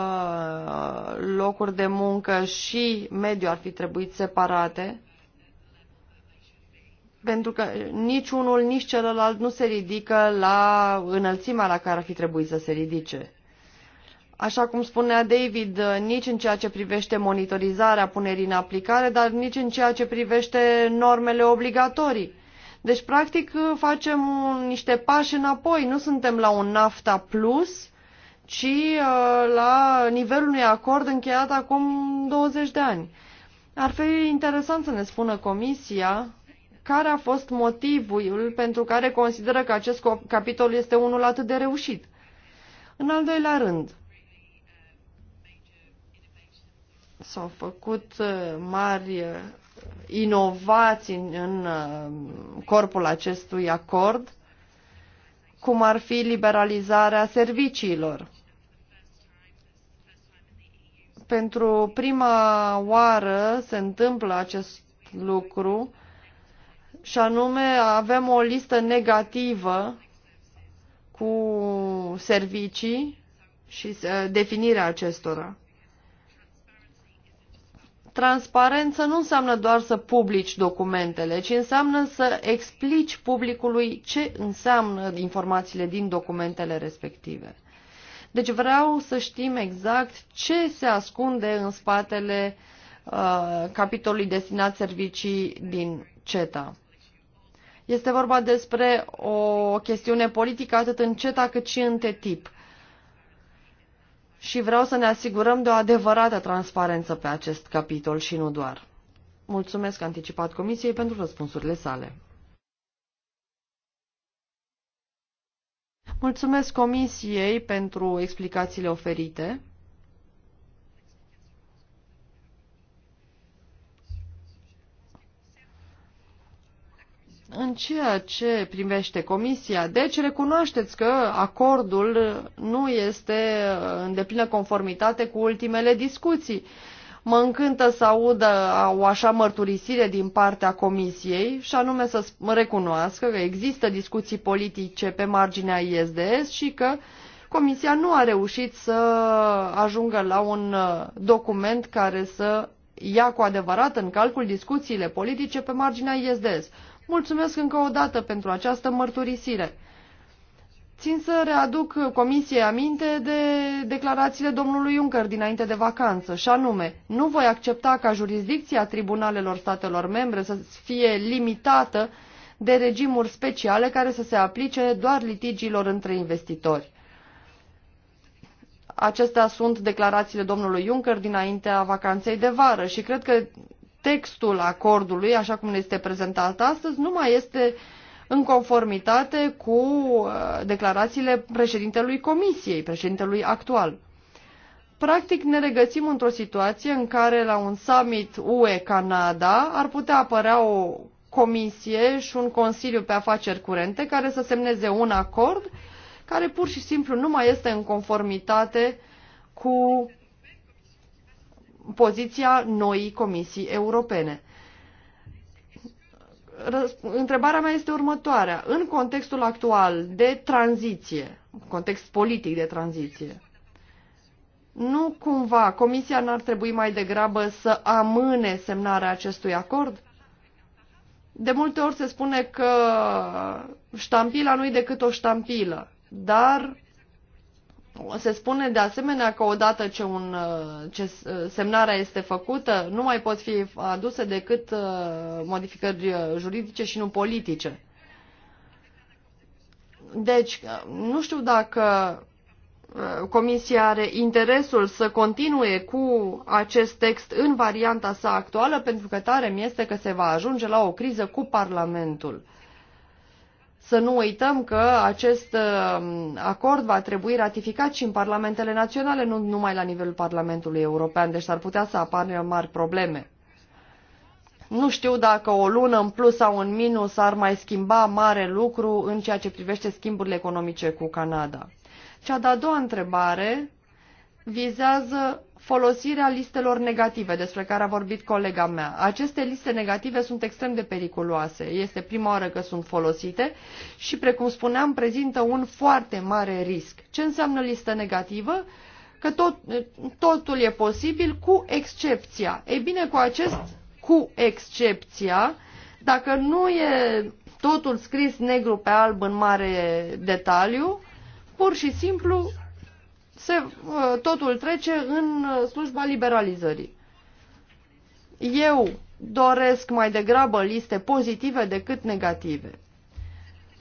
locuri de muncă și mediu ar fi trebuit separate pentru că nici unul, nici celălalt nu se ridică la înălțimea la care ar fi trebuit să se ridice. Așa cum spunea David, nici în ceea ce privește monitorizarea punerii în aplicare, dar nici în ceea ce privește normele obligatorii. Deci, practic, facem niște pași înapoi. Nu suntem la un NAFTA plus, ci uh, la nivelul unui acord încheiat acum 20 de ani. Ar fi interesant să ne spună Comisia care a fost motivul pentru care consideră că acest capitol este unul atât de reușit. În al doilea rând, s-au făcut uh, mari uh, inovații în uh, corpul acestui acord, cum ar fi liberalizarea serviciilor. Pentru prima oară se întâmplă acest lucru și anume avem o listă negativă cu servicii și uh, definirea acestora. Transparență nu înseamnă doar să publici documentele, ci înseamnă să explici publicului ce înseamnă informațiile din documentele respective. Deci vreau să știm exact ce se ascunde în spatele uh, capitolului destinat servicii din CETA. Este vorba despre o chestiune politică atât în CETA cât și în TTIP. Și vreau să ne asigurăm de o adevărată transparență pe acest capitol și nu doar. Mulțumesc anticipat Comisiei pentru răspunsurile sale. Mulțumesc Comisiei pentru explicațiile oferite. În ceea ce privește Comisia, deci recunoașteți că acordul nu este în deplină conformitate cu ultimele discuții. Mă încântă să aud o așa mărturisire din partea Comisiei și anume să recunoască că există discuții politice pe marginea ISDS și că Comisia nu a reușit să ajungă la un uh, document care să ia cu adevărat în calcul discuțiile politice pe marginea ISDS. Mulțumesc încă o dată pentru această mărturisire. Țin să readuc Comisiei aminte de declarațiile domnului Juncker dinainte de vacanță, și anume, nu voi accepta ca jurisdicția tribunalelor statelor membre să fie limitată de regimuri speciale care să se aplice doar litigiilor între investitori. Acestea sunt declarațiile domnului Juncker dinaintea vacanței de vară și cred că textul acordului, așa cum ne este prezentat astăzi, nu mai este în conformitate cu uh, declarațiile președintelui Comisiei, președintelui actual. Practic ne regăsim într-o situație în care la un summit UE-Canada ar putea apărea o comisie și un consiliu pe afaceri curente care să semneze un acord care pur și simplu nu mai este în conformitate cu poziția noii Comisii Europene. Întrebarea mea este următoarea. În contextul actual de tranziție, context politic de tranziție, nu cumva Comisia n-ar trebui mai degrabă să amâne semnarea acestui acord? De multe ori se spune că ștampila nu e decât o ștampilă, dar se spune de asemenea că odată ce, un, uh, ce uh, semnarea este făcută, nu mai pot fi aduse decât uh, modificări juridice și nu politice. Deci, nu știu dacă Comisia are interesul să continue cu acest text în varianta sa actuală, pentru că tare mi este că se va ajunge la o criză cu Parlamentul. Să nu uităm că acest um, acord va trebui ratificat și în parlamentele naționale, nu numai la nivelul Parlamentului European, deci ar putea să apară mari probleme. Nu știu dacă o lună în plus sau în minus ar mai schimba mare lucru în ceea ce privește schimburile economice cu Canada. Cea de-a doua întrebare vizează folosirea listelor negative despre care a vorbit colega mea. Aceste liste negative sunt extrem de periculoase. Este prima oară că sunt folosite și, precum spuneam, prezintă un foarte mare risc. Ce înseamnă listă negativă? Că tot, totul e posibil cu excepția. Ei bine, cu acest cu excepția, dacă nu e totul scris negru pe alb în mare detaliu, pur și simplu se, uh, totul trece în uh, slujba liberalizării. Eu doresc mai degrabă liste pozitive decât negative.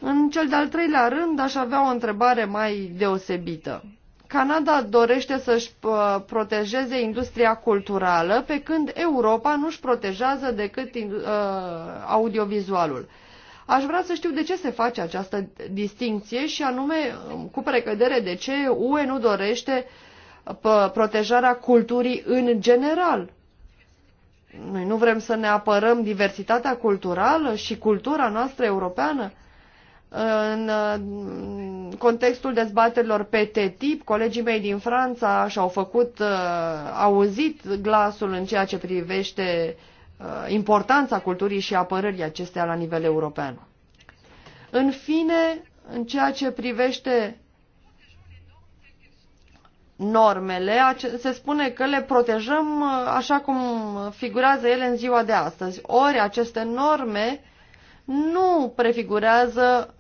În cel de-al treilea rând, aș avea o întrebare mai deosebită. Canada dorește să-și uh, protejeze industria culturală, pe când Europa nu-și protejează decât audiovizualul. Aș vrea să știu de ce se face această distinție și anume, cu precădere, de ce UE nu dorește protejarea culturii în general. Noi nu vrem să ne apărăm diversitatea culturală și cultura noastră europeană? În contextul dezbaterilor pe TTIP, colegii mei din Franța și-au făcut uh, auzit glasul în ceea ce privește Uh, importanța culturii și apărării acesteia la nivel european. În fine, în ceea ce privește normele, se spune că le protejăm uh, așa cum figurează ele în ziua de astăzi. Ori aceste norme nu prefigurează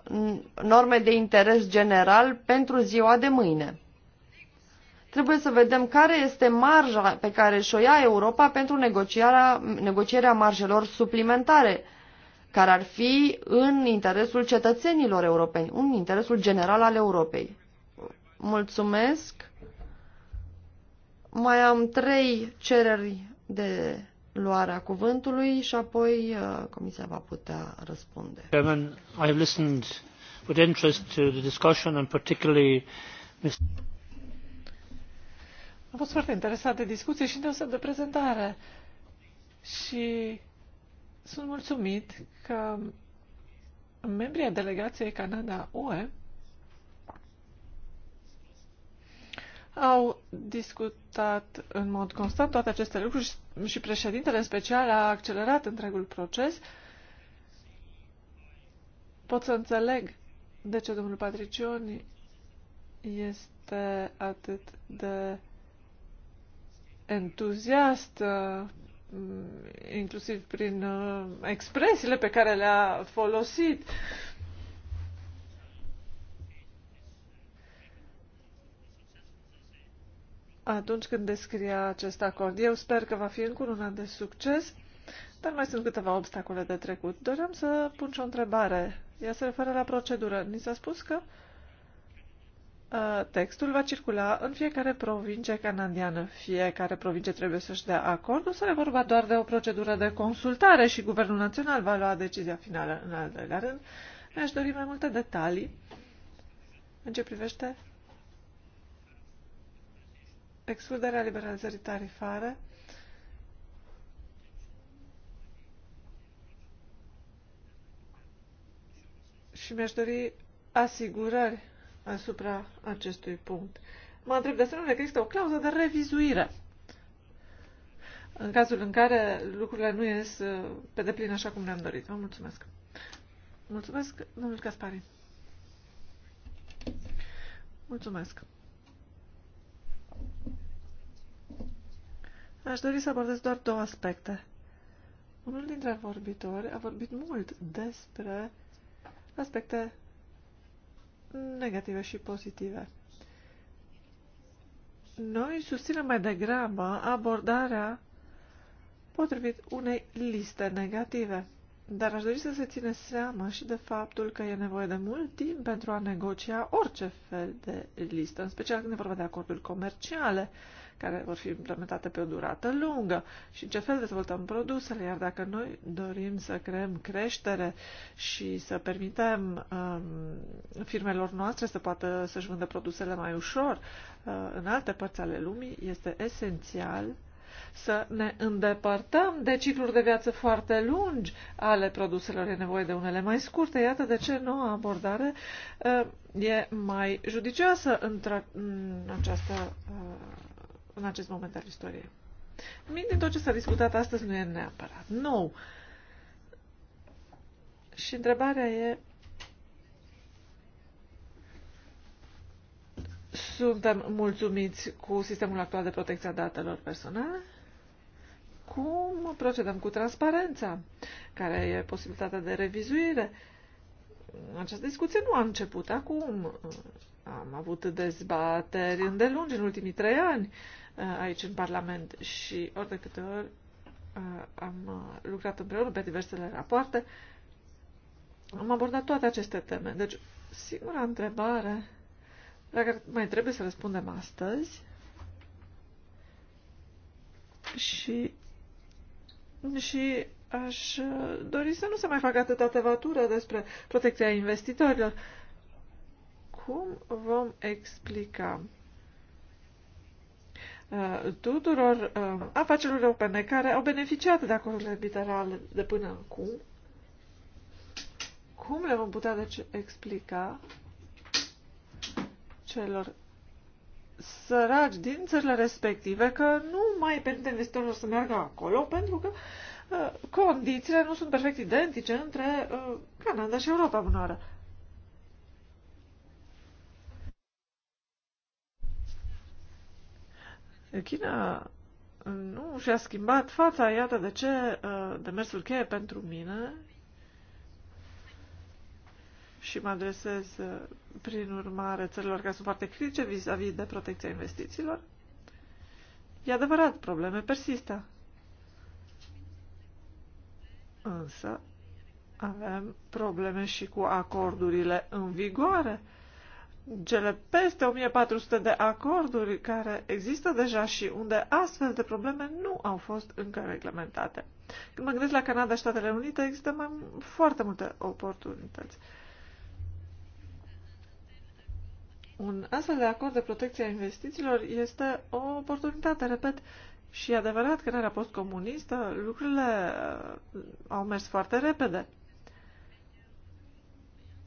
norme de interes general pentru ziua de mâine. Trebuie să vedem care este marja pe care și-o ia Europa pentru negocierea, negocierea marjelor suplimentare, care ar fi în interesul cetățenilor europeni, în interesul general al Europei. Mulțumesc. Mai am trei cereri de luarea cuvântului și apoi uh, Comisia va putea răspunde. Chairman, I have listened with interest to the discussion and particularly Mr. Am fost foarte interesat de discuție și de o de prezentare. Și sunt mulțumit că membrii delegației Canada-UE au discutat în mod constant toate aceste lucruri și președintele special a accelerat întregul proces. Pot să înțeleg de ce domnul Patricioni este atât de entuziast, uh, inclusiv prin uh, expresiile pe care le-a folosit. atunci când descria acest acord. Eu sper că va fi încununat de succes, dar mai sunt câteva obstacole de trecut. Doream să pun și o întrebare. Ea se referă la procedură. Ni s-a spus că textul va circula în fiecare provincie canadiană. Fiecare provincie trebuie să-și dea acord. Nu se vorba doar de o procedură de consultare și Guvernul Național va lua decizia finală în al doilea rând. Mi-aș dori mai multe detalii în ce privește excluderea liberalizării tarifare, și mi-aș dori asigurări asupra acestui punct. Mă întreb de asemenea că există o clauză de revizuire în cazul în care lucrurile nu ies uh, pe deplin așa cum ne-am dorit. Vă mulțumesc. Mulțumesc, domnul Caspari. Mulțumesc. Aș dori să abordez doar două aspecte. Unul dintre vorbitori a vorbit mult despre aspecte negative și pozitive. Noi susținem mai degrabă abordarea potrivit unei liste negative. Dar aș dori să se ține seama și de faptul că e nevoie de mult timp pentru a negocia orice fel de listă, în special când e vorba de acorduri comerciale, care vor fi implementate pe o durată lungă și în ce fel dezvoltăm produsele, iar dacă noi dorim să creăm creștere și să permitem um, firmelor noastre să poată să-și vândă produsele mai ușor uh, în alte părți ale lumii, este esențial să ne îndepărtăm de cicluri de viață foarte lungi ale produselor. E nevoie de unele mai scurte. Iată de ce noua abordare uh, e mai judicioasă în, această, uh, în acest moment al istoriei. Nimic din tot ce s-a discutat astăzi nu e neapărat nou. Și întrebarea e suntem mulțumiți cu sistemul actual de protecție a datelor personale? Cum procedăm cu transparența? Care e posibilitatea de revizuire? Această discuție nu a început acum. Am avut dezbateri îndelungi în ultimii trei ani uh, aici în Parlament și ori de câte ori uh, am uh, lucrat împreună pe diversele rapoarte, am abordat toate aceste teme. Deci, singura întrebare la care mai trebuie să răspundem astăzi și și aș dori să nu se mai facă atâta tevatură despre protecția investitorilor. Cum vom explica uh, tuturor uh, afacerilor europene care au beneficiat de acordurile bilaterale de până acum? Cum le vom putea deci explica celor săraci din țările respective că nu mai permite investitorilor să meargă acolo pentru că uh, condițiile nu sunt perfect identice între uh, Canada și Europa Bunoară. China uh, nu și-a schimbat fața, iată de ce demersul cheie pentru mine și mă adresez uh, prin urmare țărilor care sunt foarte critice vis-a-vis -vis de protecția investițiilor. E adevărat, probleme persistă. Însă avem probleme și cu acordurile în vigoare. Cele peste 1400 de acorduri care există deja și unde astfel de probleme nu au fost încă reglementate. Când mă gândesc la Canada și Statele Unite, există mai, foarte multe oportunități. Uh, Un astfel de acord de protecție a investițiilor este o oportunitate, repet, și adevărat că în era postcomunistă lucrurile uh, au mers foarte repede.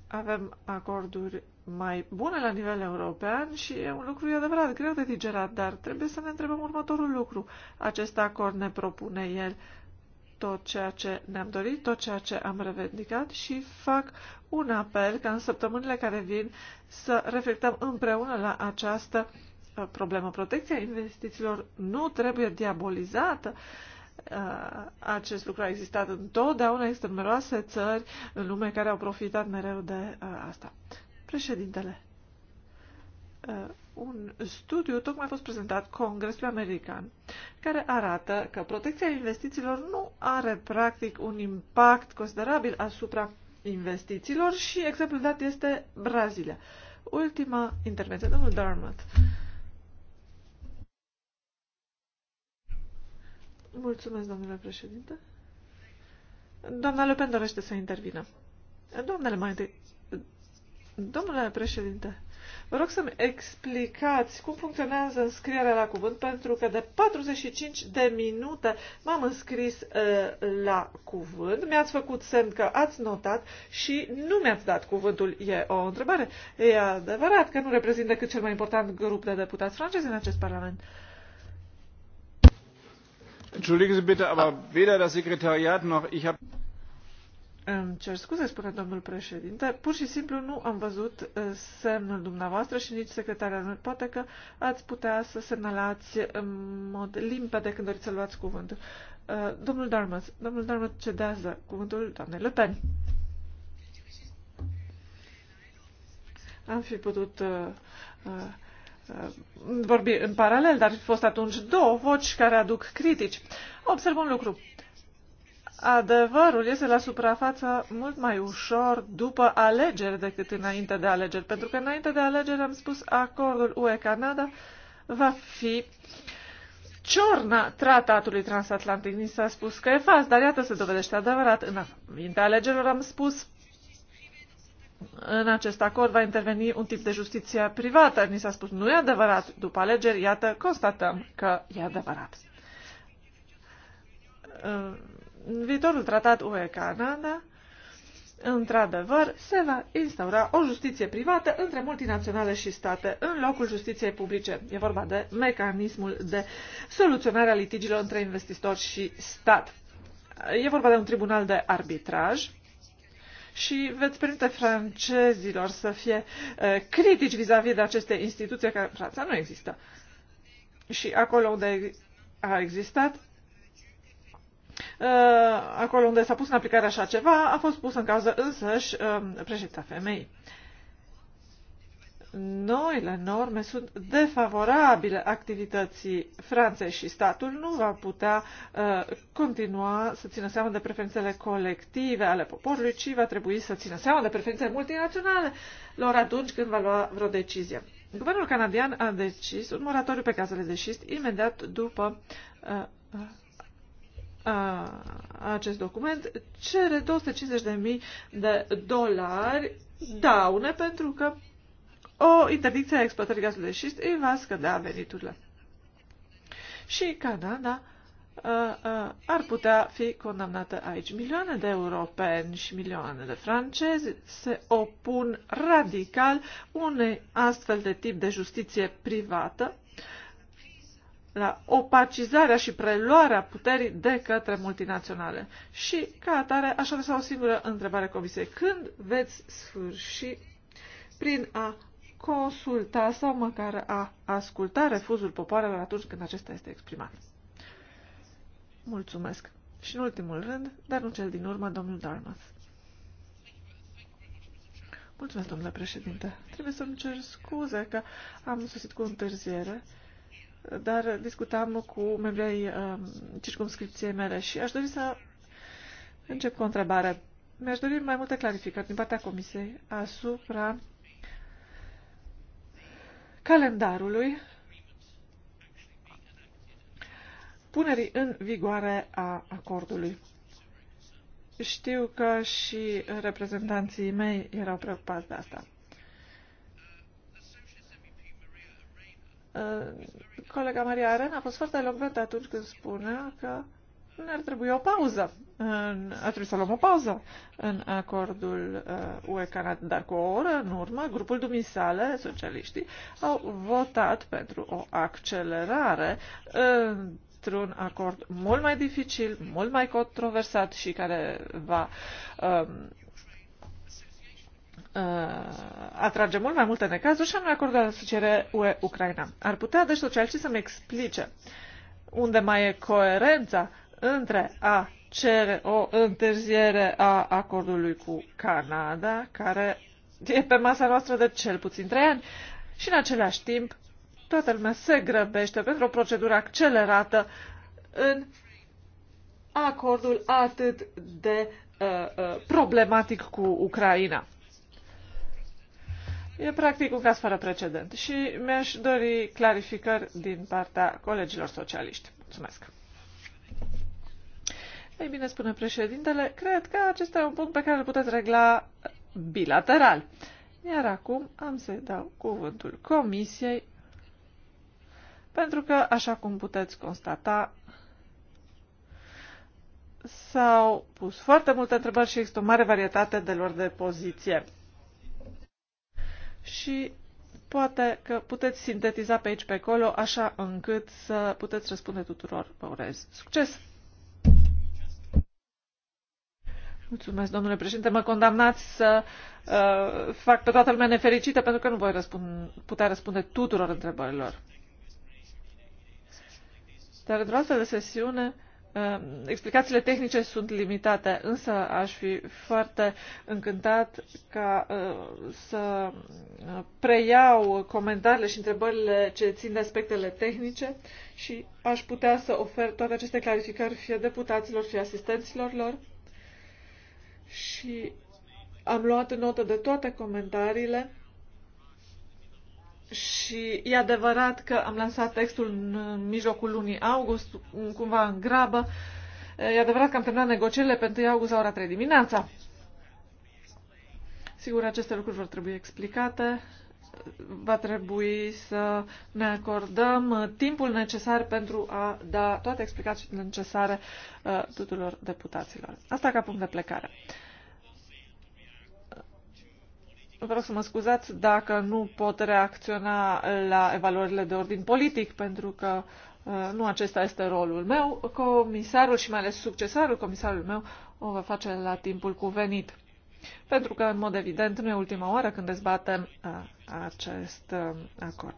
Avem acorduri mai bune la nivel european și e un lucru adevărat greu de digerat, dar trebuie să ne întrebăm următorul lucru. Acest acord ne propune el tot ceea ce ne-am dorit, tot ceea ce am revendicat și fac un apel ca în săptămânile care vin să reflectăm împreună la această uh, problemă. Protecția investițiilor nu trebuie diabolizată. Uh, acest lucru a existat întotdeauna. Există numeroase țări în lume care au profitat mereu de uh, asta. Președintele, un studiu tocmai a fost prezentat Congresului American, care arată că protecția investițiilor nu are practic un impact considerabil asupra investițiilor și exemplul dat este Brazilia. Ultima intervenție, domnul Darmat. Mulțumesc, domnule președinte. Doamna Le Pen dorește să intervină. Doamnele, mai întâi. Domnule președinte, Vă rog să-mi explicați cum funcționează înscrierea la cuvânt, pentru că de 45 de minute m-am înscris uh, la cuvânt, mi-ați făcut semn că ați notat și nu mi-ați dat cuvântul. E o întrebare. E adevărat că nu reprezint decât cel mai important grup de deputați francezi în acest parlament. Entschuldigen Sie bitte, aber weder das Sekretariat noch ich habe... Îmi cer scuze, spune domnul președinte, pur și simplu nu am văzut uh, semnul dumneavoastră și nici secretariatul. Poate că ați putea să semnalați în mod limpede când doriți să luați cuvântul. Uh, domnul Darmăț, domnul Darmăț cedează cuvântul doamnei Le Pen. Am fi putut uh, uh, uh vorbi în paralel, dar fi fost atunci două voci care aduc critici. Observ un lucru. Adevărul iese la suprafață mult mai ușor după alegeri decât înainte de alegeri, pentru că înainte de alegeri am spus acordul UE-Canada va fi ciorna tratatului transatlantic. Ni s-a spus că e fals, dar iată se dovedește adevărat. Înainte alegerilor am spus în acest acord va interveni un tip de justiție privată. Ni s-a spus nu e adevărat. După alegeri, iată, constatăm că e adevărat viitorul tratat UE-Canada, într-adevăr, se va instaura o justiție privată între multinaționale și state în locul justiției publice. E vorba de mecanismul de soluționare a litigilor între investitori și stat. E vorba de un tribunal de arbitraj și veți permite francezilor să fie uh, critici vis-a-vis -vis de aceste instituții care în Franța nu există. Și acolo unde a existat, Uh, acolo unde s-a pus în aplicare așa ceva, a fost pus în cauză însăși um, președinta femeii. Noile norme sunt defavorabile activității Franței și statul nu va putea uh, continua să țină seama de preferințele colective ale poporului, ci va trebui să țină seama de preferințele multinaționale lor atunci când va lua vreo decizie. Guvernul canadian a decis un moratoriu pe cazele de șist imediat după uh, a, acest document cere 250.000 de dolari daune pentru că o interdicție a exploatării gazului de șist îi va scădea veniturile. Și Canada ar putea fi condamnată aici. Milioane de europeni și milioane de francezi se opun radical unei astfel de tip de justiție privată la opacizarea și preluarea puterii de către multinaționale. Și, ca atare, aș avea o singură întrebare comisiei. Când veți sfârși prin a consulta sau măcar a asculta refuzul popoarelor atunci când acesta este exprimat? Mulțumesc. Și în ultimul rând, dar nu cel din urmă, domnul Dartmouth. Mulțumesc, domnule președinte. Trebuie să-mi cer scuze că am sosit cu întârziere dar discutam cu membrii uh, circumscripției mele și aș dori să încep cu o întrebare. Mi-aș dori mai multe clarificări din partea Comisiei asupra calendarului punerii în vigoare a acordului. Știu că și reprezentanții mei erau preocupați de asta. Uh, colega Maria Aren a fost foarte elogventă atunci când spunea că ne ar trebui o pauză. În, ar trebui să luăm o pauză în acordul uh, UE-Canada, dar cu o oră în urmă, grupul dumisale, socialiștii, au votat pentru o accelerare într-un acord mult mai dificil, mult mai controversat și care va um, Uh, atrage mult mai multe necazuri și anume acordul de asociere UE-Ucraina. Ar putea, deci, socialiștii să-mi explice unde mai e coerența între a cere o întârziere a acordului cu Canada, care e pe masa noastră de cel puțin trei ani, și în același timp toată lumea se grăbește pentru o procedură accelerată în acordul atât de uh, uh, problematic cu Ucraina. E practic un caz fără precedent și mi-aș dori clarificări din partea colegilor socialiști. Mulțumesc! Ei bine, spune președintele, cred că acesta e un punct pe care îl puteți regla bilateral. Iar acum am să dau cuvântul comisiei, pentru că, așa cum puteți constata, s-au pus foarte multe întrebări și există o mare varietate de lor de poziție și poate că puteți sintetiza pe aici, pe acolo, așa încât să puteți răspunde tuturor, vă urez. Succes! Mulțumesc, domnule președinte. Mă condamnați să uh, fac pe toată lumea nefericită pentru că nu voi răspund, putea răspunde tuturor întrebărilor. Dar într-o astfel de sesiune Ehm, explicațiile tehnice sunt limitate, însă aș fi foarte încântat ca ehm, să preiau comentariile și întrebările ce țin de aspectele tehnice și aș putea să ofer toate aceste clarificări fie deputaților, fie asistenților lor. Și am luat notă de toate comentariile și e adevărat că am lansat textul în mijlocul lunii august, cumva în grabă. E adevărat că am terminat negocierile pe 1 august la ora 3 dimineața. Sigur, aceste lucruri vor trebui explicate. Va trebui să ne acordăm uh, timpul necesar pentru a da toate explicațiile necesare uh, tuturor deputaților. Asta ca punct de plecare. Vreau să mă scuzați dacă nu pot reacționa la evaluările de ordin politic, pentru că uh, nu acesta este rolul meu. Comisarul și mai ales succesarul comisarului meu o va face la timpul cuvenit. Pentru că, în mod evident, nu e ultima oară când dezbatem uh, acest uh, acord.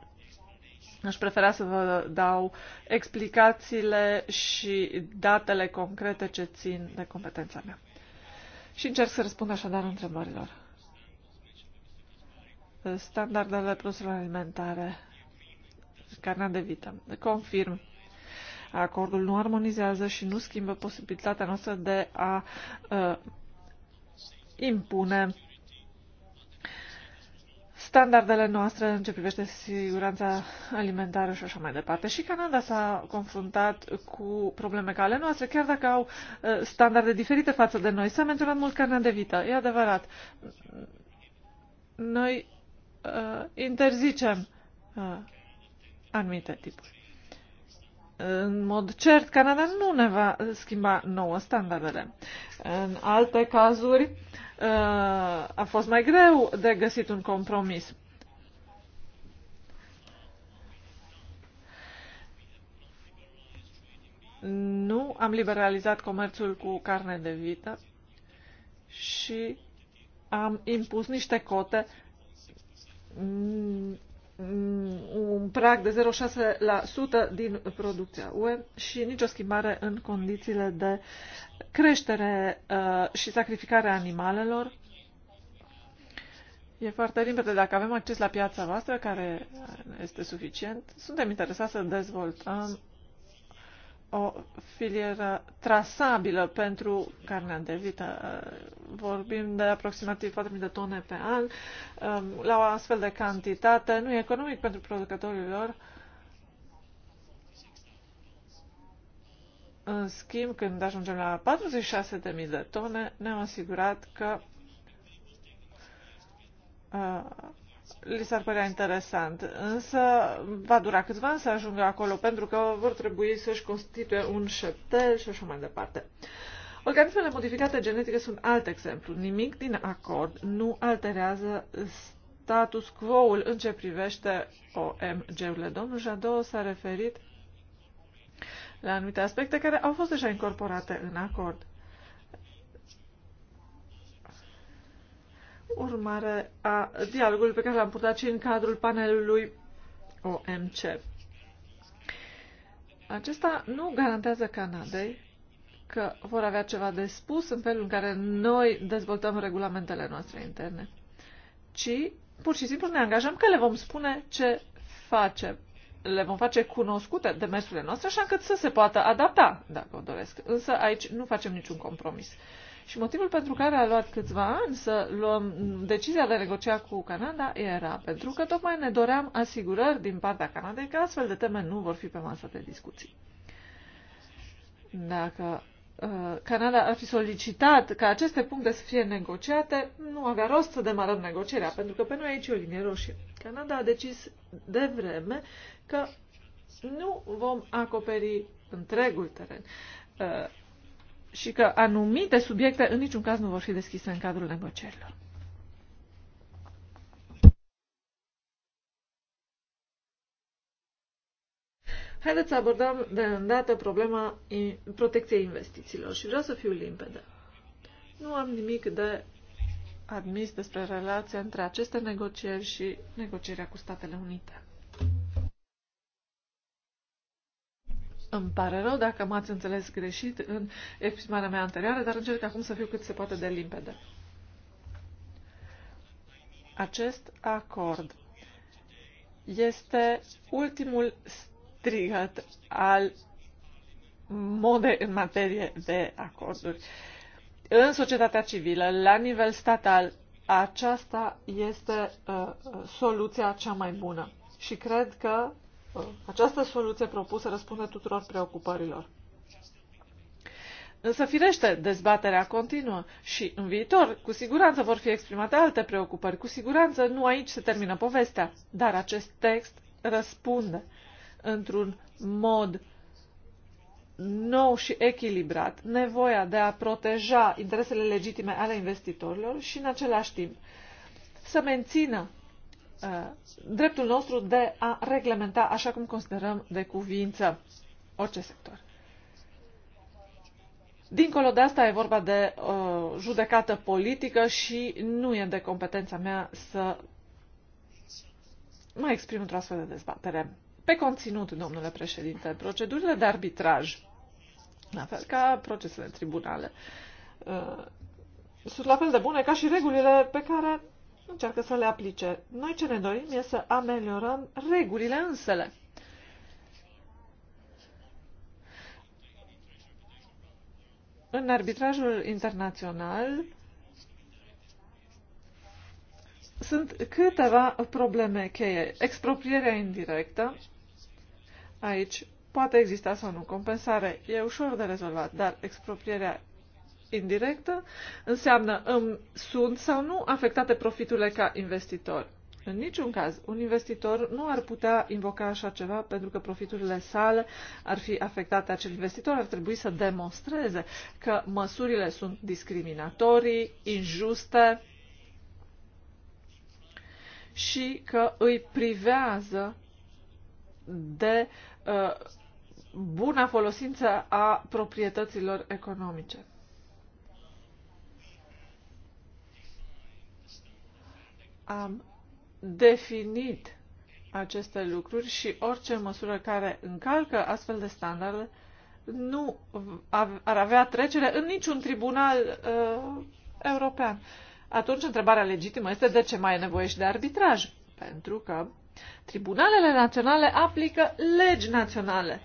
Aș prefera să vă dau explicațiile și datele concrete ce țin de competența mea. Și încerc să răspund așadar întrebărilor standardele produselor alimentare, carnea de vită. Confirm. Acordul nu armonizează și nu schimbă posibilitatea noastră de a uh, impune standardele noastre în ce privește siguranța alimentară și așa mai departe. Și Canada s-a confruntat cu probleme ca ale noastre, chiar dacă au ă, standarde diferite față de noi. S-a menționat mult carnea de vită, e adevărat. Noi uh, interzicem uh, anumite tipuri. În mod cert, Canada nu ne va schimba nouă standardele. În alte cazuri uh, a fost mai greu de găsit un compromis. nu am liberalizat comerțul cu carne de vită și am impus niște cote Mm, mm, un prag de 0,6% din producția UE și nicio schimbare în condițiile de creștere uh, și sacrificare a animalelor. E foarte limpede. Dacă avem acces la piața voastră, care este suficient, suntem interesați să dezvoltăm o filieră trasabilă pentru carnea de vită. Vorbim de aproximativ 4.000 de tone pe an. Um, la o astfel de cantitate nu e economic pentru producătorilor În schimb, când ajungem la 46.000 de tone, ne-am asigurat că uh, li s-ar părea interesant, însă va dura câțiva ani să ajungă acolo, pentru că vor trebui să-și constituie un șeptel și așa mai departe. Organismele modificate genetice sunt alt exemplu. Nimic din acord nu alterează status quo-ul în ce privește OMG-urile. Domnul Jadot s-a referit la anumite aspecte care au fost deja incorporate în acord. urmare a dialogului pe care l-am purtat și în cadrul panelului OMC. Acesta nu garantează Canadei că vor avea ceva de spus în felul în care noi dezvoltăm regulamentele noastre interne, ci pur și simplu ne angajăm că le vom spune ce facem. Le vom face cunoscute demersurile noastre așa încât să se poată adapta, dacă o doresc. Însă aici nu facem niciun compromis. Și motivul pentru care a luat câțiva ani să luăm decizia de a negocia cu Canada era pentru că tocmai ne doream asigurări din partea Canadei că astfel de teme nu vor fi pe masă de discuții. Dacă uh, Canada ar fi solicitat ca aceste puncte să fie negociate, nu avea rost să demarăm negocierea, pentru că pe noi aici e o linie roșie. Canada a decis de vreme că nu vom acoperi întregul teren. Uh, și că anumite subiecte în niciun caz nu vor fi deschise în cadrul negocierilor. Haideți să abordăm de îndată problema protecției investițiilor și vreau să fiu limpede. Nu am nimic de admis despre relația între aceste negocieri și negocierea cu Statele Unite. Îmi pare rău dacă m-ați înțeles greșit în exprimarea mea anterioară, dar încerc acum să fiu cât se poate de limpede. Acest acord este ultimul strigăt al mode în materie de acorduri. În societatea civilă, la nivel statal, aceasta este uh, soluția cea mai bună. Și cred că această soluție propusă răspunde tuturor preocupărilor. Însă, firește, dezbaterea continuă și în viitor, cu siguranță vor fi exprimate alte preocupări, cu siguranță nu aici se termină povestea, dar acest text răspunde într-un mod nou și echilibrat nevoia de a proteja interesele legitime ale investitorilor și, în același timp, să mențină Uh, dreptul nostru de a reglementa așa cum considerăm de cuvință orice sector. Dincolo de asta e vorba de o uh, judecată politică și nu e de competența mea să mă exprim într-o astfel de dezbatere. Pe conținut, domnule președinte, procedurile de arbitraj, la fel ca procesele în tribunale, uh, sunt la fel de bune ca și regulile pe care încearcă să le aplice. Noi ce ne dorim e să ameliorăm regulile însele. În arbitrajul internațional sunt câteva probleme cheie. Exproprierea indirectă, aici poate exista sau nu compensare, e ușor de rezolvat, dar exproprierea indirectă înseamnă îmi sunt sau nu afectate profiturile ca investitor. În niciun caz, un investitor nu ar putea invoca așa ceva pentru că profiturile sale ar fi afectate. Acel investitor ar trebui să demonstreze că măsurile sunt discriminatorii, injuste și că îi privează de uh, buna folosință a proprietăților economice. am definit aceste lucruri și orice măsură care încalcă astfel de standarde nu ar avea trecere în niciun tribunal uh, european. Atunci, întrebarea legitimă este de ce mai e nevoie și de arbitraj? Pentru că tribunalele naționale aplică legi naționale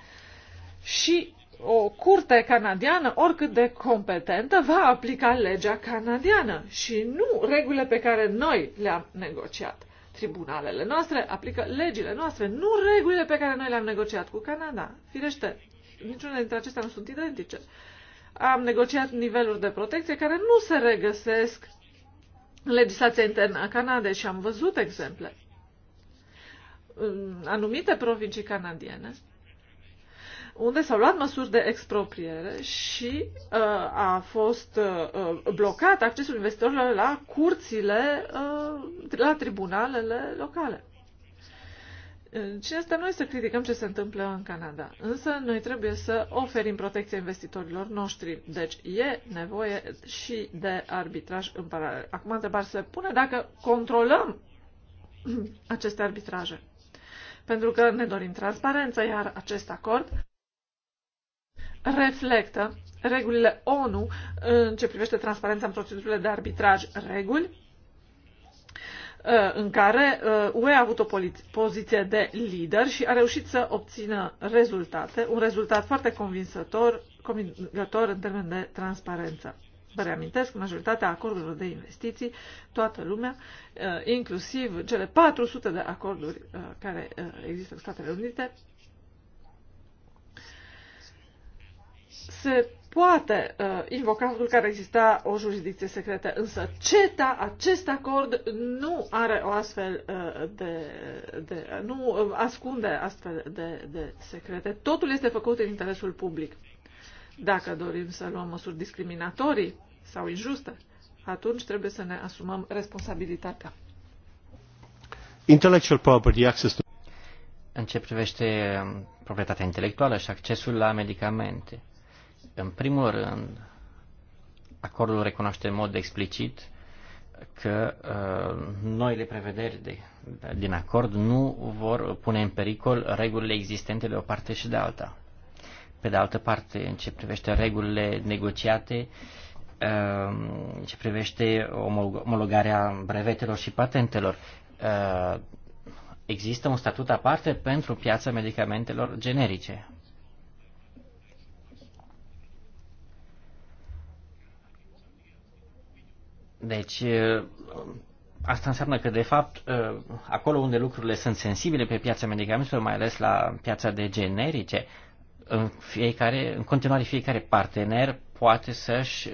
și o curte canadiană, oricât de competentă, va aplica legea canadiană și nu regulile pe care noi le-am negociat. Tribunalele noastre aplică legile noastre, nu regulile pe care noi le-am negociat cu Canada. Firește, niciuna dintre acestea nu sunt identice. Am negociat niveluri de protecție care nu se regăsesc în legislația internă a Canadei și am văzut exemple. În anumite provincii canadiene unde s-au luat măsuri de expropriere și uh, a fost uh, blocat accesul investitorilor la curțile, uh, la tribunalele locale. Uh, cine este noi să criticăm ce se întâmplă în Canada? Însă noi trebuie să oferim protecție investitorilor noștri. Deci e nevoie și de arbitraj în paralel. Acum întrebarea se pune dacă controlăm aceste arbitraje. Pentru că ne dorim transparență, iar acest acord reflectă regulile ONU în ce privește transparența în procedurile de arbitraj reguli uh, în care uh, UE a avut o poziție de lider și a reușit să obțină rezultate, un rezultat foarte convinsător, convingător în termen de transparență. Vă reamintesc că majoritatea acordurilor de investiții, toată lumea, uh, inclusiv cele 400 de acorduri care există în Statele Unite, se poate uh, invoca faptul că ar exista o jurisdicție secretă, însă CETA, acest acord, nu are o astfel uh, de, de nu ascunde astfel de, de secrete. Totul este făcut în interesul public. Dacă dorim să luăm măsuri discriminatorii sau injuste, atunci trebuie să ne asumăm responsabilitatea. Intellectual property access to... În ce privește um, proprietatea intelectuală și accesul la medicamente în primul rând, acordul recunoaște în mod explicit că uh, noile prevederi de, din acord nu vor pune în pericol regulile existente de o parte și de alta. Pe de altă parte, în ce privește regulile negociate, uh, ce privește omologarea brevetelor și patentelor, uh, există un statut aparte pentru piața medicamentelor generice. Deci, asta înseamnă că, de fapt, acolo unde lucrurile sunt sensibile pe piața medicamentelor, mai ales la piața de generice, în, fiecare, în continuare fiecare partener poate să-și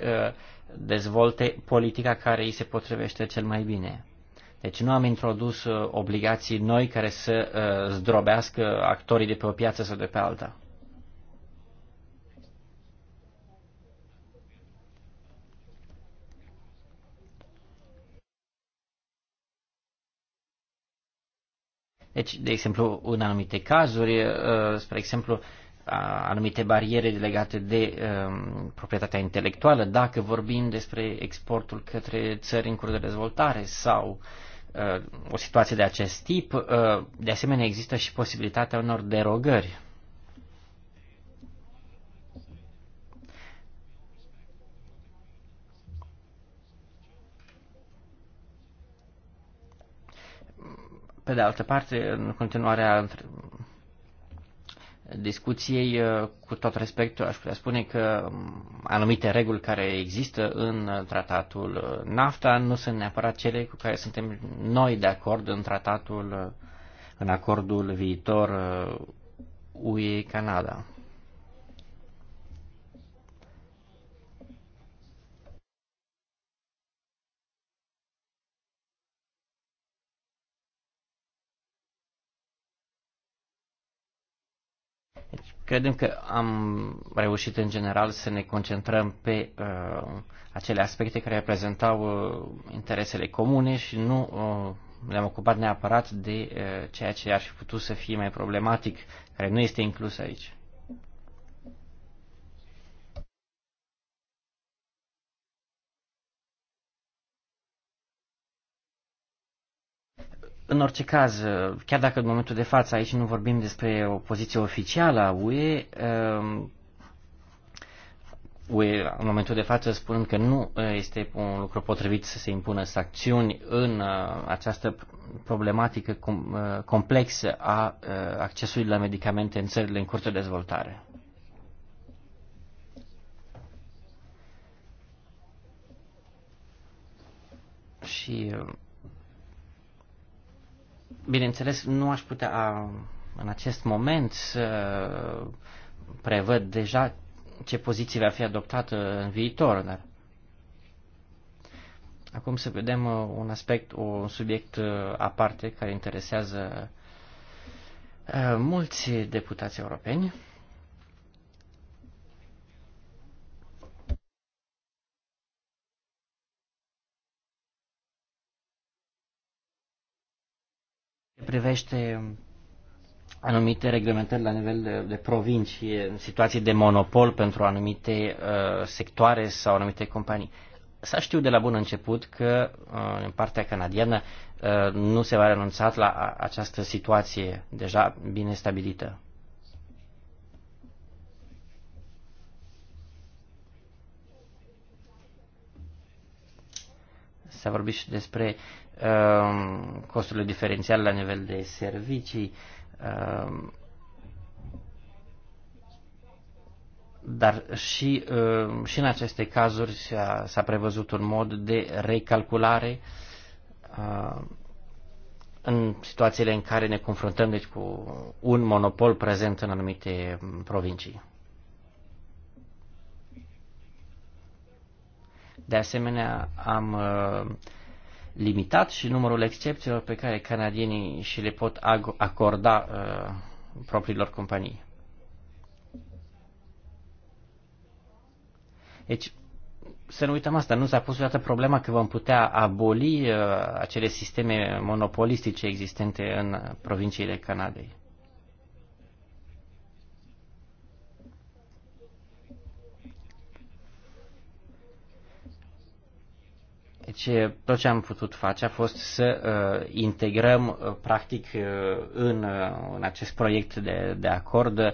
dezvolte politica care îi se potrivește cel mai bine. Deci nu am introdus obligații noi care să zdrobească actorii de pe o piață sau de pe alta. Deci, de exemplu, în anumite cazuri, uh, spre exemplu, anumite bariere legate de um, proprietatea intelectuală, dacă vorbim despre exportul către țări în curs de dezvoltare sau uh, o situație de acest tip, uh, de asemenea există și posibilitatea unor derogări. Pe de altă parte, în continuarea discuției, uh, cu tot respectul, aș putea spune că um, anumite reguli care există în uh, tratatul uh, NAFTA nu sunt neapărat cele cu care suntem noi de acord în tratatul, în acordul viitor UE-Canada. Credem că am reușit în general să ne concentrăm pe uh, acele aspecte care reprezentau uh, interesele comune și nu uh, le-am ocupat neapărat de uh, ceea ce ar fi putut să fie mai problematic, care nu este inclus aici. În orice caz, uh, chiar dacă în momentul de față aici nu vorbim despre o poziție oficială a UE, um, UE în momentul de față spunând că nu uh, este un lucru potrivit să se impună sancțiuni în uh, această problematică complexă a accesului la medicamente în țările în curte de dezvoltare. Și Bineînțeles, nu aș putea în acest moment să prevăd deja ce poziție va fi adoptată uh, în viitor, dar Acum să vedem uh, un aspect, un subiect uh, aparte care interesează mulți deputați europeni. privește anumite reglementări la nivel de, de provincii, situații de monopol pentru anumite uh, sectoare sau anumite companii. S-a știut de la bun început că uh, în partea canadiană uh, nu se va renunța la a, această situație deja bine stabilită. S-a vorbit și despre Ehm, costurile diferențiale la nivel de servicii, ehm, dar și, ehm, și în aceste cazuri s-a prevăzut un mod de recalculare în situațiile în care ne confruntăm deci, cu un monopol prezent în anumite mm, provincii. De asemenea, am uh, limitat și numărul excepțiilor pe care canadienii și le pot acorda uh, propriilor companii. Deci, să nu uităm asta, nu s-a pus niciodată problema că vom putea aboli uh, acele sisteme monopolistice existente în provinciile Canadei. Deci tot ce am putut face a fost să uh, integrăm uh, practic uh, în, uh, în acest proiect de, de acord uh,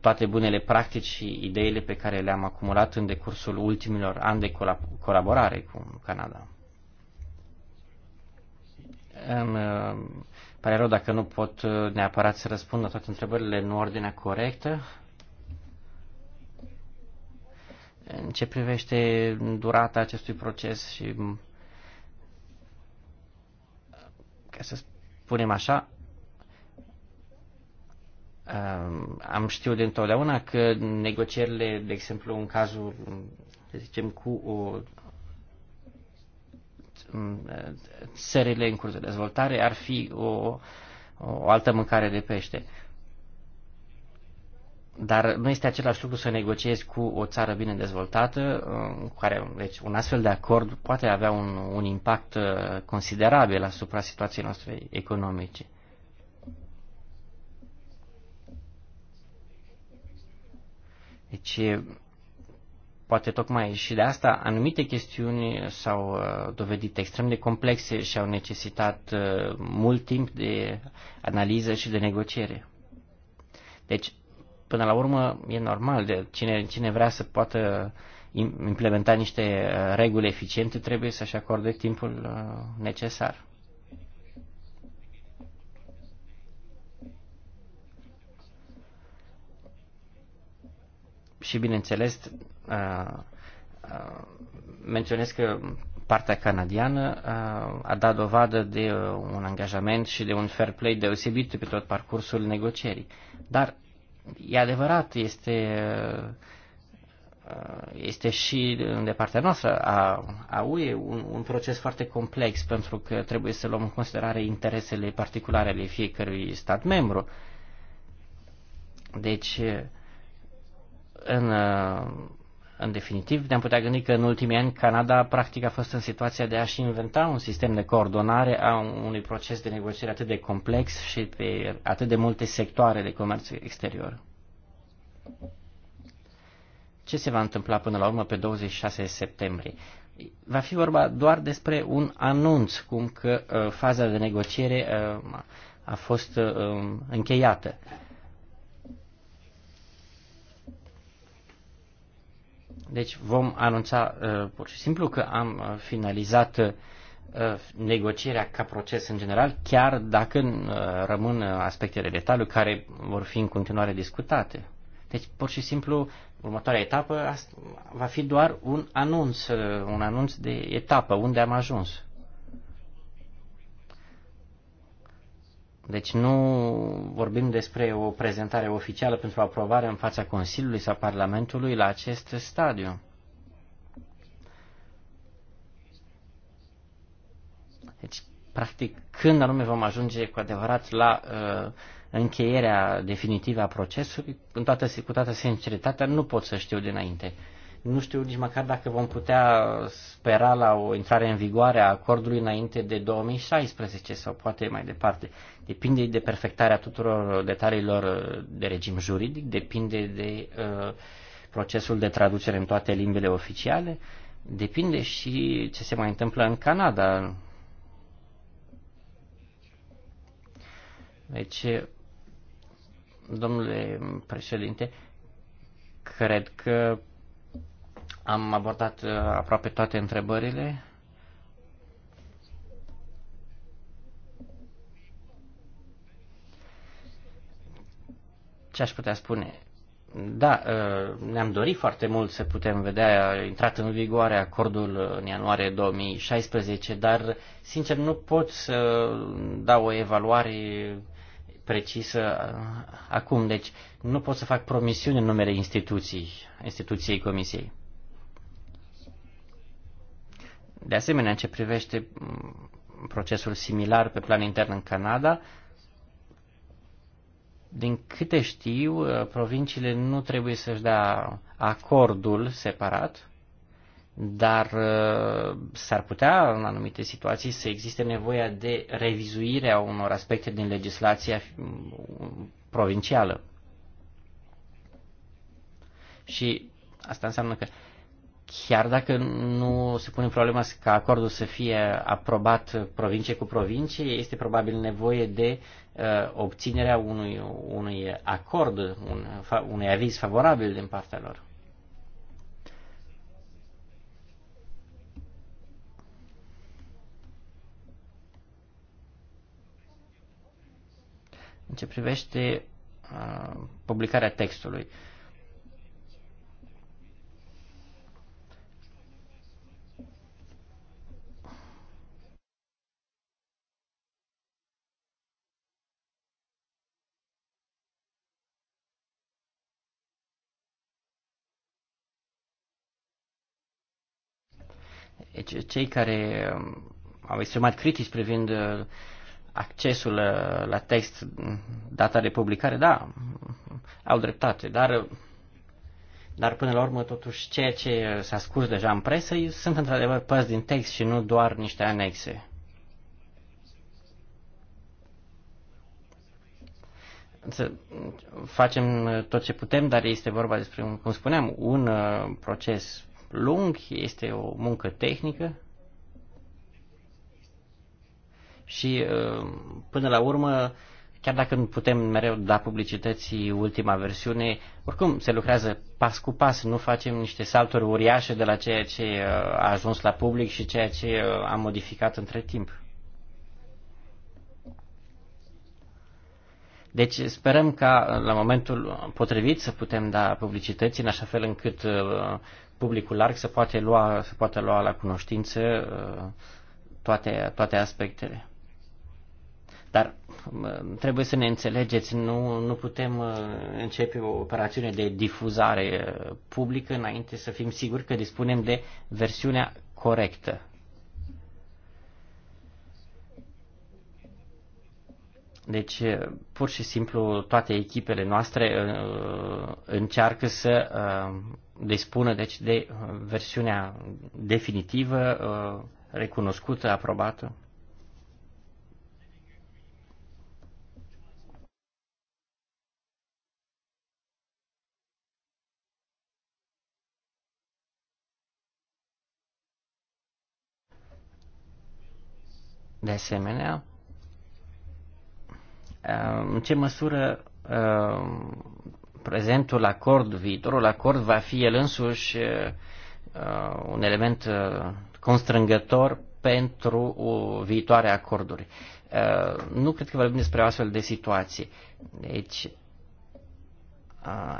toate bunele practici și ideile pe care le-am acumulat în decursul ultimilor ani de colaborare cu Canada. Îmi uh, pare rău dacă nu pot uh, neapărat să răspund la toate întrebările în ordinea corectă. În ce privește durata acestui proces și, ca să spunem așa, am știut dintotdeauna întotdeauna că negocierile, de exemplu, în cazul, să zicem, cu o țările în curs de dezvoltare ar fi o, o altă mâncare de pește. Dar nu este același lucru să negociezi cu o țară bine dezvoltată, uh, cu care deci, un astfel de acord poate avea un, un impact uh, considerabil asupra situației noastre economice. Deci, poate tocmai și de asta anumite chestiuni s-au uh, dovedit extrem de complexe și au necesitat mult timp de analiză și de negociere. Deci, până la urmă e normal, de cine, cine vrea să poată implementa niște uh, reguli eficiente trebuie să-și acorde timpul uh, necesar. Și bineînțeles, uh, menționez că partea canadiană a dat dovadă de un angajament și de un fair play deosebit pe tot parcursul negocierii. Dar e adevărat, este, este și de partea noastră a, a UE un, un proces foarte complex pentru că trebuie să luăm în considerare interesele particulare ale fiecărui stat membru. Deci, în în definitiv, ne-am putea gândi că în ultimii ani Canada practic a fost în situația de a-și inventa un sistem de coordonare a unui proces de negociere atât de complex și pe atât de multe sectoare de comerț exterior. Ce se va întâmpla până la urmă pe 26 septembrie? Va fi vorba doar despre un anunț, cum că uh, faza de negociere uh, a fost uh, um, încheiată. Uh, Deci vom anunța uh, pur și simplu că am uh, finalizat uh, negocierea ca proces în general, chiar dacă rămân aspecte de detaliu care vor fi în continuare discutate. Deci, pur și simplu, următoarea etapă va fi doar un anunț, un anunț de etapă, unde am ajuns. Deci nu vorbim despre o prezentare oficială pentru aprobare în fața Consiliului sau Parlamentului la acest stadiu. Deci, practic, când anume vom ajunge cu adevărat la uh, încheierea definitivă a procesului, în toată, cu toată sinceritatea, nu pot să știu dinainte. Nu știu nici măcar dacă vom putea spera la o intrare în vigoare a acordului înainte de 2016 sau poate mai departe. Depinde de perfectarea tuturor detaliilor uh, de regim juridic, depinde de uh, procesul de traducere în toate limbile oficiale, depinde și ce se mai întâmplă în Canada. Deci, domnule președinte, cred că am abordat uh, aproape toate întrebările. ce aș putea spune? Da, ă, ne-am dorit foarte mult să putem vedea, a intrat în vigoare acordul în ianuarie 2016, dar, sincer, nu pot să dau o evaluare precisă ă, acum, deci nu pot să fac promisiuni în numele instituției, instituției Comisiei. De asemenea, în ce privește procesul similar pe plan intern în Canada, din câte știu, uh, provinciile nu trebuie să-și dea acordul separat, dar uh, s-ar putea în anumite situații să existe nevoia de revizuire a unor aspecte din legislația mm, provincială. Și asta înseamnă că chiar dacă nu se pune problema ca acordul să fie aprobat provincie cu provincie, este probabil nevoie de Uh, obținerea unui, unui acord, un, unui aviz favorabil din partea lor. În ce privește uh, publicarea textului. cei care um, au exprimat critici privind uh, accesul uh, la text, mm, data de publicare, da, mm, au dreptate, dar, uh, dar până la urmă, totuși, ceea ce s-a scurs deja în presă sunt într-adevăr părți din text și nu doar niște anexe. să mm, facem tot ce putem, dar este vorba despre, cum spuneam, un proces lung, este o muncă tehnică și uh, până la urmă, chiar dacă nu putem mereu da publicității ultima versiune, oricum se lucrează pas cu pas, nu facem niște salturi uriașe de la ceea ce uh, a ajuns la public și ceea ce uh, am modificat între timp. Deci sperăm ca la momentul potrivit să putem da publicității în așa fel încât publicul larg să poate lua, să poate lua la cunoștință uh, toate, toate aspectele. Dar uh, trebuie să ne înțelegeți, nu, nu putem uh, începe o operațiune de difuzare publică înainte să fim siguri că dispunem de versiunea corectă. Deci, pur și simplu, toate echipele noastre încearcă să dispună deci de uh, versiunea definitivă, uh, recunoscută, aprobată? De asemenea, uh, în ce măsură prezentul acord, viitorul acord va fi el însuși uh, uh, un element uh, constrângător pentru viitoare acorduri. Nu cred că vorbim despre o astfel de situație. Deci,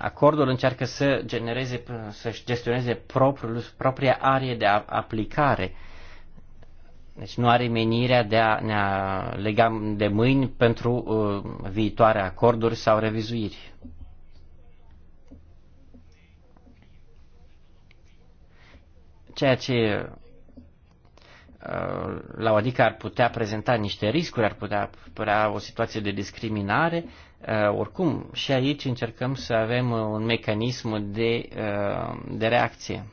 acordul încearcă să genereze, să-și gestioneze propriul, propria arie de aplicare. Deci nu are menirea de a ne lega de mâini pentru viitoare acorduri sau revizuiri. ceea ce uh, la o adică ar putea prezenta niște riscuri, ar putea părea o situație de discriminare. Uh, oricum, și aici încercăm să avem uh, un mecanism de, de reacție.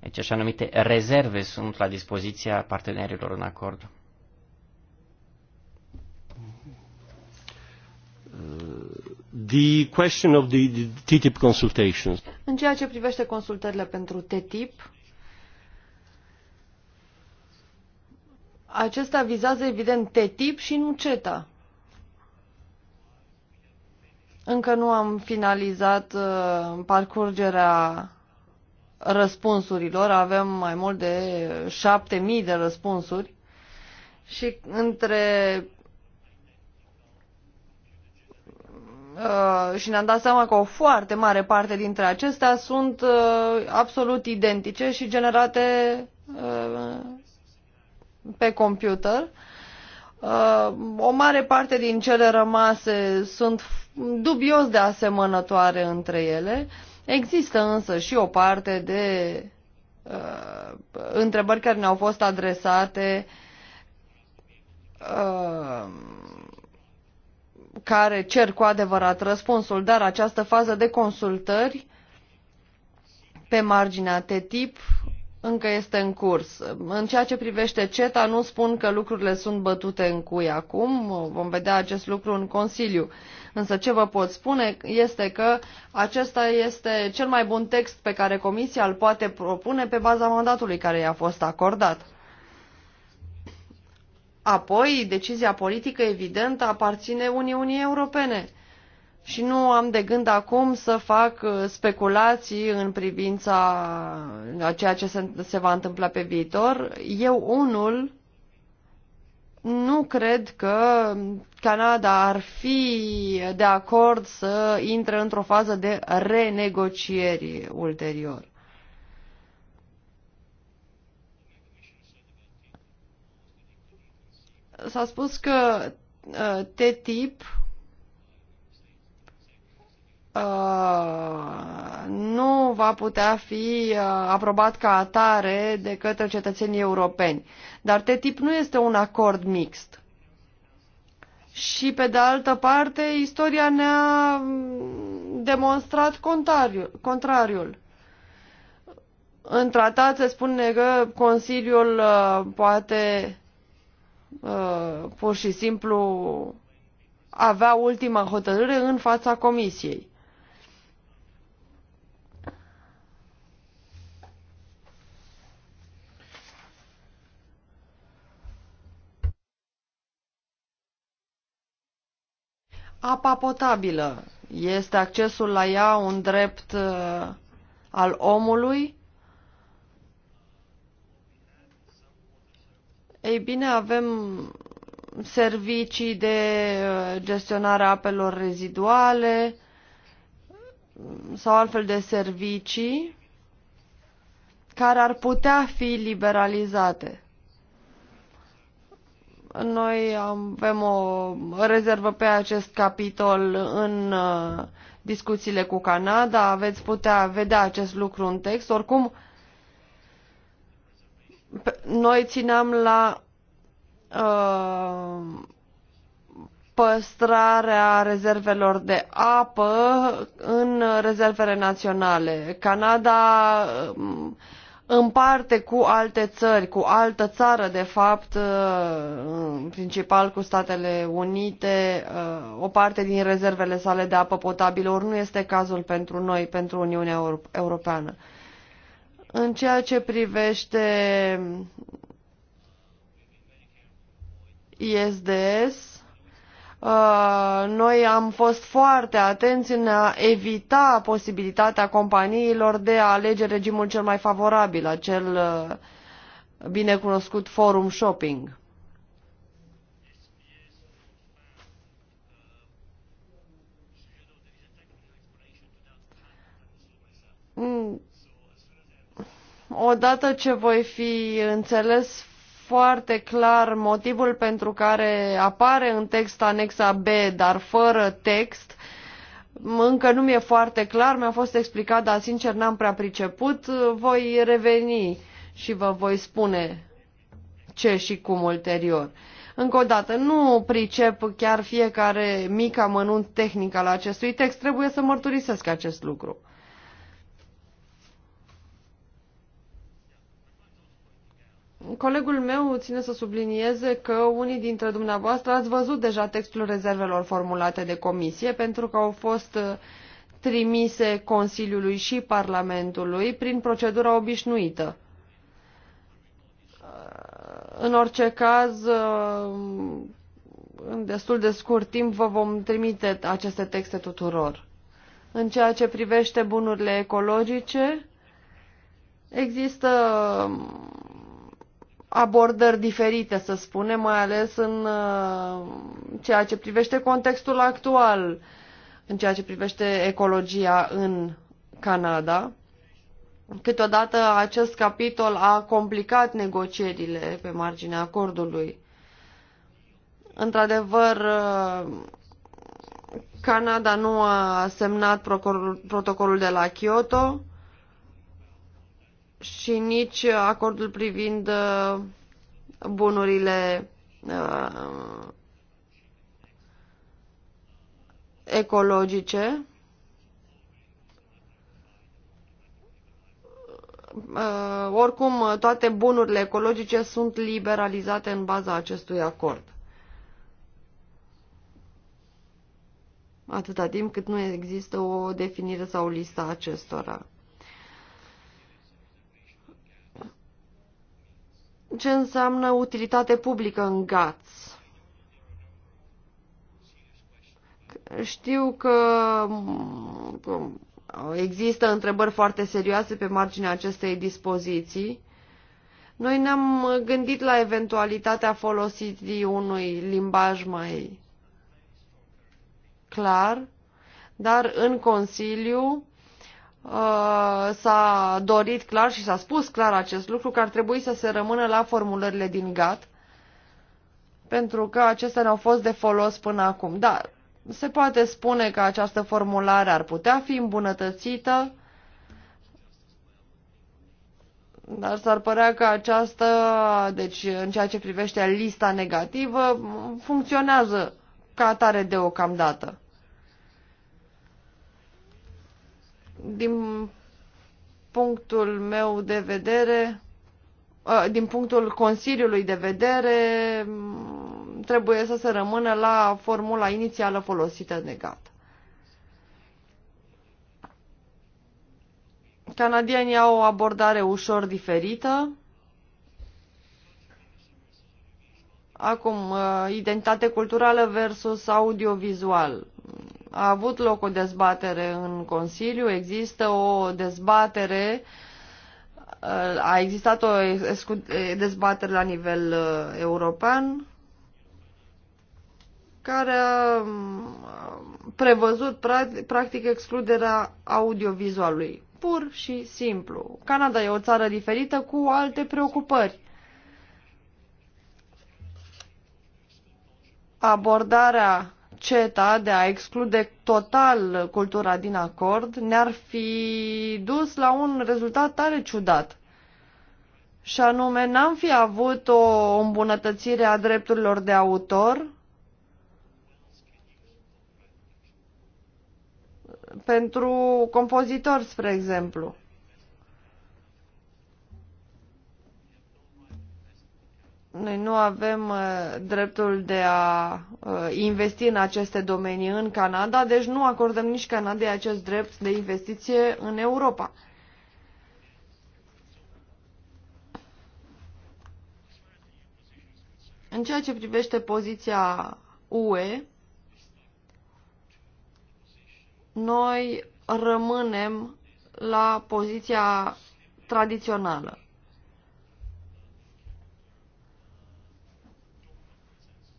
Deci așa numite rezerve sunt la dispoziția partenerilor în acord the question of the, the TTIP consultations. În ceea ce privește consultările pentru TTIP, acesta vizează evident TTIP și nu CETA. Încă nu am finalizat uh, parcurgerea răspunsurilor, avem mai mult de șapte mii de răspunsuri și între Uh, și ne-am dat seama că o foarte mare parte dintre acestea sunt uh, absolut identice și generate uh, pe computer. Uh, o mare parte din cele rămase sunt dubios de asemănătoare între ele. Există însă și o parte de uh, întrebări care ne-au fost adresate uh, care cer cu adevărat răspunsul, dar această fază de consultări pe marginea TTIP încă este în curs. În ceea ce privește CETA, nu spun că lucrurile sunt bătute în cui acum, vom vedea acest lucru în Consiliu. Însă ce vă pot spune este că acesta este cel mai bun text pe care Comisia îl poate propune pe baza mandatului care i-a fost acordat. Apoi, decizia politică, evident, aparține Uniunii Europene. Și nu am de gând acum să fac uh, speculații în privința a ceea ce se, se va întâmpla pe viitor. Eu, unul, nu cred că Canada ar fi de acord să intre într-o fază de renegocieri ulterior. s-a spus că uh, TTIP uh, nu va putea fi uh, aprobat ca atare de către cetățenii europeni. Dar TTIP nu este un acord mixt. Și pe de altă parte, istoria ne-a mm, demonstrat contrariul. În tratat se spune că Consiliul poate Uh, pur și simplu avea ultima hotărâre în fața comisiei. Apa potabilă. Este accesul la ea un drept uh, al omului? Ei bine, avem servicii de uh, gestionare a apelor reziduale mm, sau altfel de servicii care ar putea fi liberalizate. Noi avem o rezervă pe acest capitol în uh, discuțiile cu Canada, veți putea vedea acest lucru în text. Oricum, noi țineam la uh, păstrarea rezervelor de apă în rezervele naționale. Canada uh, împarte cu alte țări, cu altă țară, de fapt, uh, în principal cu Statele Unite, o parte din rezervele sale de apă potabilă, ori nu este cazul pentru noi, pentru Uniunea Europeană. În ceea ce privește ISDS, uh, noi am fost foarte atenți în a evita posibilitatea companiilor de a alege regimul cel mai favorabil, acel uh, binecunoscut forum shopping. Mm odată ce voi fi înțeles foarte clar motivul pentru care apare în text anexa B, dar fără text, încă nu mi-e foarte clar, mi-a fost explicat, dar sincer n-am prea priceput, voi reveni și vă voi spune ce și cum ulterior. Încă o dată, nu pricep chiar fiecare mică amănunt tehnic al acestui text, trebuie să mărturisesc acest lucru. Colegul meu ține să sublinieze că unii dintre dumneavoastră ați văzut deja textul rezervelor formulate de comisie pentru că au fost uh, trimise Consiliului și Parlamentului prin procedura obișnuită. Uh, în orice caz, uh, în destul de scurt timp vă vom trimite aceste texte tuturor. În ceea ce privește bunurile ecologice, există abordări diferite, să spunem, mai ales în uh, ceea ce privește contextul actual, în ceea ce privește ecologia în Canada. Câteodată acest capitol a complicat negocierile pe marginea acordului. Într-adevăr, uh, Canada nu a semnat protocolul de la Kyoto, și nici acordul privind uh, bunurile uh, ecologice. Uh, oricum, toate bunurile ecologice sunt liberalizate în baza acestui acord. Atâta timp cât nu există o definire sau o listă acestora. ce înseamnă utilitate publică în GATS. Știu că există întrebări foarte serioase pe marginea acestei dispoziții. Noi ne-am gândit la eventualitatea folosirii unui limbaj mai clar, dar în Consiliu Uh, s-a dorit clar și s-a spus clar acest lucru că ar trebui să se rămână la formulările din GAT pentru că acestea ne-au fost de folos până acum. Dar se poate spune că această formulare ar putea fi îmbunătățită, dar s-ar părea că aceasta, deci în ceea ce privește lista negativă, funcționează ca atare deocamdată. Din punctul meu de vedere, din punctul Consiliului de vedere, trebuie să se rămână la formula inițială folosită de GAT. Canadienii au o abordare ușor diferită. Acum, identitate culturală versus audiovizual a avut loc o dezbatere în Consiliu, există o dezbatere, uh, a existat o dezbatere la nivel uh, european care a prevăzut practic excluderea audiovizualului. Pur și simplu. Canada e o țară diferită cu alte preocupări. Abordarea CETA, de a exclude total cultura din acord, ne-ar fi dus la un rezultat tare ciudat. Și anume, n-am fi avut o îmbunătățire a drepturilor de autor, pentru compozitori, spre exemplu. nu avem uh, dreptul de a uh, investi în aceste domenii în Canada, deci nu acordăm nici Canadei acest drept de investiție în Europa. În ceea ce privește poziția UE, noi rămânem la poziția tradițională.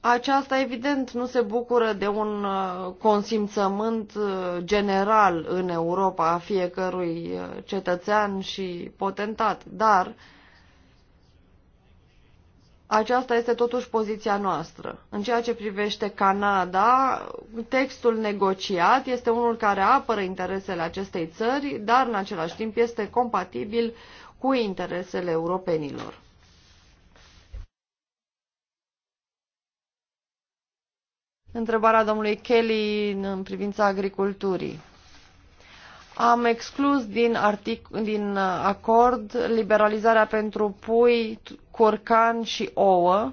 Aceasta, evident, nu se bucură de un uh, consimțământ uh, general în Europa a fiecărui uh, cetățean și potentat, dar aceasta este totuși poziția noastră. În ceea ce privește Canada, textul negociat este unul care apără interesele acestei țări, dar în același timp este compatibil cu interesele europenilor. întrebarea domnului Kelly în privința agriculturii. Am exclus din, artic, din acord liberalizarea pentru pui, curcan și ouă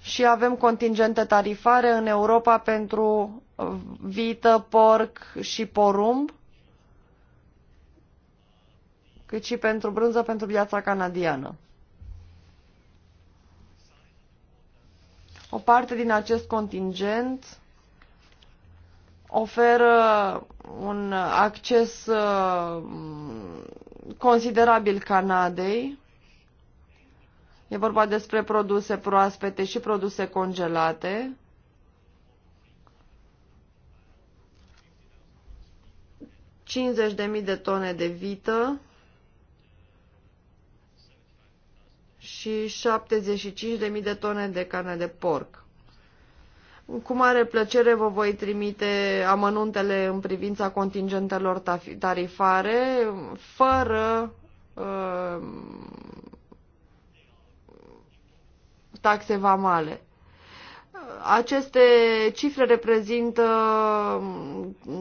și avem contingente tarifare în Europa pentru vită, porc și porumb, cât și pentru brânză pentru viața canadiană. O parte din acest contingent oferă un acces uh, considerabil Canadei. E vorba despre produse proaspete și produse congelate. de de tone de vită, și 75.000 de tone de carne de porc. Cu mare plăcere vă voi trimite amănuntele în privința contingentelor tarifare, fără uh, taxe vamale. Aceste cifre reprezintă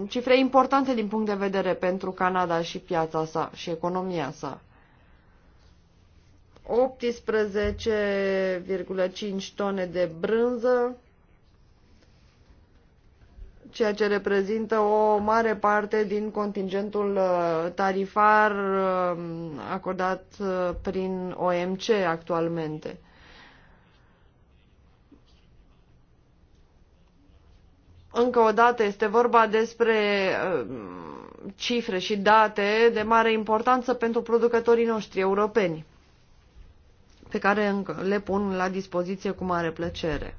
cifre importante din punct de vedere pentru Canada și piața sa și economia sa. 18,5 tone de brânză, ceea ce reprezintă o mare parte din contingentul uh, tarifar uh, acordat uh, prin OMC actualmente. Încă o dată este vorba despre cifre și date de mare importanță pentru producătorii noștri europeni pe care le pun la dispoziție cu mare plăcere.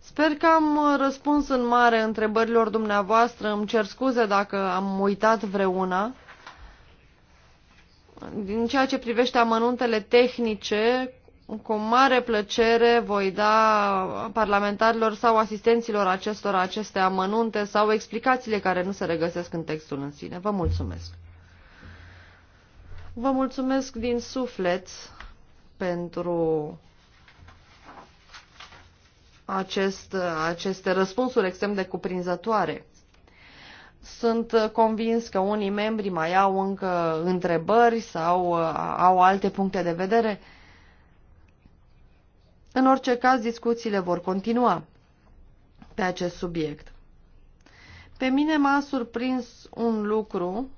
Sper că am răspuns în mare întrebărilor dumneavoastră. Îmi cer scuze dacă am uitat vreuna. Din ceea ce privește amănuntele tehnice, cu mare plăcere voi da parlamentarilor sau asistenților acestora aceste amănunte sau explicațiile care nu se regăsesc în textul în sine. Vă mulțumesc! Vă mulțumesc din suflet pentru acest, aceste răspunsuri extrem de cuprinzătoare. Sunt convins că unii membri mai au încă întrebări sau uh, au alte puncte de vedere. În orice caz, discuțiile vor continua pe acest subiect. Pe mine m-a surprins un lucru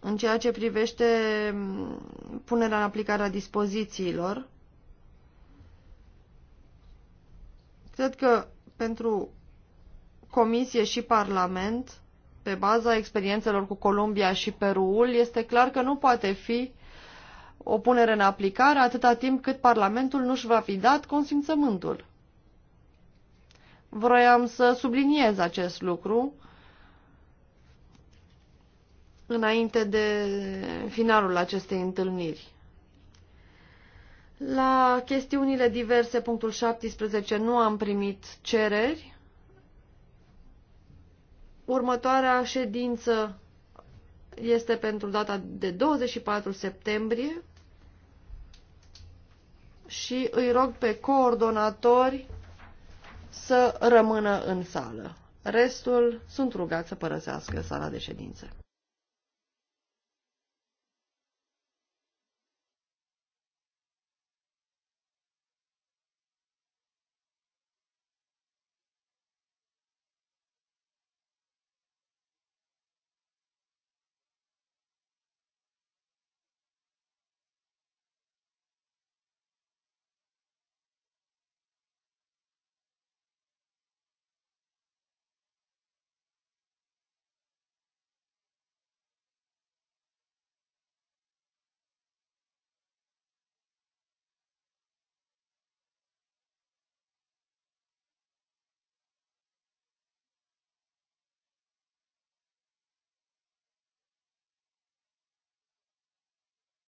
În ceea ce privește mm, punerea în aplicare a dispozițiilor, cred că pentru Comisie și Parlament, pe baza experiențelor cu Columbia și Peruul, este clar că nu poate fi o punere în aplicare atâta timp cât Parlamentul nu își va fi dat consimțământul. Vroiam să subliniez acest lucru înainte de finalul acestei întâlniri. La chestiunile diverse, punctul 17, nu am primit cereri. Următoarea ședință este pentru data de 24 septembrie și îi rog pe coordonatori să rămână în sală. Restul sunt rugați să părăsească sala de ședință.